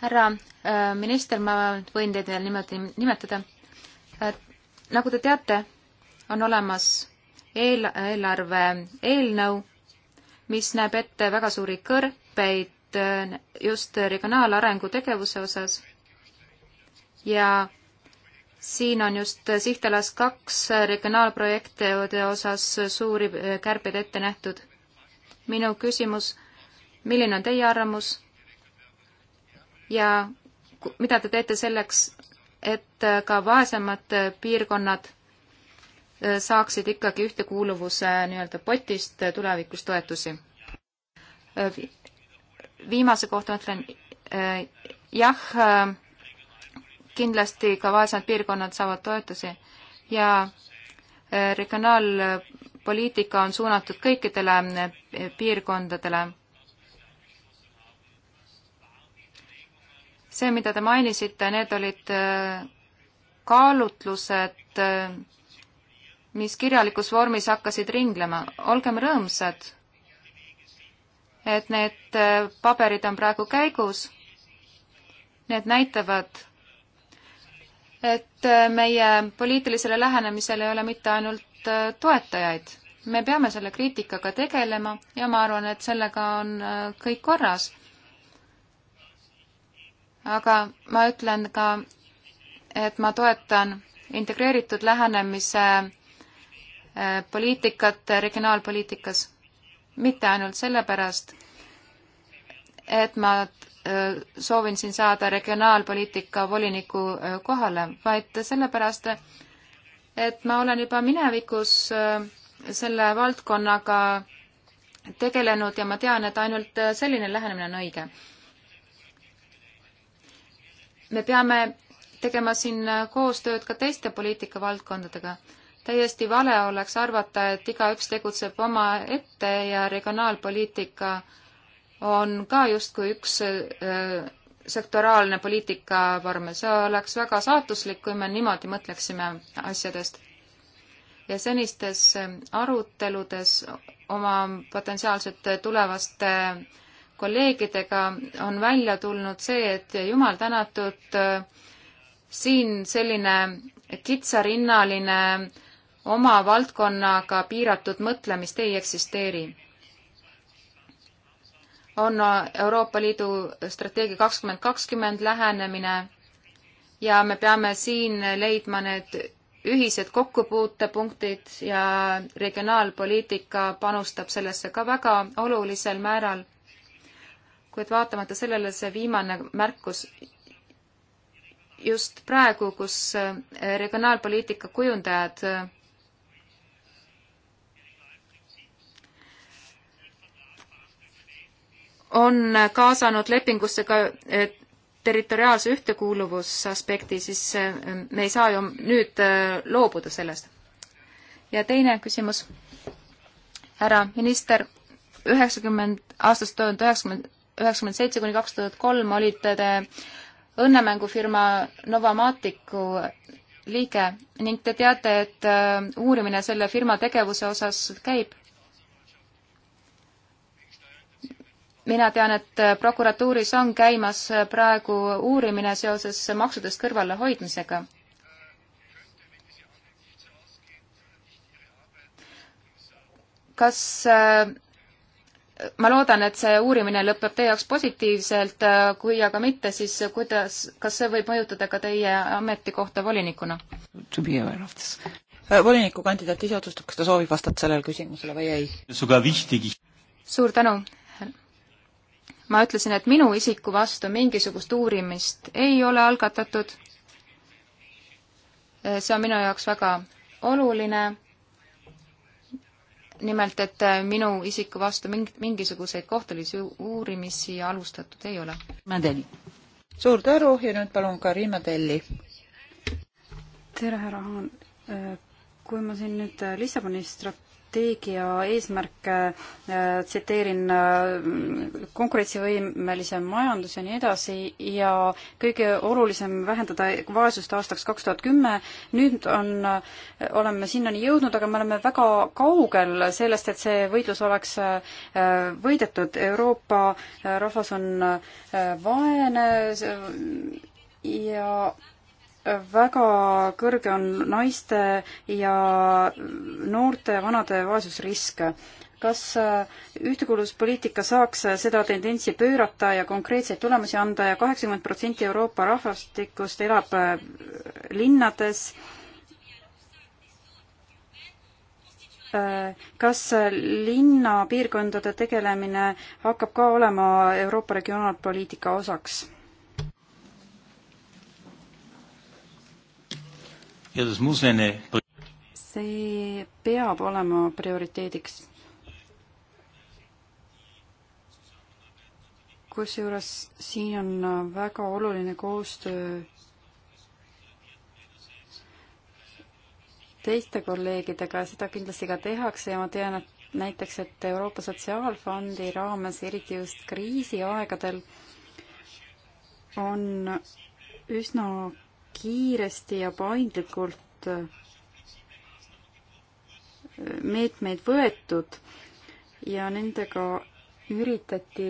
härra äh, minister, ma võin teid veel niimoodi nimetada. Äh, nagu te teate, on olemas eel-, eelarve eelnõu, mis näeb ette väga suuri kõrpeid äh, just regionaalarengu tegevuse osas ja siin on just sihtalas kaks regionaalprojektide osas suuri kärbeid ette nähtud. minu küsimus, milline on teie arvamus? ja mida te teete selleks, et äh, ka vaesemad äh, piirkonnad äh, saaksid ikkagi ühtekuuluvuse nii-öelda potist tulevikus toetusi? viimase kohta ütlen jah, kindlasti ka vaesemad piirkonnad saavad toetusi ja regionaalpoliitika on suunatud kõikidele piirkondadele see, mida te mainisite, need olid äh, kaalutlused, äh, mis kirjalikus vormis hakkasid ringlema. olgem rõõmsad, et need äh, paberid on praegu käigus. Need näitavad, et meie poliitilisele lähenemisele ei ole mitte ainult toetajaid. me peame selle kriitikaga tegelema ja ma arvan, et sellega on kõik korras aga ma ütlen ka, et ma toetan integreeritud lähenemise eh, poliitikat regionaalpoliitikas. mitte ainult sellepärast, et ma eh, soovin siin saada regionaalpoliitika voliniku eh, kohale, vaid sellepärast, et ma olen juba minevikus selle valdkonnaga tegelenud ja ma tean, et ainult selline lähenemine on õige me peame tegema siin koostööd ka teiste poliitikavaldkondadega. täiesti vale oleks arvata, et igaüks tegutseb omaette ja regionaalpoliitika on ka justkui üks äh, sektoraalne poliitikavorm, see oleks väga saatuslik, kui me niimoodi mõtleksime asjadest. ja senistes aruteludes oma potentsiaalsete tulevaste kolleegidega on välja tulnud see, et jumal tänatud, siin selline kitsarinnaline oma valdkonnaga piiratud mõtlemist ei eksisteeri. on Euroopa Liidu strateegia kakskümmend kakskümmend lähenemine ja me peame siin leidma need ühised kokkupuutepunktid ja regionaalpoliitika panustab sellesse ka väga olulisel määral kuid vaatamata sellele see viimane märkus just praegu, kus äh, regionaalpoliitika kujundajad äh, on kaasanud lepingusse ka äh, territoriaalse ühtekuuluvusaspekti, siis me ei saa ju nüüd loobuda sellest. ja teine küsimus. härra minister, üheksakümmend, aastast tuhande üheksakümmend üheksakümmend seitse kuni kaks tuhat kolm olite te õnnemängufirma Novamatiku liige ning te teate, et äh, uurimine selle firma tegevuse osas käib. mina tean, et äh, prokuratuuris on käimas äh, praegu uurimine seoses maksudest kõrvalehoidmisega kas ma loodan, et see uurimine lõpeb teie jaoks positiivselt, kui aga mitte, siis kuidas, kas see võib mõjutada ka teie ametikohta volinikuna? Äh, volinikukandidaat ise otsustab, kas ta soovib vastata sellele küsimusele või ei. suur tänu! ma ütlesin, et minu isiku vastu mingisugust uurimist ei ole algatatud. Äh, see on minu jaoks väga oluline nimelt, et äh, minu isiku vastu ming-, mingisuguseid kohtelisi uurimisi alustatud ei ole. suur tänu ja nüüd palun Karima Telli. tere, härra Haan. Äh, kui ma siin nüüd äh, Lissaboni strat-, strateegia eesmärke, äh, tsiteerin äh, konkurentsivõimelise majandus ja nii edasi ja kõige olulisem vähendada vaesust aastaks kaks tuhat kümme. nüüd on, äh, oleme sinnani jõudnud, aga me oleme väga kaugel sellest, et see võitlus oleks võidetud. Euroopa rahvas on vaene ja väga kõrge on naiste ja noorte vanade vaesusrisk. kas äh, ühtekuuluvuspoliitika saaks äh, seda tendentsi pöörata ja konkreetseid tulemusi anda ja kaheksakümmend protsenti Euroopa rahvastikust elab äh, linnades kas linnapiirkondade tegelemine hakkab ka olema Euroopa regionaalpoliitika osaks? Eh, see peab olema prioriteediks. kusjuures siin on väga oluline koostöö teiste kolleegidega ja seda kindlasti ka tehakse ja ma tean, et näiteks, et Euroopa Sotsiaalfondi raames, eriti just kriisiaegadel, on üsna kiiresti ja paindlikult äh, meetmeid võetud ja nendega üritati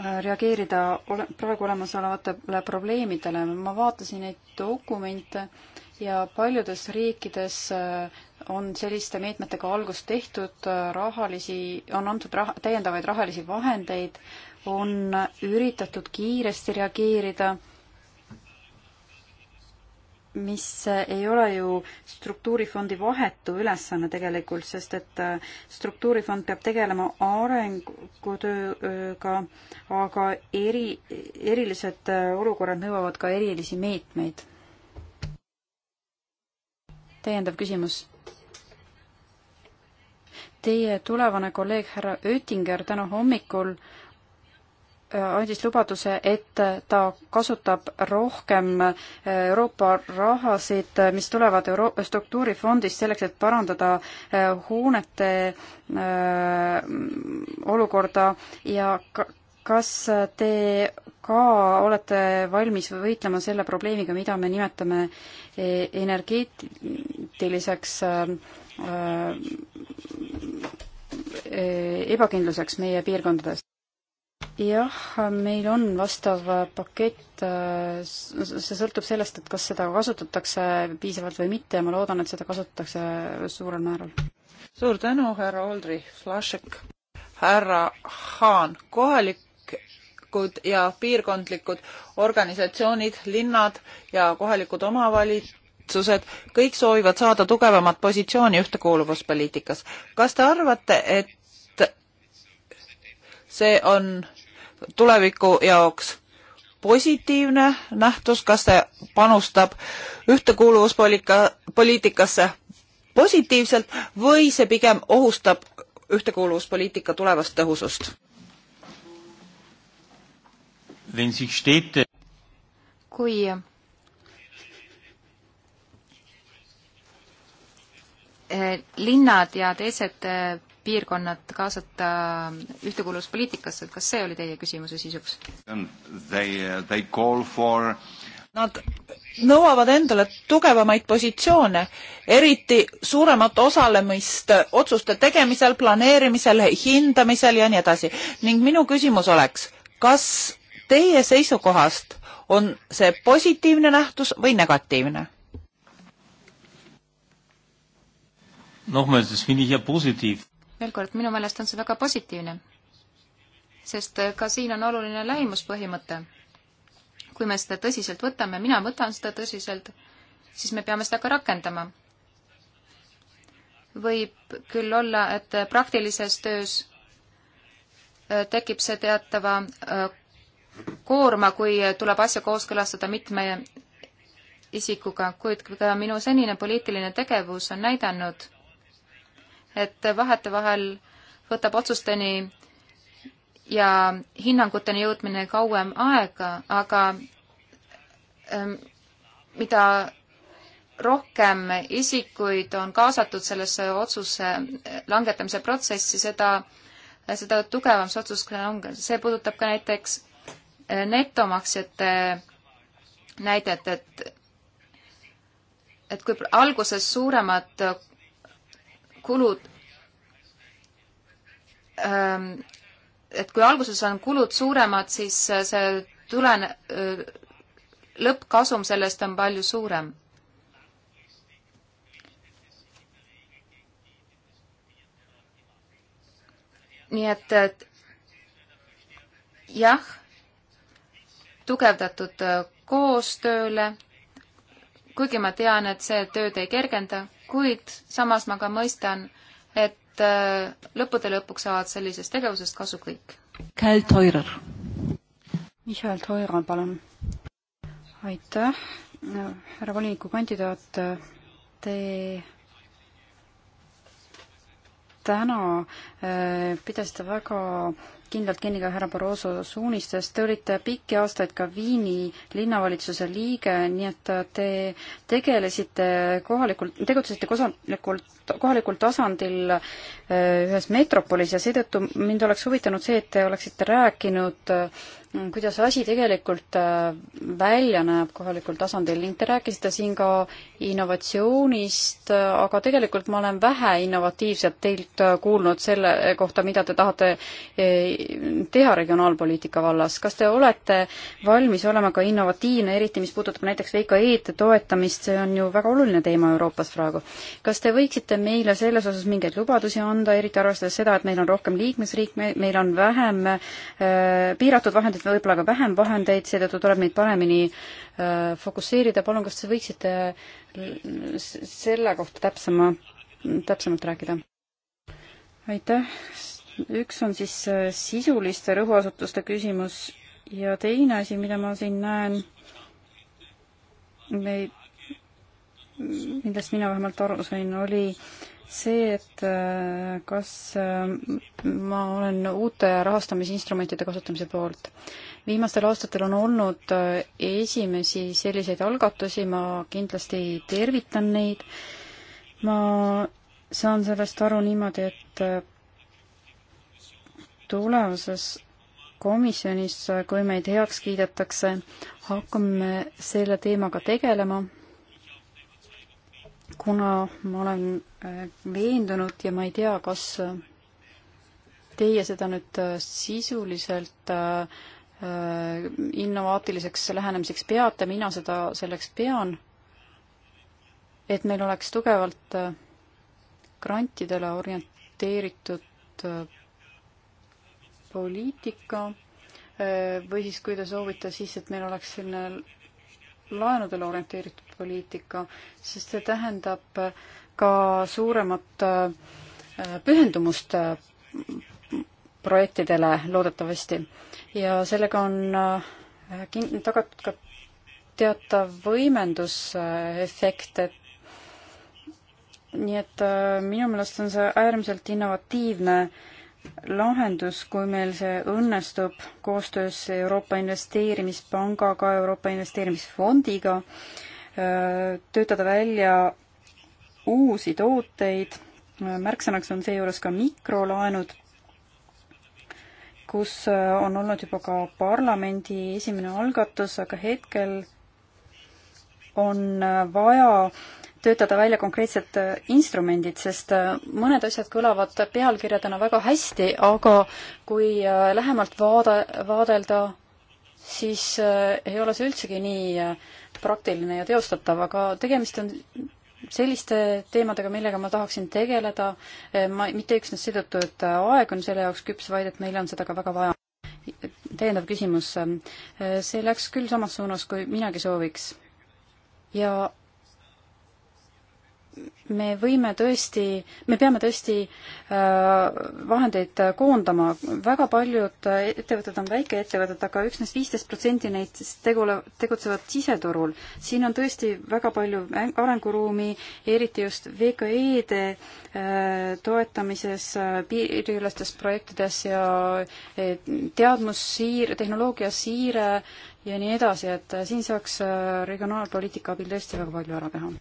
äh, reageerida ole, praegu olemasolevatele probleemidele. ma vaatasin neid dokumente ja paljudes riikides äh, on selliste meetmetega algust tehtud, rahalisi, on antud rah-, täiendavaid rahalisi vahendeid äh, on üritatud kiiresti reageerida, mis ei ole ju struktuurifondi vahetu ülesanne tegelikult, sest et äh, struktuurifond peab tegelema arengutööga, aga eri, erilised äh, olukorrad nõuavad ka erilisi meetmeid. täiendav küsimus teie tulevane kolleeg härra Oettinger täna hommikul Äh, andis lubaduse, et ta kasutab rohkem äh, Euroopa rahasid, äh, mis tulevad Euro-, struktuurifondist selleks, et parandada hoonete olukorda ja ka, kas te ka olete valmis võitlema selle probleemiga, mida me nimetame e, energeetiliseks ebakindluseks meie piirkondades? jah, meil on vastav pakett, see sõltub sellest, et kas seda kasutatakse piisavalt või mitte ja ma loodan, et seda kasutatakse suurel määral. suur tänu, härra Oldri Flašek. härra Haan, kohalikud ja piirkondlikud organisatsioonid, linnad ja kohalikud omavalitsused, kõik soovivad saada tugevamat positsiooni ühtekuuluvuspoliitikas. kas te arvate, et see on tuleviku jaoks positiivne nähtus, kas see panustab ühtekuuluvuspoliitikasse positiivselt või see pigem ohustab ühtekuuluvuspoliitika tulevast tõhusust? kui eh, linnad ja teised eh, piirkonnad kaasata ühtekuuluvuspoliitikasse, et kas see oli teie küsimuse sisuks? Uh, for... Nad nõuavad endale tugevamaid positsioone, eriti suuremat osalemist otsuste tegemisel, planeerimisel, hindamisel ja nii edasi. ning minu küsimus oleks, kas teie seisukohast on see positiivne nähtus või negatiivne? Nochmals, das finde ich ja positiv veel kord, minu meelest on see väga positiivne, sest ka siin on oluline lähimuspõhimõte. kui me seda tõsiselt võtame, mina võtan seda tõsiselt, siis me peame seda ka rakendama. võib küll olla, et praktilises töös äh, tekib see teatava äh, koorma, kui tuleb asja kooskõlastada mitme isikuga, kuid ka minu senine poliitiline tegevus on näidanud, et vahetevahel võtab otsusteni ja hinnanguteni jõudmine kauem aega, aga ähm, mida rohkem isikuid on kaasatud sellesse otsuse langetamise protsessi, seda, seda tugevam see otsus on. see puudutab ka näiteks äh, netomaksjate näidet, et et kui alguses suuremad kulud ähm, et kui alguses on kulud suuremad, siis äh, see tulen-, äh, lõppkasum sellest on palju suurem. nii et, et jah, tugevdatud äh, koostööle, kuigi ma tean, et see tööd ei kergenda kuid samas ma ka mõistan, et äh, lõppude lõpuks saavad sellisest tegevusest kasu kõik. Mihhail Toirer. Mihhail Toirer, palun. aitäh, härra volinikukandidaat, te täna äh, pidasite väga kindlalt kinni ka härra Barroso suunistest. Te olite pikki aastaid ka Viini linnavalitsuse liige, nii et te tegelesite kohalikul, tegutsesite kosakult, kohalikul tasandil eh, ühes metropolis ja seetõttu mind oleks huvitanud see, et te oleksite rääkinud mm, kuidas asi tegelikult eh, välja näeb kohalikul tasandil ning te rääkisite siin ka innovatsioonist, aga tegelikult ma olen vähe innovatiivset teilt eh, kuulnud selle kohta, mida te tahate teha regionaalpoliitika vallas. kas te olete valmis olema ka innovatiivne, eriti mis puudutab näiteks VKE-d toetamist, see on ju väga oluline teema Euroopas praegu. kas te võiksite meile selles osas mingeid lubadusi anda, eriti arvestades seda, et meil on rohkem liikmesriike, meil on vähem äh, piiratud vahendeid, võib-olla ka vähem vahendeid, seetõttu tuleb neid paremini äh, fokusseerida, palun kas te võiksite selle kohta täpsema, täpsemalt rääkida? aitäh üks on siis äh, sisuliste rõhuasutuste küsimus ja teine asi, mida ma siin näen, me, millest mina vähemalt aru sain, oli see, et äh, kas äh, ma olen uute rahastamisinstrumentide kasutamise poolt. viimastel aastatel on olnud esimesi selliseid algatusi, ma kindlasti tervitan neid, ma saan sellest aru niimoodi, et tulemuses komisjonis, kui meid heaks kiidetakse, hakkame selle teemaga tegelema, kuna ma olen äh, veendunud ja ma ei tea, kas teie seda nüüd äh, sisuliselt äh, innovaatiliseks lähenemiseks peate, mina seda selleks pean, et meil oleks tugevalt grantidele orienteeritud poliitika eh, või siis, kui te soovite, siis et meil oleks selline laenudele orienteeritud poliitika, sest see tähendab ka suuremat eh, pühendumust eh, projektidele loodetavasti ja sellega on kin-, tagatud ka teatav võimendusefekt, et nii et minu meelest on see äärmiselt innovatiivne äh, lahendus, kui meil see õnnestub koostöös Euroopa Investeerimispangaga, Euroopa Investeerimisfondiga, töötada välja uusi tooteid, märksõnaks on seejuures ka mikrolaenud, kus on olnud juba ka parlamendi esimene algatus, aga hetkel on vaja töötada välja konkreetsed äh, instrumendid, sest äh, mõned asjad kõlavad pealkirjadena väga hästi, aga kui äh, lähemalt vaada, vaadelda, siis ei ole see üldsegi nii praktiline ja teostatav, aga tegemist on selliste teemadega, millega ma tahaksin tegeleda, ma mitte üksnes seetõttu, et aeg on selle jaoks küps, vaid et meil on seda ka väga vaja. täiendav küsimus. Ähm, see läks küll samas suunas, kui minagi sooviks. ja me võime tõesti, me peame tõesti äh, vahendeid äh, koondama, väga paljud äh, ettevõtted on väikeettevõtted, aga üksnes viisteist protsenti neid tegule, tegutsevad siseturul. siin on tõesti väga palju arenguruumi, eriti just VKE-de toetamises, piiriülestes projektides ja teadmussiir, tehnoloogiasiire ja nii edasi, et siin saaks regionaalpoliitika abil tõesti väga palju ära teha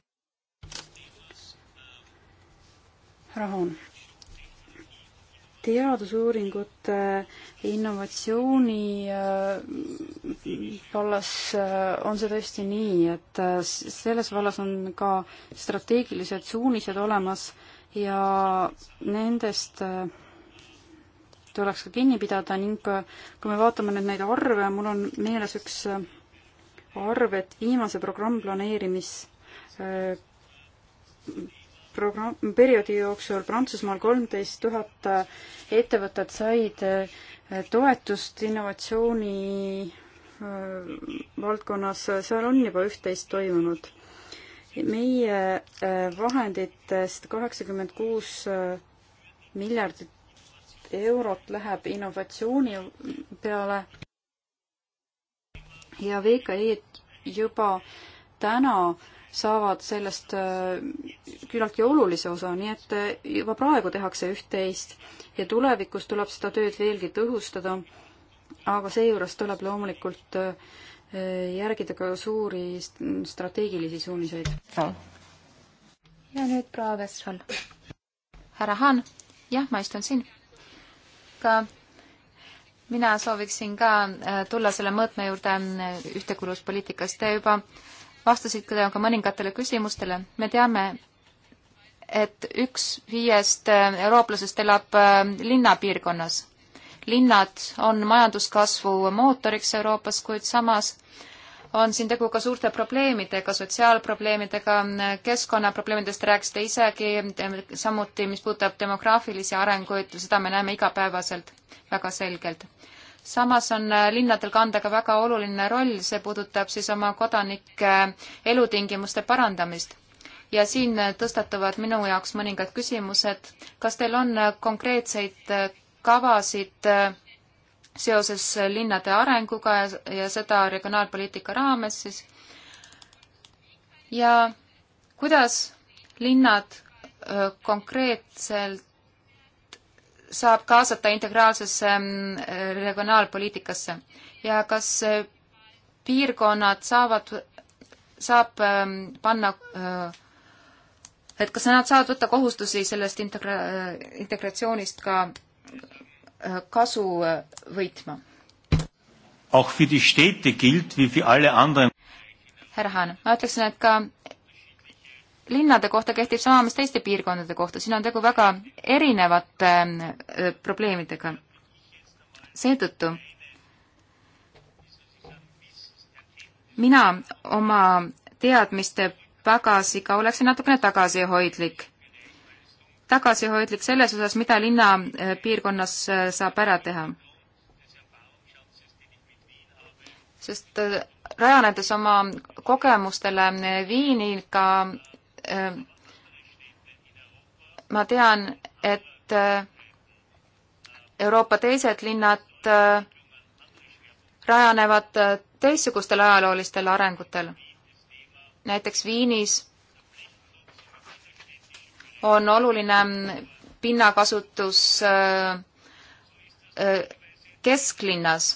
Rahun. teadusuuringute innovatsiooni äh, vallas äh, on see tõesti nii, et äh, selles vallas on ka strateegilised suunised olemas ja nendest tuleks ka kinni pidada ning kui me vaatame nüüd neid arve, mul on meeles üks arv, et viimase programmplaneerimis programm, perioodi jooksul Prantsusmaal kolmteist tuhat äh, ettevõtet said äh, toetust innovatsiooni äh, valdkonnas, seal on juba üht-teist toimunud. meie vahenditest kaheksakümmend kuus miljardit eurot läheb innovatsiooni peale ja VKE-d juba täna äh, saavad sellest äh, küllaltki olulise osa, nii et äh, juba praegu tehakse üht-teist ja tulevikus tuleb seda tööd veelgi tõhustada, aga seejuures tuleb loomulikult äh, järgida ka suuri strateegilisi suuniseid. ja nüüd proua Vessal. härra Haan, jah, ma istun siin. ka mina sooviksin ka tulla selle mõõtme juurde ühtekuuluvuspoliitikas. Te juba äh, vastasid ka mõningatele küsimustele. me teame, et üks viiest äh, eurooplasest elab äh, linnapiirkonnas. linnad on majanduskasvu mootoriks Euroopas, kuid samas on siin tegu ka suurte probleemidega, sotsiaalprobleemidega, keskkonnaprobleemidest rääkisite isegi, samuti mis puudutab demograafilisi arenguid, seda me näeme igapäevaselt väga selgelt samas on äh, linnadel kanda ka väga oluline roll, see puudutab siis oma kodanike äh, elutingimuste parandamist. ja siin äh, tõstatuvad minu jaoks mõningad küsimused. kas teil on konkreetseid kavasid seoses linnade arenguga ja, ja seda regionaalpoliitika raames siis? ja kuidas linnad konkreetselt saab kaasata integraalsesse mm, regionaalpoliitikasse ja kas eh, piirkonnad saavad, saab mm, panna, eh, et kas nad saavad võtta kohustusi sellest integra-, eh, integratsioonist ka kasu võitma? härra Haan, ma ütleksin, et ka linnade kohta kehtib sama, mis teiste piirkondade kohta, siin on tegu väga erinevate ähm, äh, probleemidega. seetõttu mina oma teadmiste pagasiga oleksin natukene tagasihoidlik. tagasihoidlik selles osas, mida linnapiirkonnas äh, äh, saab ära teha. sest äh, rajanedes oma kogemustele äh, Viiniga Ähm, ma tean, et äh, Euroopa teised linnad äh, rajanevad äh, teistsugustel ajaloolistel arengutel. näiteks Viinis on oluline mm, pinnakasutus kesklinnas.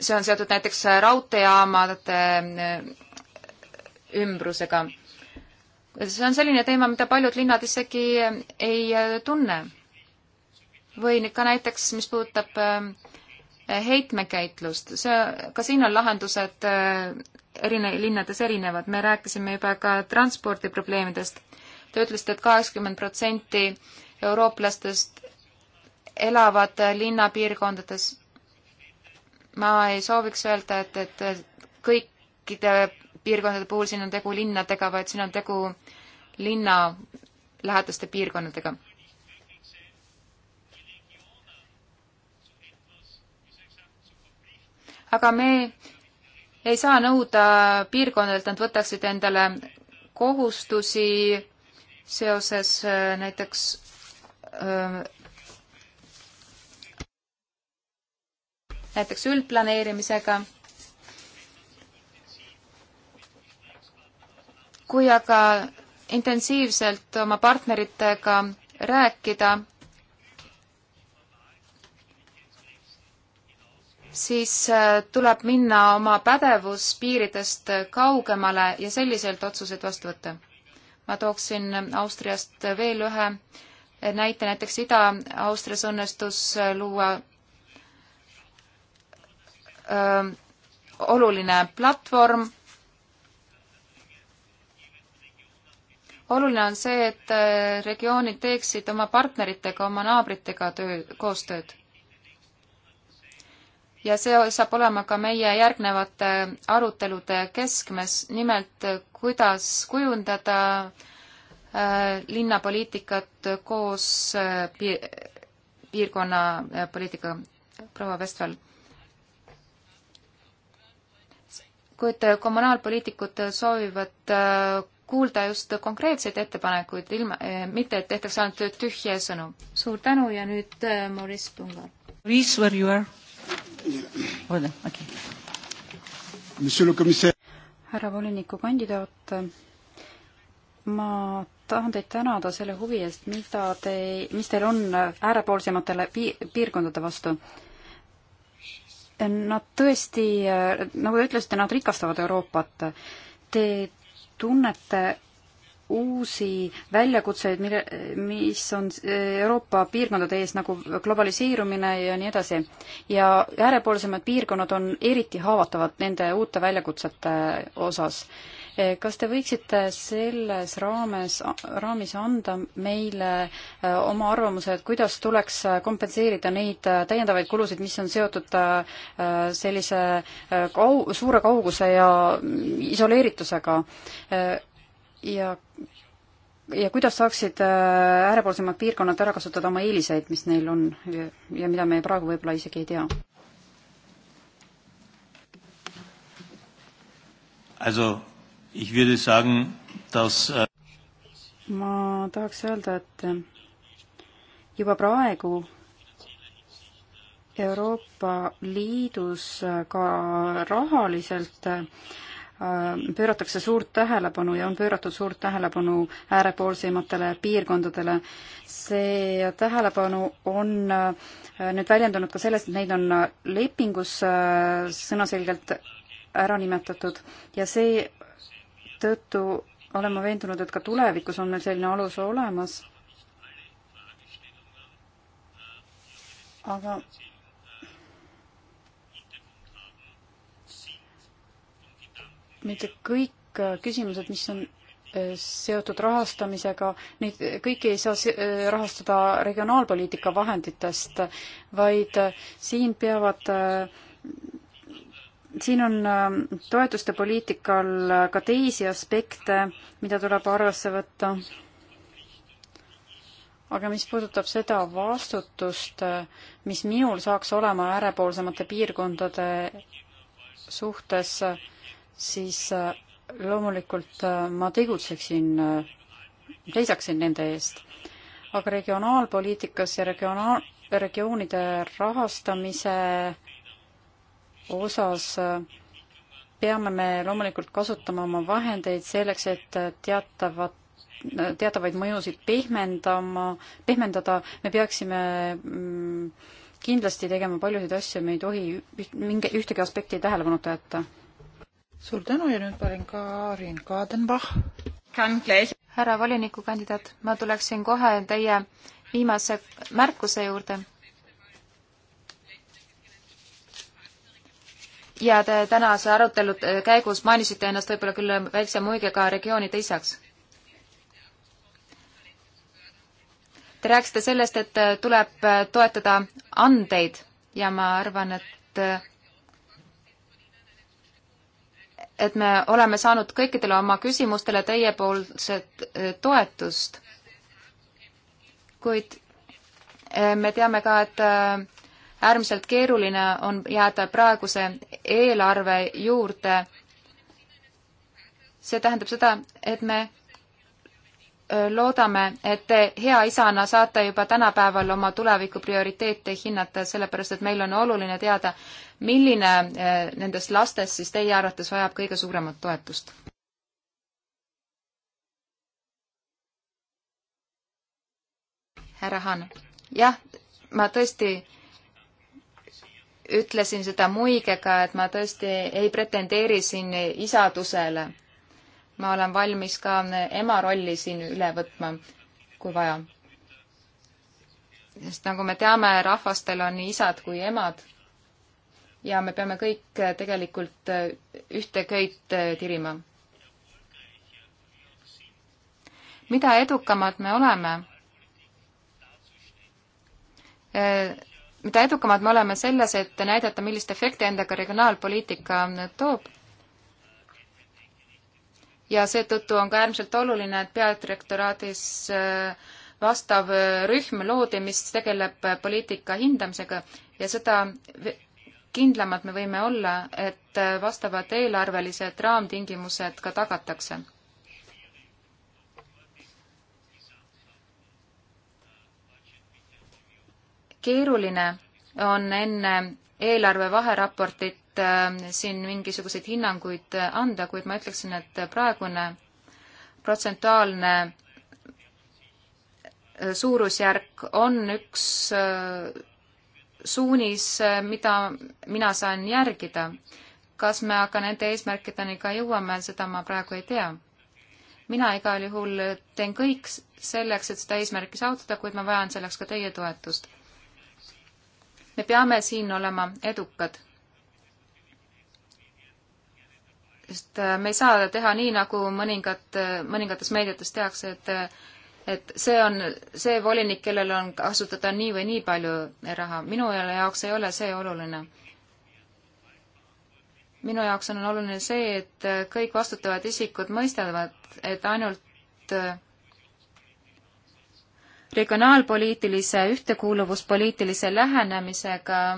see on seotud näiteks raudteejaamade ümbrusega. see on selline teema, mida paljud linnad isegi ei tunne. või nüüd ka näiteks, mis puudutab äh, heitmekäitlust, see, ka siin on lahendused äh, erine-, linnades erinevad, me rääkisime juba ka transpordiprobleemidest. Te ütlesite, et kaheksakümmend protsenti eurooplastest elavad linnapiirkondades. ma ei sooviks öelda, et, et kõikide piirkondade puhul siin on tegu linnadega, vaid siin on tegu linna lähedaste piirkondadega. aga me ei saa nõuda piirkondadelt, nad võtaksid endale kohustusi seoses äh, näiteks öö, äh, näiteks üldplaneerimisega kui aga intensiivselt oma partneritega rääkida, siis äh, tuleb minna oma pädevuspiiridest kaugemale ja selliselt otsuseid vastu võtta. ma tooksin Austriast veel ühe näite, näiteks Ida-Austrias õnnestus äh, luua öö, äh, oluline platvorm oluline on see, et äh, regioonid teeksid oma partneritega, oma naabritega töö, koostööd. ja see saab olema ka meie järgnevate äh, arutelude keskmes, nimelt äh, kuidas kujundada linnapoliitikat koos piir, piirkonna poliitikaga. proua Vestval. kuid kommunaalpoliitikud soovivad kuulda just konkreetseid ettepanekuid, ilma, eh, mitte et tehtaks ainult tühje sõnu. suur tänu ja nüüd eh, Maurice Punga. Maurice, where you are? okei. härra volinikukandidaat, ma tahan teid tänada selle huvi eest, mida te, mis teil on äärepoolsematele piirkondade vastu Nad tõesti, nagu te ütlesite, nad rikastavad Euroopat. Te tunnete uusi väljakutseid, mille, mis on eh, Euroopa piirkondade ees, nagu globaliseerumine ja nii edasi. ja äärepoolsemad piirkonnad on eriti haavatavad nende uute väljakutsete osas kas te võiksite selles raames, raamis anda meile äh, oma arvamuse, et kuidas tuleks äh, kompenseerida neid äh, täiendavaid kulusid, mis on seotud sellise kau-, suure kauguse ja isoleeritusega ja ja kuidas saaksid äärepoolsemad piirkonnad ära kasutada oma eeliseid, mis neil on ja, ja mida me praegu võib-olla isegi ei tea? Also dass... Äh, ma tahaks öelda, et juba praegu Euroopa Liidus ka rahaliselt äh, pööratakse suurt tähelepanu ja on pööratud suurt tähelepanu äärepoolseimatele piirkondadele. see tähelepanu on äh, nüüd väljendunud ka selles, et neid on lepingus sõnaselgelt ära nimetatud ja see tõttu olen ma veendunud, et ka tulevikus on meil selline alus olemas. aga mitte kõik küsimused, mis on eh, seotud rahastamisega, neid kõiki ei saa eh, rahastada regionaalpoliitika vahenditest, vaid eh, siin peavad siin on ähm, toetuste poliitikal äh, ka teisi aspekte, mida tuleb arvesse võtta. aga mis puudutab seda vastutust, äh, mis minul saaks olema äärepoolsemate piirkondade suhtes, äh, siis loomulikult ma tegutseksin, seisaksin nende eest. aga regionaalpoliitikas ja regionaal, regioonide rahastamise osas äh, peame me loomulikult kasutama oma vahendeid selleks, et äh, teatavat äh, teatavaid mõjusid pehmendama, pehmendada, me peaksime mm, kindlasti tegema paljusid asju, me ei tohi mingi, ühtegi aspekti tähelepanuta jätta. suur tänu ja nüüd panen Karin Kadenbach. härra volinikukandidaat, ma tuleksin kohe teie viimase märkuse juurde ja te tänase arutelu käigus mainisite ennast võib-olla küll väikse muigega regioonide isaks. Te rääkisite sellest, et tuleb toetada andeid ja ma arvan, et et me oleme saanud kõikidele oma küsimustele teiepoolset toetust, kuid eh, me teame ka, et äärmiselt keeruline on jääda praeguse eelarve juurde. see tähendab seda, et me loodame, et te hea isana saate juba tänapäeval oma tuleviku prioriteete hinnata, sellepärast et meil on oluline teada, milline nendest lastest siis teie arvates vajab kõige suuremat toetust? härra Han, jah, ma tõesti ütlesin seda muigega, et ma tõesti ei pretendeeri siin isadusele. ma olen valmis ka ema rolli siin üle võtma, kui vaja. sest nagu me teame, rahvastel on nii isad kui emad. ja me peame kõik tegelikult ühte köit tirima. mida edukamad me oleme, mida edukamad me oleme selles, et näidata, millist efekti endaga regionaalpoliitika toob. ja seetõttu on ka äärmiselt oluline, et peadirektoraadis äh, vastav äh, rühm loodi, mis tegeleb äh, poliitika hindamisega ja seda kindlamad me võime olla, et vastavad eelarvelised raamtingimused ka tagatakse keeruline on enne eelarve vaheraportit äh, siin mingisuguseid hinnanguid äh, anda, kuid ma ütleksin, et praegune protsentuaalne äh, suurusjärk on üks suunis, mida mina saan järgida. kas me aga nende eesmärkideni ka jõuame, seda ma praegu ei tea. mina igal juhul teen kõik selleks, et seda eesmärki saavutada, kuid ma vajan selleks ka teie toetust me peame siin olema edukad. sest äh, me ei saa teha nii, nagu mõningad, äh, mõningates meediates tehakse, et äh, et see on see volinik, kellel on kasutada nii või nii palju raha. minu jaoks ei ole see oluline. minu jaoks on oluline see, et kõik vastutavad isikud mõistavad, et ainult regionaalpoliitilise ühtekuuluvuspoliitilise lähenemisega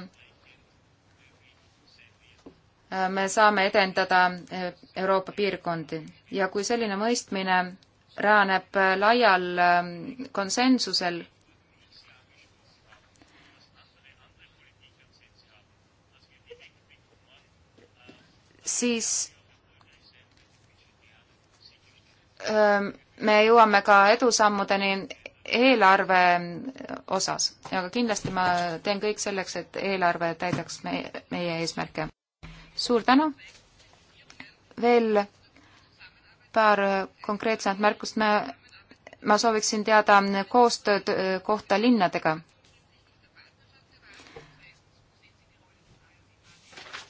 äh, me saame edendada äh, Euroopa piirkondi ja kui selline mõistmine rajaneb äh, laial konsensusel, siis me jõuame ka edusammudeni eelarve osas, aga kindlasti ma teen kõik selleks, et eelarve täidaks meie, meie eesmärke. suur tänu! veel paar konkreetsemat märkust, me, ma sooviksin teada koostööd äh, kohta linnadega.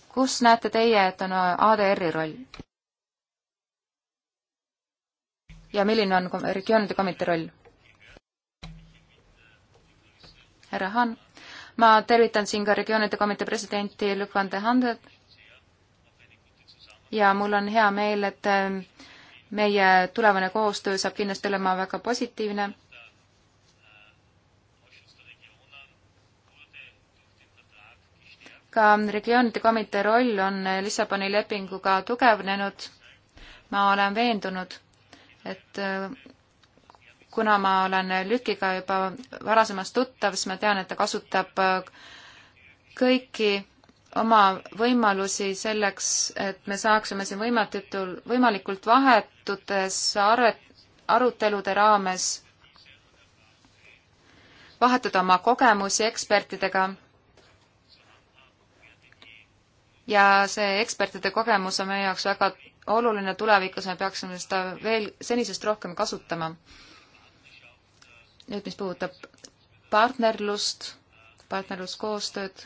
kus näete teie, et on ADR-i roll? ja milline on regioonide komitee roll? härra Han. ma tervitan siin ka regioonide komitee presidenti Luc van de Handet ja mul on hea meel, et ähm, meie tulevane koostöö saab kindlasti olema väga positiivne. ka regioonide komitee roll on Lissaboni lepinguga tugevnenud. ma olen veendunud, et äh, kuna ma olen Lükiga juba varasemast tuttav, siis ma tean, et ta kasutab äh, kõiki oma võimalusi selleks, et me saaksime siin võimatul, võimalikult vahetutes arvet, arutelude raames vahetada oma kogemusi ekspertidega. ja see ekspertide kogemus on meie jaoks väga oluline tulevikus, me peaksime seda veel senisest rohkem kasutama nüüd, mis puudutab partnerlust, partnerluskoostööd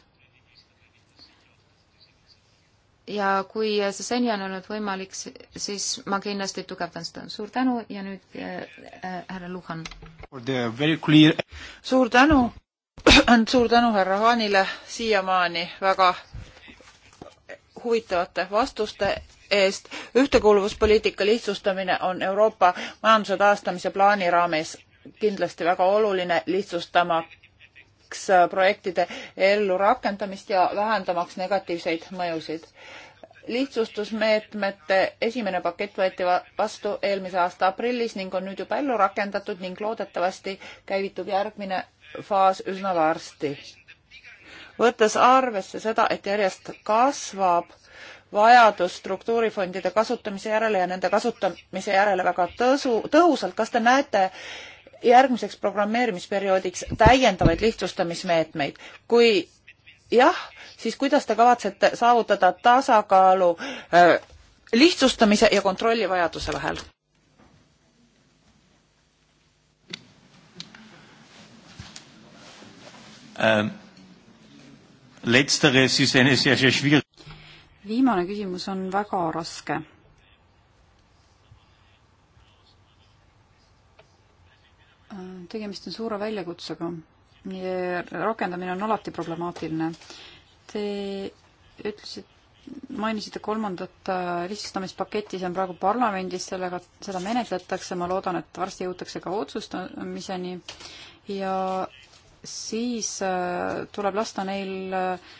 ja kui see seni on olnud võimalik, siis ma kindlasti tugevdan seda. suur tänu ja nüüd äh, äh, härra äh, Luhan. suur tänu, suur tänu härra Haanile siiamaani väga huvitavate vastuste eest. ühtekuuluvuspoliitika lihtsustamine on Euroopa majanduse taastamise plaani raames kindlasti väga oluline lihtsustamaks äh, projektide ellurakendamist ja vähendamaks negatiivseid mõjusid lihtsustusmeetmete esimene pakett võeti vastu eelmise aasta aprillis ning on nüüd juba ellu rakendatud ning loodetavasti käivitub järgmine faas üsna varsti. võttes arvesse seda, et järjest kasvab vajadus struktuurifondide kasutamise järele ja nende kasutamise järele väga tõsu, tõhusalt, kas te näete järgmiseks programmeerimisperioodiks täiendavaid lihtsustamismeetmeid. kui jah, siis kuidas te kavatsete saavutada tasakaalu äh, lihtsustamise ja kontrolli vajaduse vahel? Ähm, letzteres ist eine sehr, sehr schwierig viimane küsimus on väga raske tegemist on suure väljakutsega ja rakendamine on alati problemaatiline. Te ütlesite, mainisite kolmandat äh, lihtsustamispaketti, see on praegu parlamendis, sellega, seda menetletakse, ma loodan, et varsti jõutakse ka otsustamiseni ja siis äh, tuleb lasta neil äh,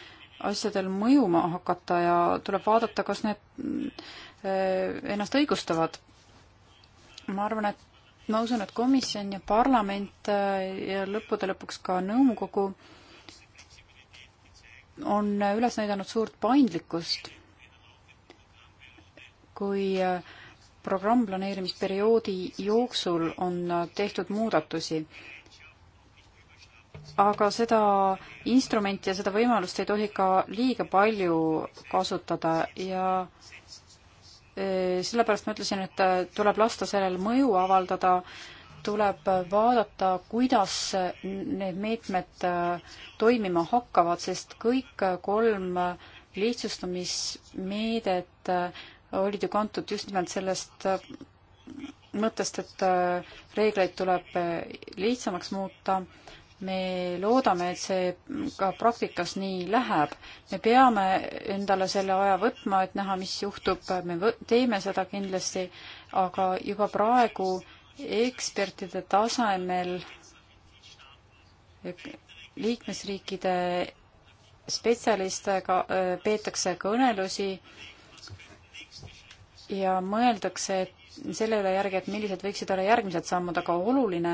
asjadel mõjuma hakata ja tuleb vaadata, kas need ennast õigustavad. ma arvan, et ma usun, et komisjon ja parlament äh, ja lõppude lõpuks ka nõukogu on äh, üles näidanud suurt paindlikkust, kui äh, programm planeerimisperioodi jooksul on tehtud muudatusi. aga seda instrumenti ja seda võimalust ei tohi ka liiga palju kasutada ja äh, sellepärast ma ütlesin, et äh, tuleb lasta sellel mõju avaldada, tuleb äh, vaadata, kuidas äh, need meetmed toimima hakkavad, sest kõik kolm lihtsustamismeedet olid ju kantud just nimelt sellest mõttest, et reegleid tuleb lihtsamaks muuta me loodame, et see ka praktikas nii läheb. me peame endale selle aja võtma, et näha, mis juhtub, me teeme seda kindlasti, aga juba praegu ekspertide tasemel liikmesriikide spetsialistega äh, peetakse kõnelusi ja mõeldakse, et selle üle järgi, et millised võiksid olla järgmised sammud, aga oluline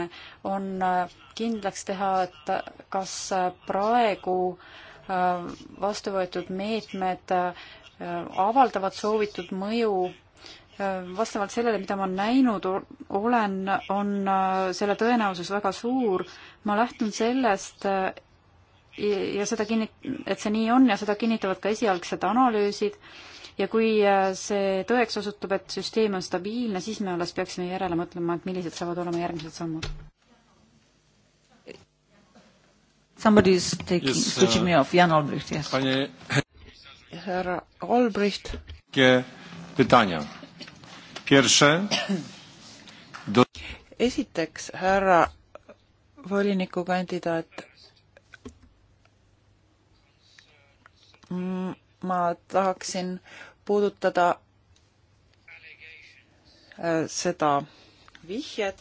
on äh, kindlaks teha, et äh, kas äh, praegu vastu võetud meetmed avaldavad soovitud mõju vastavalt sellele, mida ma näinud olen, on selle tõenäosus väga suur. ma lähtun sellest ja seda kinnit-, et see nii on ja seda kinnitavad ka esialgsed analüüsid, ja kui äh, see tõeks osutub, et süsteem on stabiilne, siis me alles peaksime järele mõtlema, et millised saavad olema järgmised sammud. Somebody is taking yes,, switching me äh, off, Jan Olbricht, yes. härra Olbricht. Pytania. Pierwsze. Do... Esiteks, härra volinikukandidaat mm, ma tahaksin puudutada äh, seda vihjet.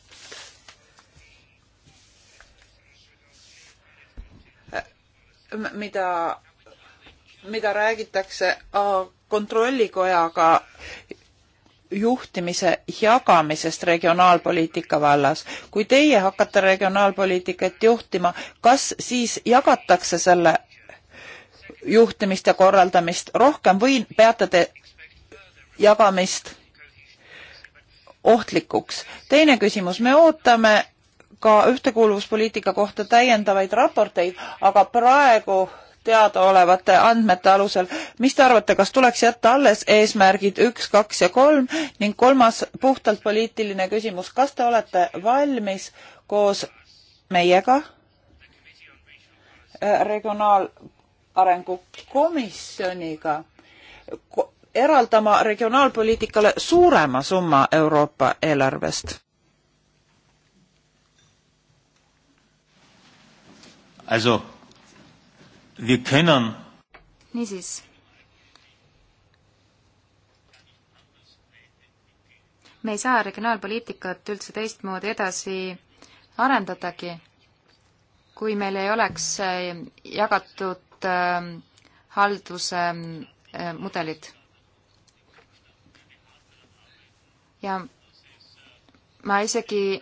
Äh, mida, mida räägitakse äh, kontrollikojaga juhtimise jagamisest regionaalpoliitika vallas. kui teie hakkate regionaalpoliitikat juhtima, kas siis jagatakse selle juhtimist ja korraldamist rohkem või peate te jagamist ohtlikuks? teine küsimus, me ootame ka ühtekuuluvuspoliitika kohta täiendavaid raporteid, aga praegu teadaolevate andmete alusel. mis te arvate, kas tuleks jätta alles eesmärgid üks, kaks ja kolm ning kolmas puhtalt poliitiline küsimus, kas te olete valmis koos meiega äh, regionaal- arengukomisjoniga eraldama regionaalpoliitikale suurema summa Euroopa eelarvest? Also, wir können niisiis. me ei saa regionaalpoliitikat üldse teistmoodi edasi arendadagi, kui meil ei oleks jagatud erinevad ähm, halduse ähm, mudelid. ja ma isegi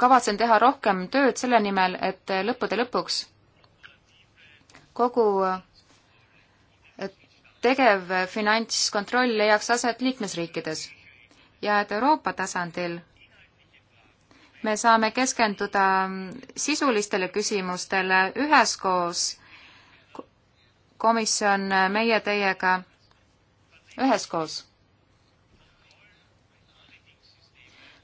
kavatsen teha rohkem tööd selle nimel, et lõppude lõpuks kogu äh, tegev finantskontroll leiaks aset liikmesriikides ja et Euroopa tasandil me saame keskenduda sisulistele küsimustele üheskoos, komisjon, meie teiega üheskoos.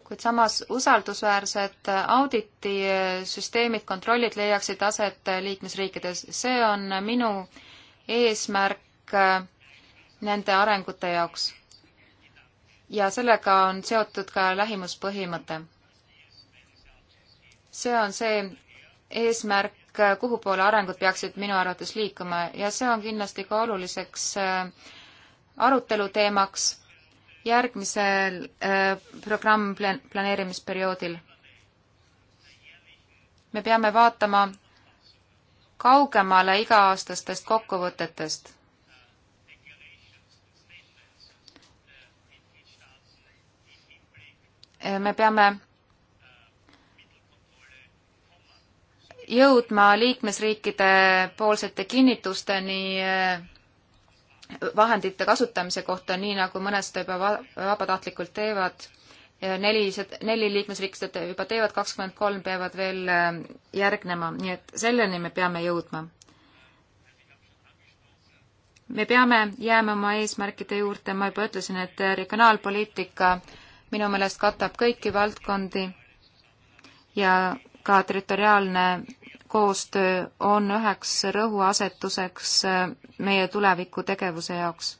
kuid samas usaldusväärsed auditisüsteemid, kontrollid leiaksid aset liikmesriikides, see on minu eesmärk nende arengute jaoks. ja sellega on seotud ka lähimuspõhimõte see on see eesmärk, kuhu poole arengud peaksid minu arvates liikuma ja see on kindlasti ka oluliseks äh, aruteluteemaks järgmisel äh, programm planeerimisperioodil. me peame vaatama kaugemale iga-aastastest kokkuvõtetest. Äh, me peame jõudma liikmesriikide poolsete kinnitusteni eh, vahendite kasutamise kohta, nii nagu mõned seda juba vabatahtlikult teevad. neli, neli liikmesriiki seda juba teevad, kakskümmend kolm peavad veel eh, järgnema, nii et selleni me peame jõudma. me peame jääma oma eesmärkide juurde, ma juba ütlesin, et eh, regionaalpoliitika minu meelest katab kõiki valdkondi ja ka territoriaalne koostöö on üheks rõhuasetuseks äh, meie tuleviku tegevuse jaoks.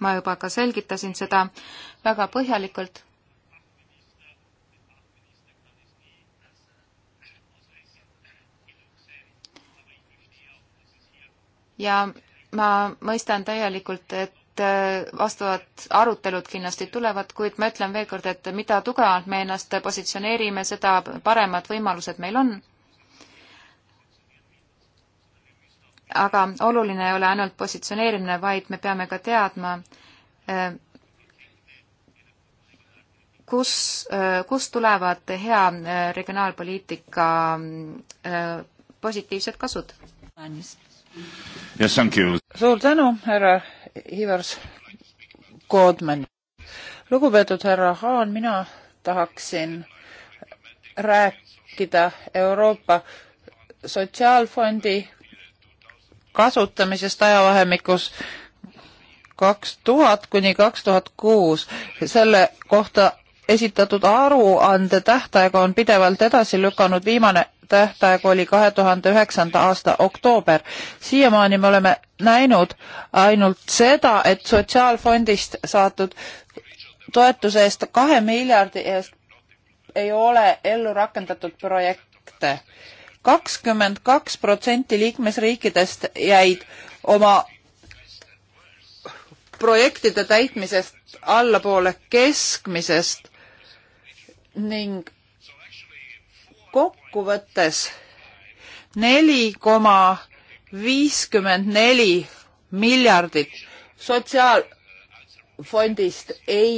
ma juba ka selgitasin seda väga põhjalikult. ja ma mõistan täielikult, et et äh, vastavad arutelud kindlasti tulevad, kuid ma ütlen veel kord, et mida tugevamalt me ennast positsioneerime, seda paremad võimalused meil on. aga oluline ei ole ainult positsioneerimine, vaid me peame ka teadma, äh, kus, äh, kust tulevad hea regionaalpoliitika positiivsed kasud? Yes, suur tänu, härra Ivars Koodman. lugupeetud härra Haan, mina tahaksin rääkida Euroopa Sotsiaalfondi kasutamisest ajavahemikus kaks tuhat kuni kaks tuhat kuus. selle kohta esitatud aruande tähtaega on pidevalt edasi lükanud viimane tähtaeg oli kahe tuhande üheksanda aasta oktoober. siiamaani me oleme näinud ainult seda, et sotsiaalfondist saadud toetuse eest kahe miljardi eest ei ole ellu rakendatud projekte. kakskümmend kaks protsenti liikmesriikidest jäid oma projektide täitmisest allapoole keskmisest ning kokkuvõttes neli koma viiskümmend neli miljardit sotsiaalfondist ei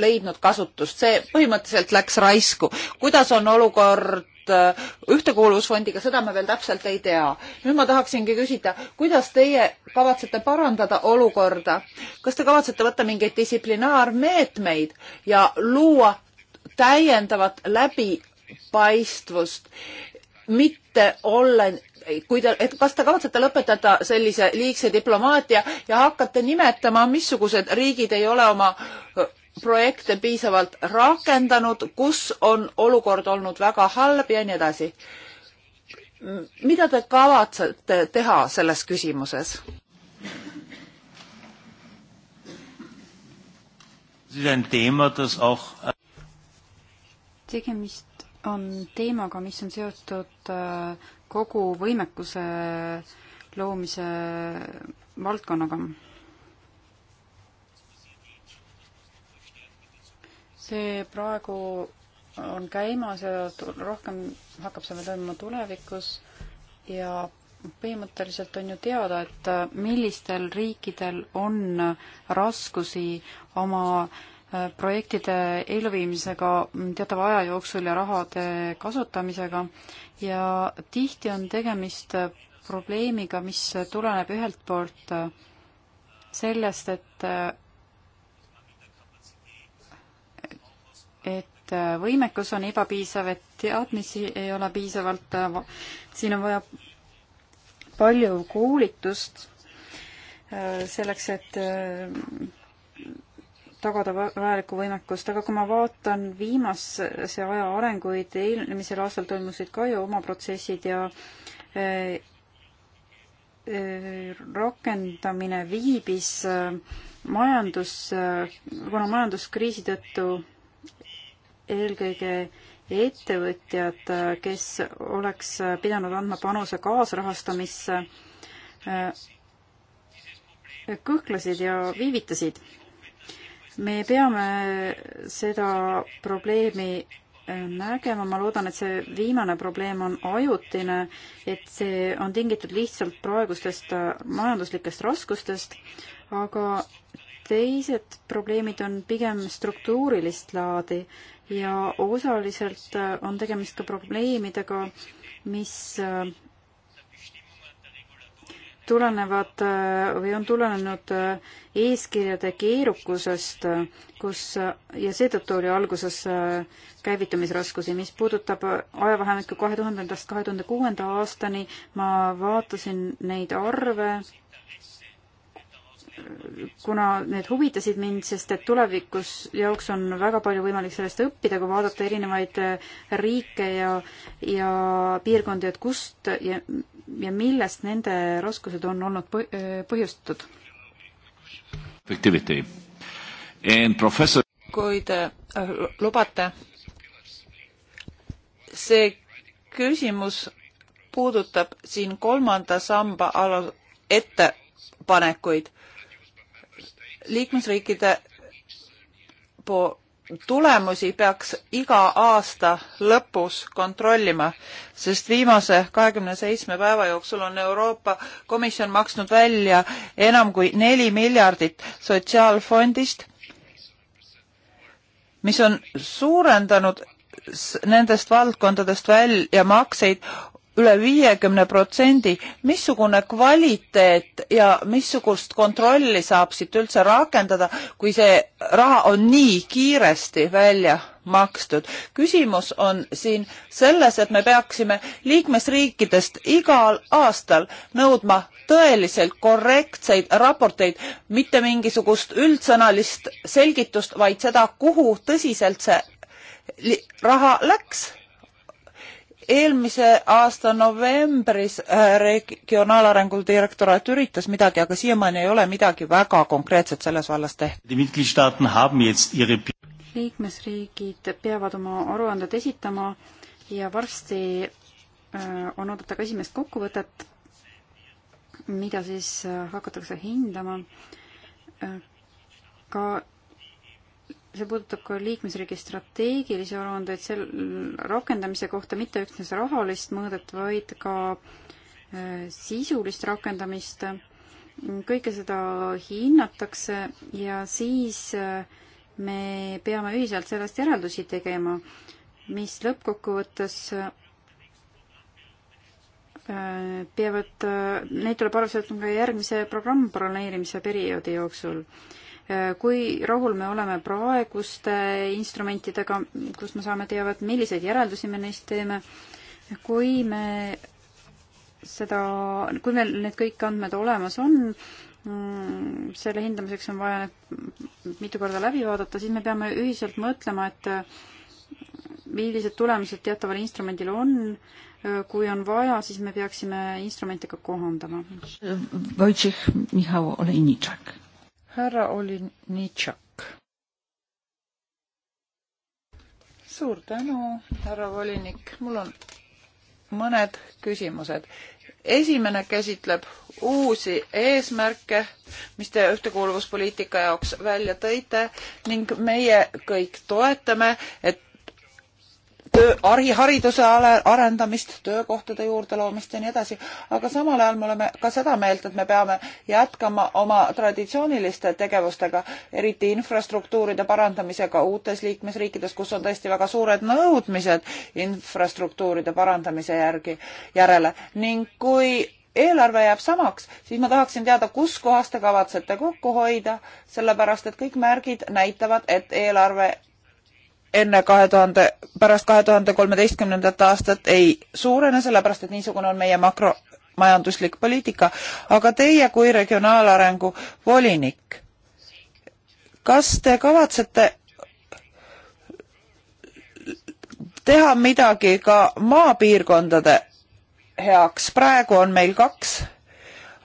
leidnud kasutust, see põhimõtteliselt läks raisku. kuidas on olukord äh, ühtekuuluvusfondiga, seda me veel täpselt ei tea. nüüd ma tahaksingi küsida, kuidas teie kavatsete parandada olukorda, kas te kavatsete võtta mingeid distsiplinaarmeetmeid ja luua täiendavat läbi läbipaistvust, mitte olla kui te, et kas te kavatsete lõpetada sellise liigse diplomaatia ja hakkate nimetama, missugused riigid ei ole oma projekte piisavalt rakendanud, kus on olukord olnud väga halb ja nii edasi. mida te kavatsete teha selles küsimuses? Äh, tegemist on teemaga, mis on seotud äh, kogu võimekuse loomise valdkonnaga. see praegu on käimas ja rohkem hakkab see veel toimuma tulevikus ja põhimõtteliselt on ju teada, et äh, millistel riikidel on äh, raskusi oma äh, Äh, projektide elluviimisega mm, teatava aja jooksul ja rahade kasutamisega ja tihti on tegemist äh, probleemiga, mis tuleneb ühelt poolt äh, sellest, et et võimekus on ebapiisav, et teadmisi ei ole piisavalt, siin on vaja palju koolitust selleks, et tagada vajalikku võimekust, aga kui ma vaatan viimase aja arenguid, eelmisel aastal toimusid ka ju oma protsessid ja äh, äh, rakendamine viibis äh, majandus, kuna majanduskriisi tõttu eelkõige ettevõtjad, kes oleks pidanud andma panuse kaasrahastamisse, kõhklesid ja viivitasid me peame seda probleemi äh, nägema, ma loodan, et see viimane probleem on ajutine, et see on tingitud lihtsalt praegustest äh, majanduslikest raskustest, aga teised probleemid on pigem struktuurilist laadi ja osaliselt äh, on tegemist ka probleemidega, mis tulenevad või on tulenenud äh, eeskirjade keerukusest, äh, kus äh, ja seetõttu oli alguses käivitumisraskusi. mis puudutab ajavahemikku kahe tuhandendast kahe tuhande kuuenda aastani, ma vaatasin neid arve, kuna need huvitasid mind, sest et tulevikus jaoks on väga palju võimalik sellest õppida, kui vaadata erinevaid riike ja, ja piirkondi, et kust ja ja millest nende raskused on olnud äh, põhjustatud? kui te äh, lubate, see küsimus puudutab siin kolmanda samba ettepanekuid liikmesriikide po-, tulemusi peaks iga aasta lõpus kontrollima, sest viimase kahekümne seitsme päeva jooksul on Euroopa Komisjon maksnud välja enam kui neli miljardit sotsiaalfondist, mis on suurendanud nendest valdkondadest väljamakseid üle viiekümne protsendi, missugune kvaliteet ja missugust kontrolli saab siit üldse rakendada, kui see raha on nii kiiresti välja makstud. küsimus on siin selles, et me peaksime liikmesriikidest igal aastal nõudma tõeliselt korrektseid raporteid, mitte mingisugust üldsõnalist selgitust, vaid seda, kuhu tõsiselt see raha läks eelmise aasta novembris äh, regionaalarengu direktoraat üritas midagi, aga siiamaani ei ole midagi väga konkreetset selles vallas tehtud. liikmesriigid peavad oma aruanded esitama ja varsti äh, on oodata ka esimest kokkuvõtet, mida siis äh, hakatakse hindama. ka see puudutab ka liikmesriigi strateegilisi aruandeid sel rakendamise kohta, mitte üksnes rahalist mõõdet, vaid ka äh, sisulist rakendamist. kõike seda hinnatakse ja siis äh, me peame ühiselt sellest järeldusi tegema, mis lõppkokkuvõttes äh, peavad, neid tuleb arvesse võtma ka järgmise programm planeerimise perioodi jooksul Äh, kui rahul me oleme praeguste instrumentidega, kust me saame teavet, milliseid järeldusi me neist teeme, kui me seda, kui meil need kõik andmed olemas on, mm, selle hindamiseks on vaja need mitu korda läbi vaadata, siis me peame ühiselt mõtlema, et äh, millised tulemused teataval instrumendil on, äh, kui on vaja, siis me peaksime instrumente ka kohandama. Wojciech Mihhail Olejnitšak härra Olinitšak. suur tänu, härra volinik, mul on mõned küsimused. esimene käsitleb uusi eesmärke, mis te ühtekuuluvuspoliitika jaoks välja tõite ning meie kõik toetame, et töö, hariduse arendamist, töökohtade juurde loomist ja nii edasi, aga samal ajal me oleme ka seda meelt, et me peame jätkama oma traditsiooniliste tegevustega, eriti infrastruktuuride parandamisega uutes liikmesriikides, kus on tõesti väga suured nõudmised infrastruktuuride parandamise järgi, järele ning kui eelarve jääb samaks, siis ma tahaksin teada, kuskohast te kavatsete kokku hoida, sellepärast et kõik märgid näitavad, et eelarve enne kahe tuhande, pärast kahe tuhande kolmeteistkümnendat aastat ei suurene, sellepärast et niisugune on meie makromajanduslik poliitika. aga teie kui regionaalarengu volinik, kas te kavatsete teha midagi ka maapiirkondade heaks, praegu on meil kaks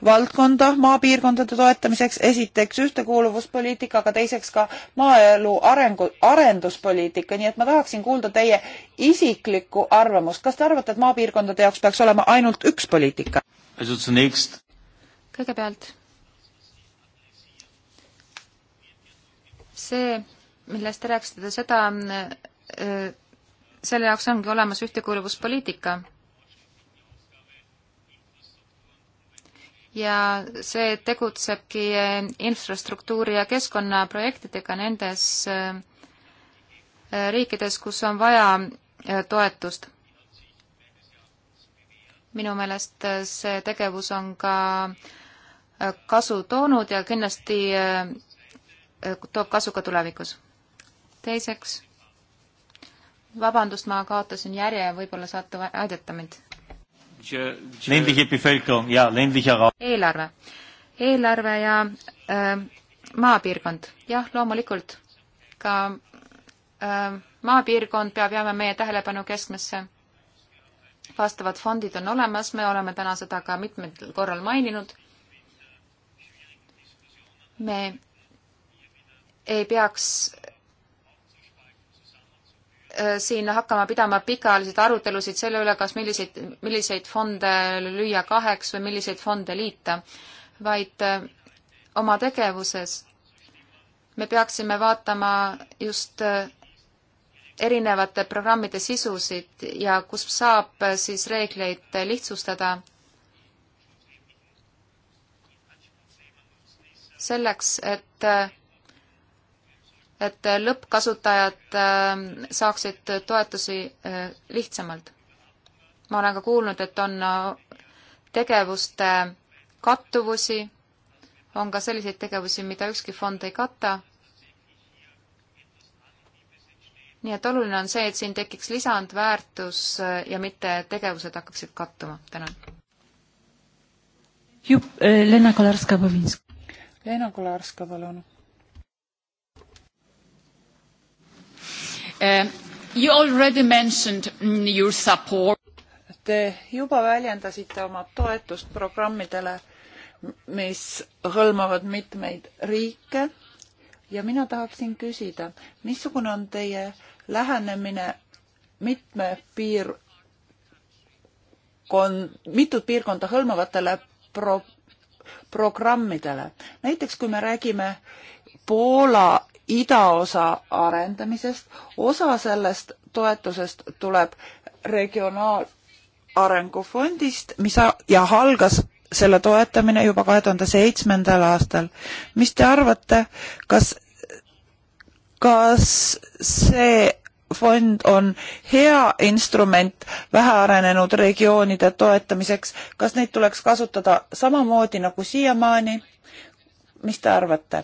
valdkonda maapiirkondade toetamiseks, esiteks ühtekuuluvuspoliitika, aga teiseks ka maaelu arengu, arenduspoliitika, nii et ma tahaksin kuulda teie isiklikku arvamust. kas te arvate, et maapiirkondade jaoks peaks olema ainult üks poliitika? kõigepealt see, millest te rääkisite, seda, äh, selle jaoks ongi olemas ühtekuuluvuspoliitika ja see tegutsebki eh, infrastruktuuri ja keskkonnaprojektidega nendes eh, riikides, kus on vaja eh, toetust. minu meelest see tegevus on ka kasu toonud ja kindlasti toob kasu ka tulevikus. teiseks, vabandust, ma kaotasin järje, võib-olla saate aidata mind eelarve, eelarve ja äh, maapiirkond, jah, loomulikult ka äh, maapiirkond peab jääma meie tähelepanu keskmesse. vastavad fondid on olemas, me oleme täna seda ka mitmel korral maininud. me ei peaks Äh, siin hakkama pidama pikaajaliseid arutelusid selle üle, kas milliseid, milliseid fonde lüüa kaheks või milliseid fonde liita, vaid äh, oma tegevuses me peaksime vaatama just äh, erinevate programmide sisusid ja kus saab siis reegleid lihtsustada selleks, et et lõppkasutajad ähm, saaksid toetusi äh, lihtsamalt. ma olen ka kuulnud, et on äh, tegevuste kattuvusi, on ka selliseid tegevusi, mida ükski fond ei kata. nii et oluline on see, et siin tekiks lisandväärtus äh, ja mitte tegevused hakkaksid kattuma. tänan. Lena Kolarska-Povinsk. Lena Kolarska, palun Uh, you already mentioned your support. Te juba väljendasite oma toetust programmidele, mis hõlmavad mitmeid riike ja mina tahaksin küsida, missugune on teie lähenemine mitme piir, mitut piirkonda hõlmavatele pro, programmidele. näiteks kui me räägime Poola idaosa arendamisest. osa sellest toetusest tuleb regionaalarengufondist, mis ja algas selle toetamine juba kahe tuhande seitsmendal aastal. mis te arvate, kas, kas see fond on hea instrument vähearenenud regioonide toetamiseks, kas neid tuleks kasutada samamoodi nagu siiamaani? mis te arvate?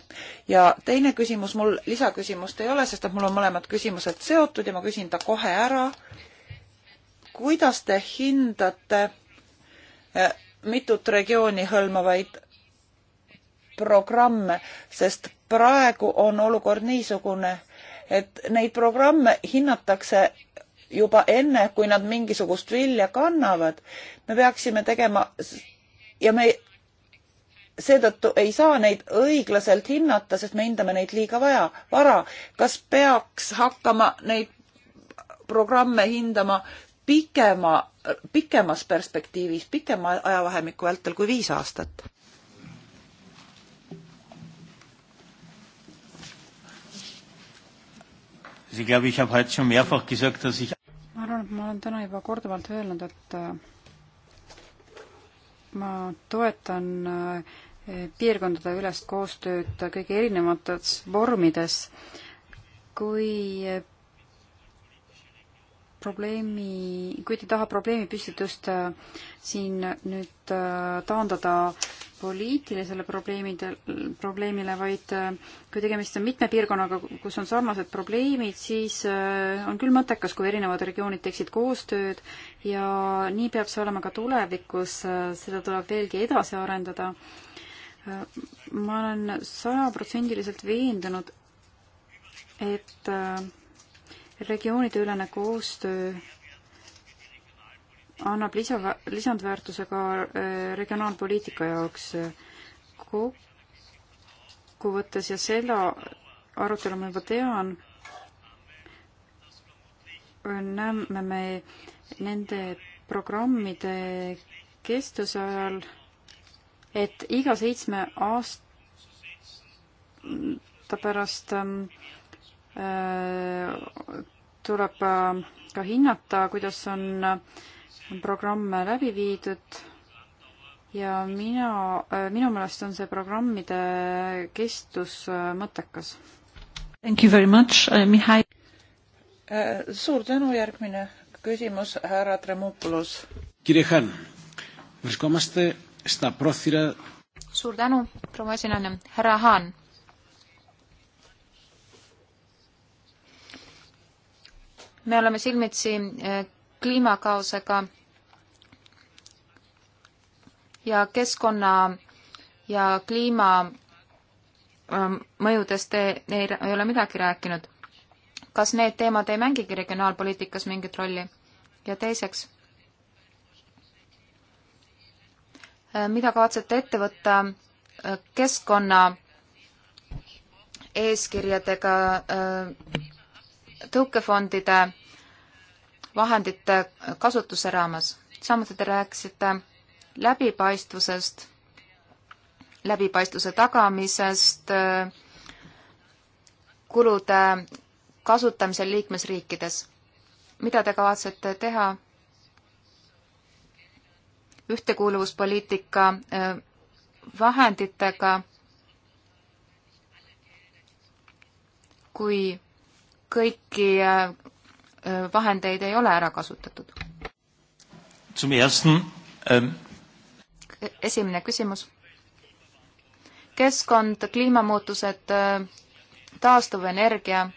ja teine küsimus, mul lisaküsimust ei ole, sest et mul on mõlemad küsimused seotud ja ma küsin ta kohe ära. kuidas te hindate eh, mitut regiooni hõlmavaid programme, sest praegu on olukord niisugune, et neid programme hinnatakse juba enne, kui nad mingisugust vilja kannavad. me peaksime tegema ja me seetõttu ei saa neid õiglaselt hinnata, sest me hindame neid liiga vaja, vara. kas peaks hakkama neid programme hindama pikema, pikemas perspektiivis, pikema ajavahemiku vältel kui viis aastat? Ich glaube, ich habe heute schon mehrfach gesagt, dass ich ma arvan, et ma olen täna juba korduvalt öelnud, et ma toetan äh, piirkondade ülest koostööd kõige erinevates vormides. kui probleemi, kui te ei taha probleemipüstitust siin nüüd äh, taandada poliitilisele probleemidel, probleemile, vaid äh, kui tegemist on mitme piirkonnaga, kus on sarnased probleemid, siis äh, on küll mõttekas, kui erinevad regioonid teeksid koostööd ja nii peab see olema ka tulevikus, seda tuleb veelgi edasi arendada ma olen sajaprotsendiliselt veendunud, et äh, regioonide ülene koostöö annab lisa, lisandväärtuse ka äh, regionaalpoliitika jaoks äh, kokkuvõttes ja selle arutelu ma juba tean, näeme me nende programmide kestuse ajal et iga seitsme aasta pärast ähm, äh, tuleb ähm, ka hinnata, kuidas on äh, programme läbi viidud ja mina, äh, minu meelest on see programmide kestus mõttekas. Thank you very much uh,, Mihhail uh,. suur tänu, järgmine küsimus, härra Tremopoulos. Kirje Hann, Vriskomaste στα πρόθυρα. suur tänu, proua esinejana, härra Haan. me oleme silmitsi eh, kliimakaosega ja keskkonna ja kliima eh, mõjudest ei, ei, ei ole midagi rääkinud. kas need teemad ei mängigi regionaalpoliitikas mingit rolli? ja teiseks Äh, mida kavatsete ette võtta äh, keskkonna eeskirjadega äh, tõukefondide vahendite kasutuse raames. samuti te rääkisite läbipaistvusest, läbipaistvuse tagamisest, kulude kasutamisel liikmesriikides. mida te kavatsete teha ühtekuuluvuspoliitika äh, vahenditega, kui kõiki äh, äh, vahendeid ei ole ära kasutatud? Ähm, esimene küsimus. keskkond, kliimamuutused, taastuvenergia,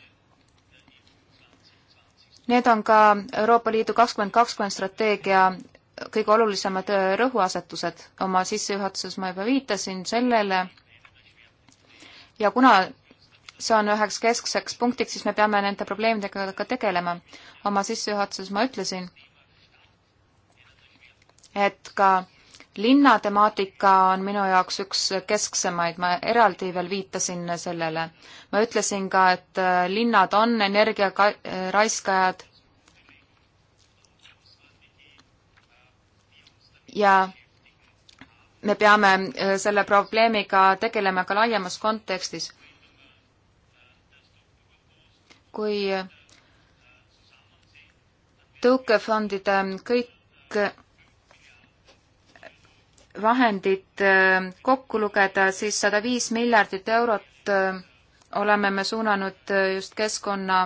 need on ka Euroopa Liidu kakskümmend kakskümmend strateegia kõige olulisemad äh, rõhuasetused. oma sissejuhatuses ma juba viitasin sellele ja kuna see on üheks keskseks punktiks, siis me peame nende probleemidega ka tegelema. oma sissejuhatuses ma ütlesin, et ka linnatemaatika on minu jaoks üks kesksemaid, ma eraldi veel viitasin sellele. ma ütlesin ka, et äh, linnad on energia raiskajad ja me peame äh, selle probleemiga tegelema ka laiemas kontekstis. kui tõukefondide kõik vahendid äh, kokku lugeda, siis sada viis miljardit eurot äh, oleme me suunanud just keskkonna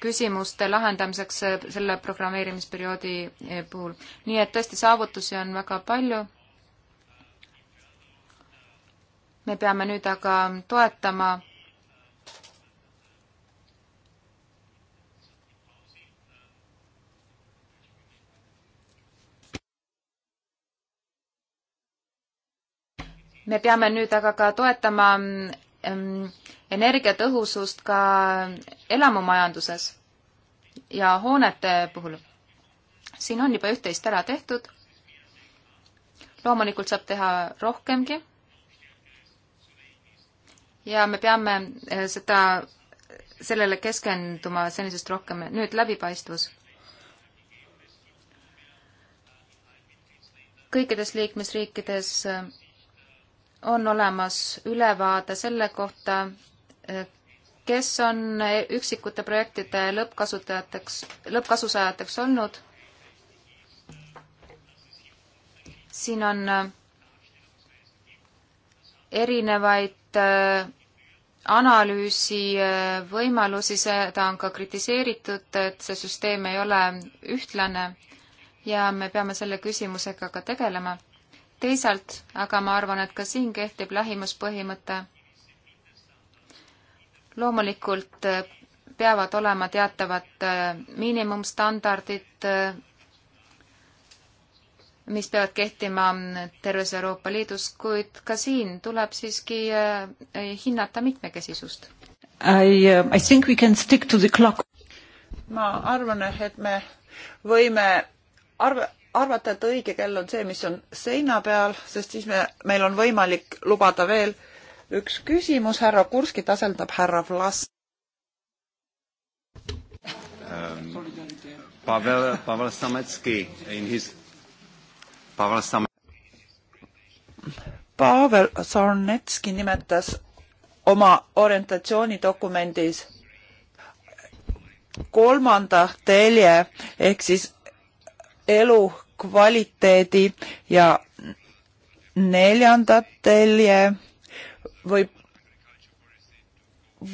küsimuste lahendamiseks eh, selle programmeerimisperioodi eh, puhul. nii et tõesti, saavutusi on väga palju. me peame nüüd aga toetama me peame nüüd aga ka toetama mm, energiatõhusust ka elamumajanduses ja hoonete puhul. siin on juba üht-teist ära tehtud. loomulikult saab teha rohkemgi. ja me peame eh, seda, sellele keskenduma senisest rohkem. nüüd läbipaistvus. kõikides liikmesriikides eh, on olemas ülevaade selle kohta, eh, kes on üksikute projektide lõppkasutajateks, lõppkasusaajateks olnud. siin on eh, erinevaid eh, analüüsi võimalusi, seda on ka kritiseeritud, et see süsteem ei ole ühtlane ja me peame selle küsimusega ka tegelema teisalt aga ma arvan, et ka siin kehtib lähimuspõhimõte. loomulikult äh, peavad olema teatavad äh, miinimumstandardid, äh, mis peavad kehtima terves Euroopa Liidus, kuid ka siin tuleb siiski hinnata mitmekesisust. I, uh, I think we can stick to the clock. ma arvan, et me võime arve, arvata, et õige kell on see, mis on seina peal, sest siis me, meil on võimalik lubada veel üks küsimus, härra Kurskit asendab härra Vlas- um,. Ähm, Pavel, Pavel Sametski in his, Pavel Sam-. Pavel Sarnetski nimetas oma orientatsioonidokumendis kolmanda telje ehk siis elukvaliteedi ja neljandat telje võib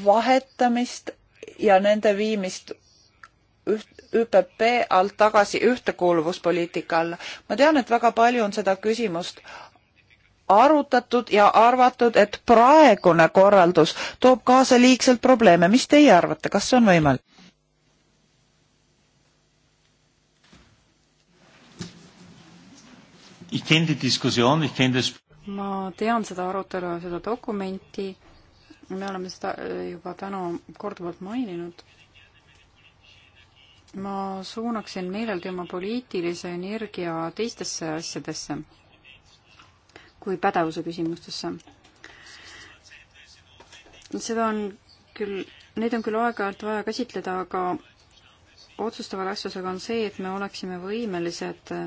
vahetamist ja nende viimist üht, ÜPP alt tagasi ühtekuuluvuspoliitika alla. ma tean, et väga palju on seda küsimust arutatud ja arvatud, et praegune korraldus toob kaasa liigselt probleeme. mis teie arvate, kas see on võimalik? Ich kenne die Diskussion, ich kenne das ma tean seda arutelu ja seda dokumenti, me oleme seda äh, juba täna korduvalt maininud. ma suunaksin meeleldi oma poliitilise energia teistesse asjadesse kui pädevuse küsimustesse. seda on küll, neid on küll aeg-ajalt vaja käsitleda, aga otsustava tähtsusega on see, et me oleksime võimelised äh,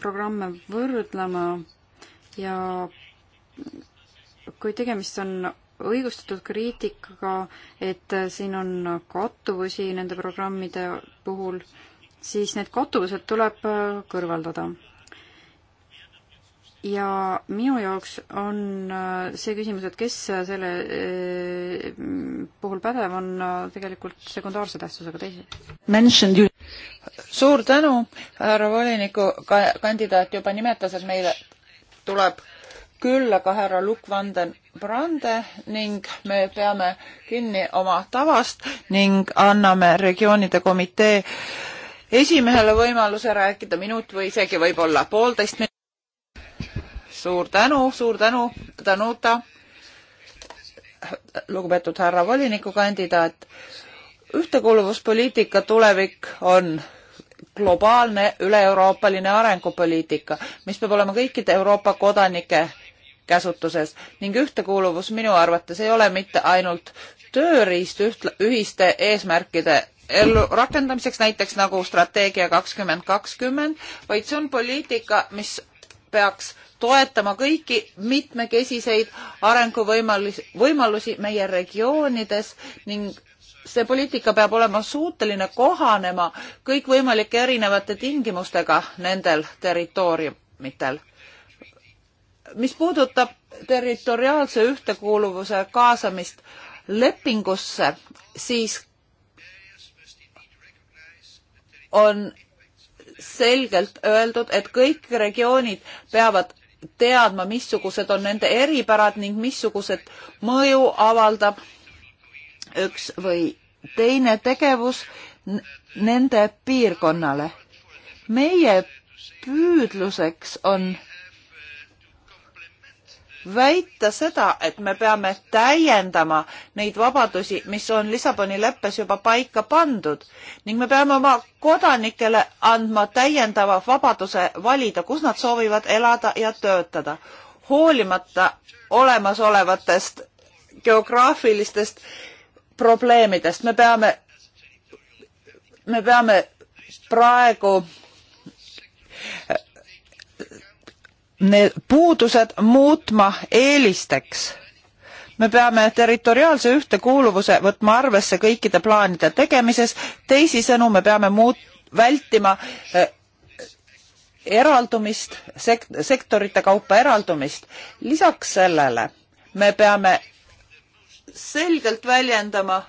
programme võrdlema ja kui tegemist on õigustatud kriitikaga, et siin on kattuvusi nende programmide puhul, siis need kattuvused tuleb kõrvaldada ja minu jaoks on äh, see küsimus, et kes äh, selle äh, puhul pädev on, tegelikult sekundaarse tähtsusega teisi. suur tänu, härra voliniku kandidaat juba nimetas, et meile tuleb külla ka härra Luk van den Brande ning me peame kinni oma tavast ning anname regioonide komitee esimehele võimaluse rääkida minut või isegi võib-olla poolteist minutit suur tänu, suur tänu, Danuta, lugupeetud härra volinikukandidaat. ühtekuuluvuspoliitika tulevik on globaalne üle-euroopaline arengupoliitika, mis peab olema kõikide Euroopa kodanike käsutuses ning ühtekuuluvus minu arvates ei ole mitte ainult tööriist ühtla, ühiste eesmärkide ellu rakendamiseks, näiteks nagu strateegia kakskümmend kakskümmend, vaid see on poliitika, mis peaks toetama kõiki mitmekesiseid arenguvõimalusi meie regioonides ning see poliitika peab olema suuteline kohanema kõikvõimalike erinevate tingimustega nendel territooriumitel. mis puudutab territoriaalse ühtekuuluvuse kaasamist lepingusse, siis on selgelt öeldud, et kõik regioonid peavad teadma, missugused on nende eripärad ning missugused mõju avaldab üks või teine tegevus nende piirkonnale. meie püüdluseks on väita seda, et me peame täiendama neid vabadusi, mis on Lissaboni leppes juba paika pandud ning me peame oma kodanikele andma täiendava vabaduse valida, kus nad soovivad elada ja töötada, hoolimata olemasolevatest geograafilistest probleemidest, me peame, me peame praegu need puudused muutma eelisteks. me peame territoriaalse ühtekuuluvuse võtma arvesse kõikide plaanide tegemises, teisisõnu me peame muut-, vältima eh, eraldumist sek-, sektorite kaupa eraldumist. lisaks sellele me peame selgelt väljendama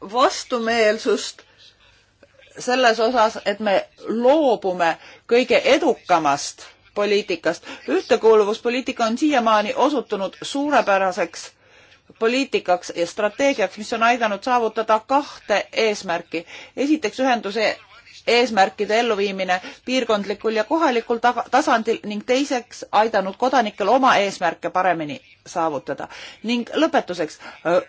vastumeelsust selles osas, et me loobume äh, kõige edukamast poliitikast. ühtekuuluvuspoliitika on siiamaani osutunud suurepäraseks poliitikaks ja strateegiaks, mis on aidanud saavutada kahte eesmärki. esiteks ühenduse eesmärkide elluviimine piirkondlikul ja kohalikul tasandil ning teiseks aidanud kodanikel oma eesmärke paremini saavutada. ning lõpetuseks, äh,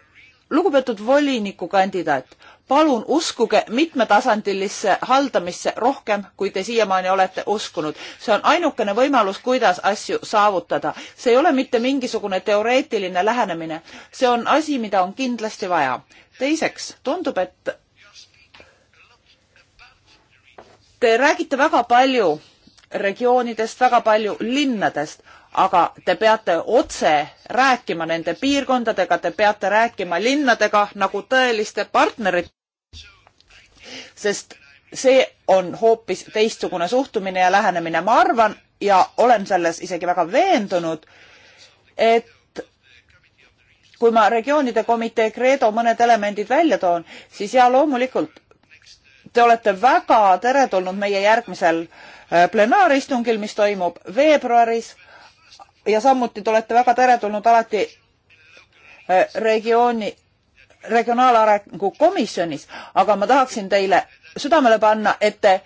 lugupeetud volinikukandidaat, palun uskuge mitmetasandilisse haldamisse rohkem, kui te siiamaani olete uskunud. see on ainukene võimalus, kuidas asju saavutada. see ei ole mitte mingisugune teoreetiline lähenemine, see on asi, mida on kindlasti vaja. teiseks, tundub, et te räägite väga palju regioonidest, väga palju linnadest, aga te peate otse rääkima nende piirkondadega, te peate rääkima linnadega nagu tõeliste partnerit, sest see on hoopis teistsugune suhtumine ja lähenemine, ma arvan, ja olen selles isegi väga veendunud, et kui ma regioonide komitee Kreedo mõned elemendid välja toon, siis jaa, loomulikult te olete väga teretulnud meie järgmisel äh, plenaaristungil, mis toimub veebruaris ja samuti te olete väga teretulnud alati äh, regiooni, regionaalarengu komisjonis, aga ma tahaksin teile südamele panna, et te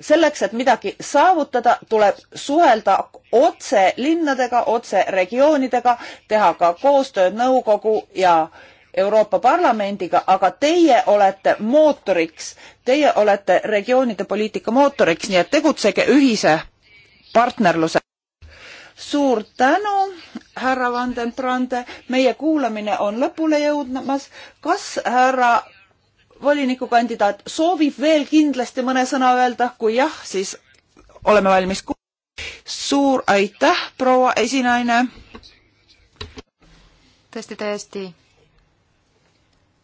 selleks, et midagi saavutada, tuleb suhelda otse linnadega, otse regioonidega, teha ka koostööd nõukogu ja Euroopa Parlamendiga, aga teie olete mootoriks, teie olete regioonide poliitika mootoriks, nii et tegutsege ühise partnerluse suur tänu, härra Vandenbrande, meie kuulamine on lõpule jõudmas. kas härra volinikukandidaat soovib veel kindlasti mõne sõna öelda, kui jah, siis oleme valmis. suur aitäh, proua esinaine. tõesti täiesti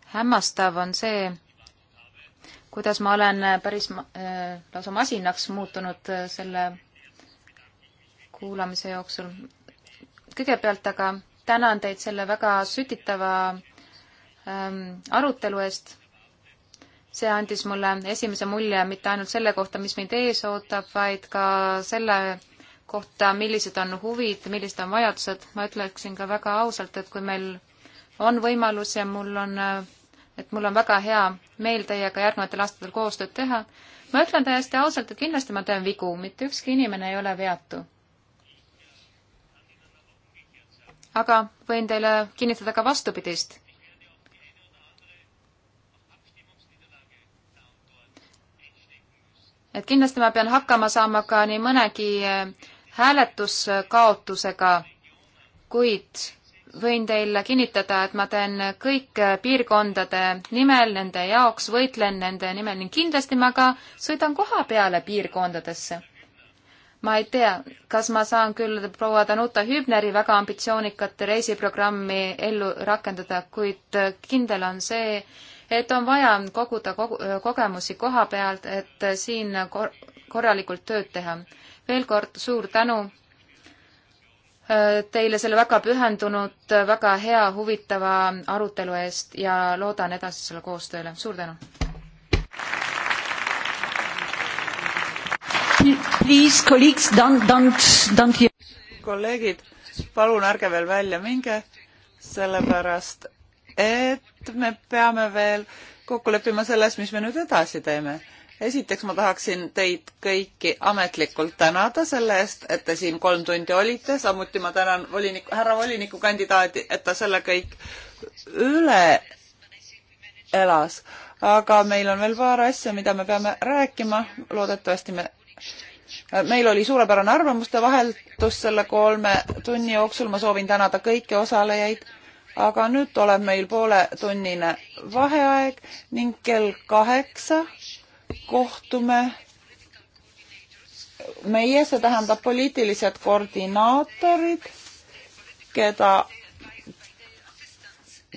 hämmastav on see, kuidas ma olen päris äh, lausa masinaks muutunud äh, selle kuulamise jooksul. kõigepealt aga tänan teid selle väga sütitava ähm, arutelu eest. see andis mulle esimese mulje mitte ainult selle kohta, mis mind ees ootab, vaid ka selle kohta, millised on huvid, millised on vajadused. ma ütleksin ka väga ausalt, et kui meil on võimalus ja mul on, äh, et mul on väga hea meel teiega järgnevatel aastatel koostööd teha. ma ütlen täiesti ausalt, et kindlasti ma teen vigu, mitte ükski inimene ei ole veatu. aga võin teile kinnitada ka vastupidist. et kindlasti ma pean hakkama saama ka nii mõnegi eh, hääletuskaotusega, kuid võin teile kinnitada, et ma teen kõik eh, piirkondade nimel, nende jaoks võitlen nende nimel ning kindlasti ma ka sõidan koha peale piirkondadesse ma ei tea, kas ma saan küll proua Danuta Hübneri väga ambitsioonikat reisiprogrammi ellu rakendada, kuid kindel on see, et on vaja koguda kogu, kogemusi koha pealt, et siin kor korralikult tööd teha. veel kord suur tänu äh, teile selle väga pühendunud, väga hea, huvitava arutelu eest ja loodan edasisele koostööle. suur tänu! Please, colleagues, don't, don't, don't hear. kolleegid, palun ärge veel välja minge, sellepärast et me peame veel kokku leppima selles, mis me nüüd edasi teeme. esiteks ma tahaksin teid kõiki ametlikult tänada selle eest, et te siin kolm tundi olite, samuti ma tänan volinik, härra volinikukandidaadi, et ta selle kõik üle elas aga meil on veel paar asja, mida me peame rääkima, loodetavasti me meil oli suurepärane arvamuste vaheldus selle kolme tunni jooksul, ma soovin tänada kõiki osalejaid, aga nüüd tuleb meil pooletunnine vaheaeg ning kell kaheksa kohtume meie, see tähendab poliitilised koordinaatorid, keda,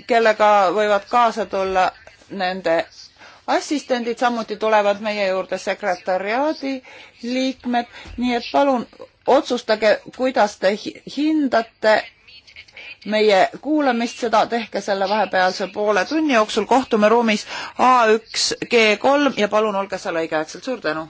kellega võivad kaasa tulla nende assistendid samuti tulevad meie juurde, sekretariaadi liikmed, nii et palun otsustage, kuidas te hindate meie kuulamist, seda tehke selle vahepealse poole tunni jooksul, kohtume ruumis A1G3 ja palun olge seal õigeaegselt, suur tänu!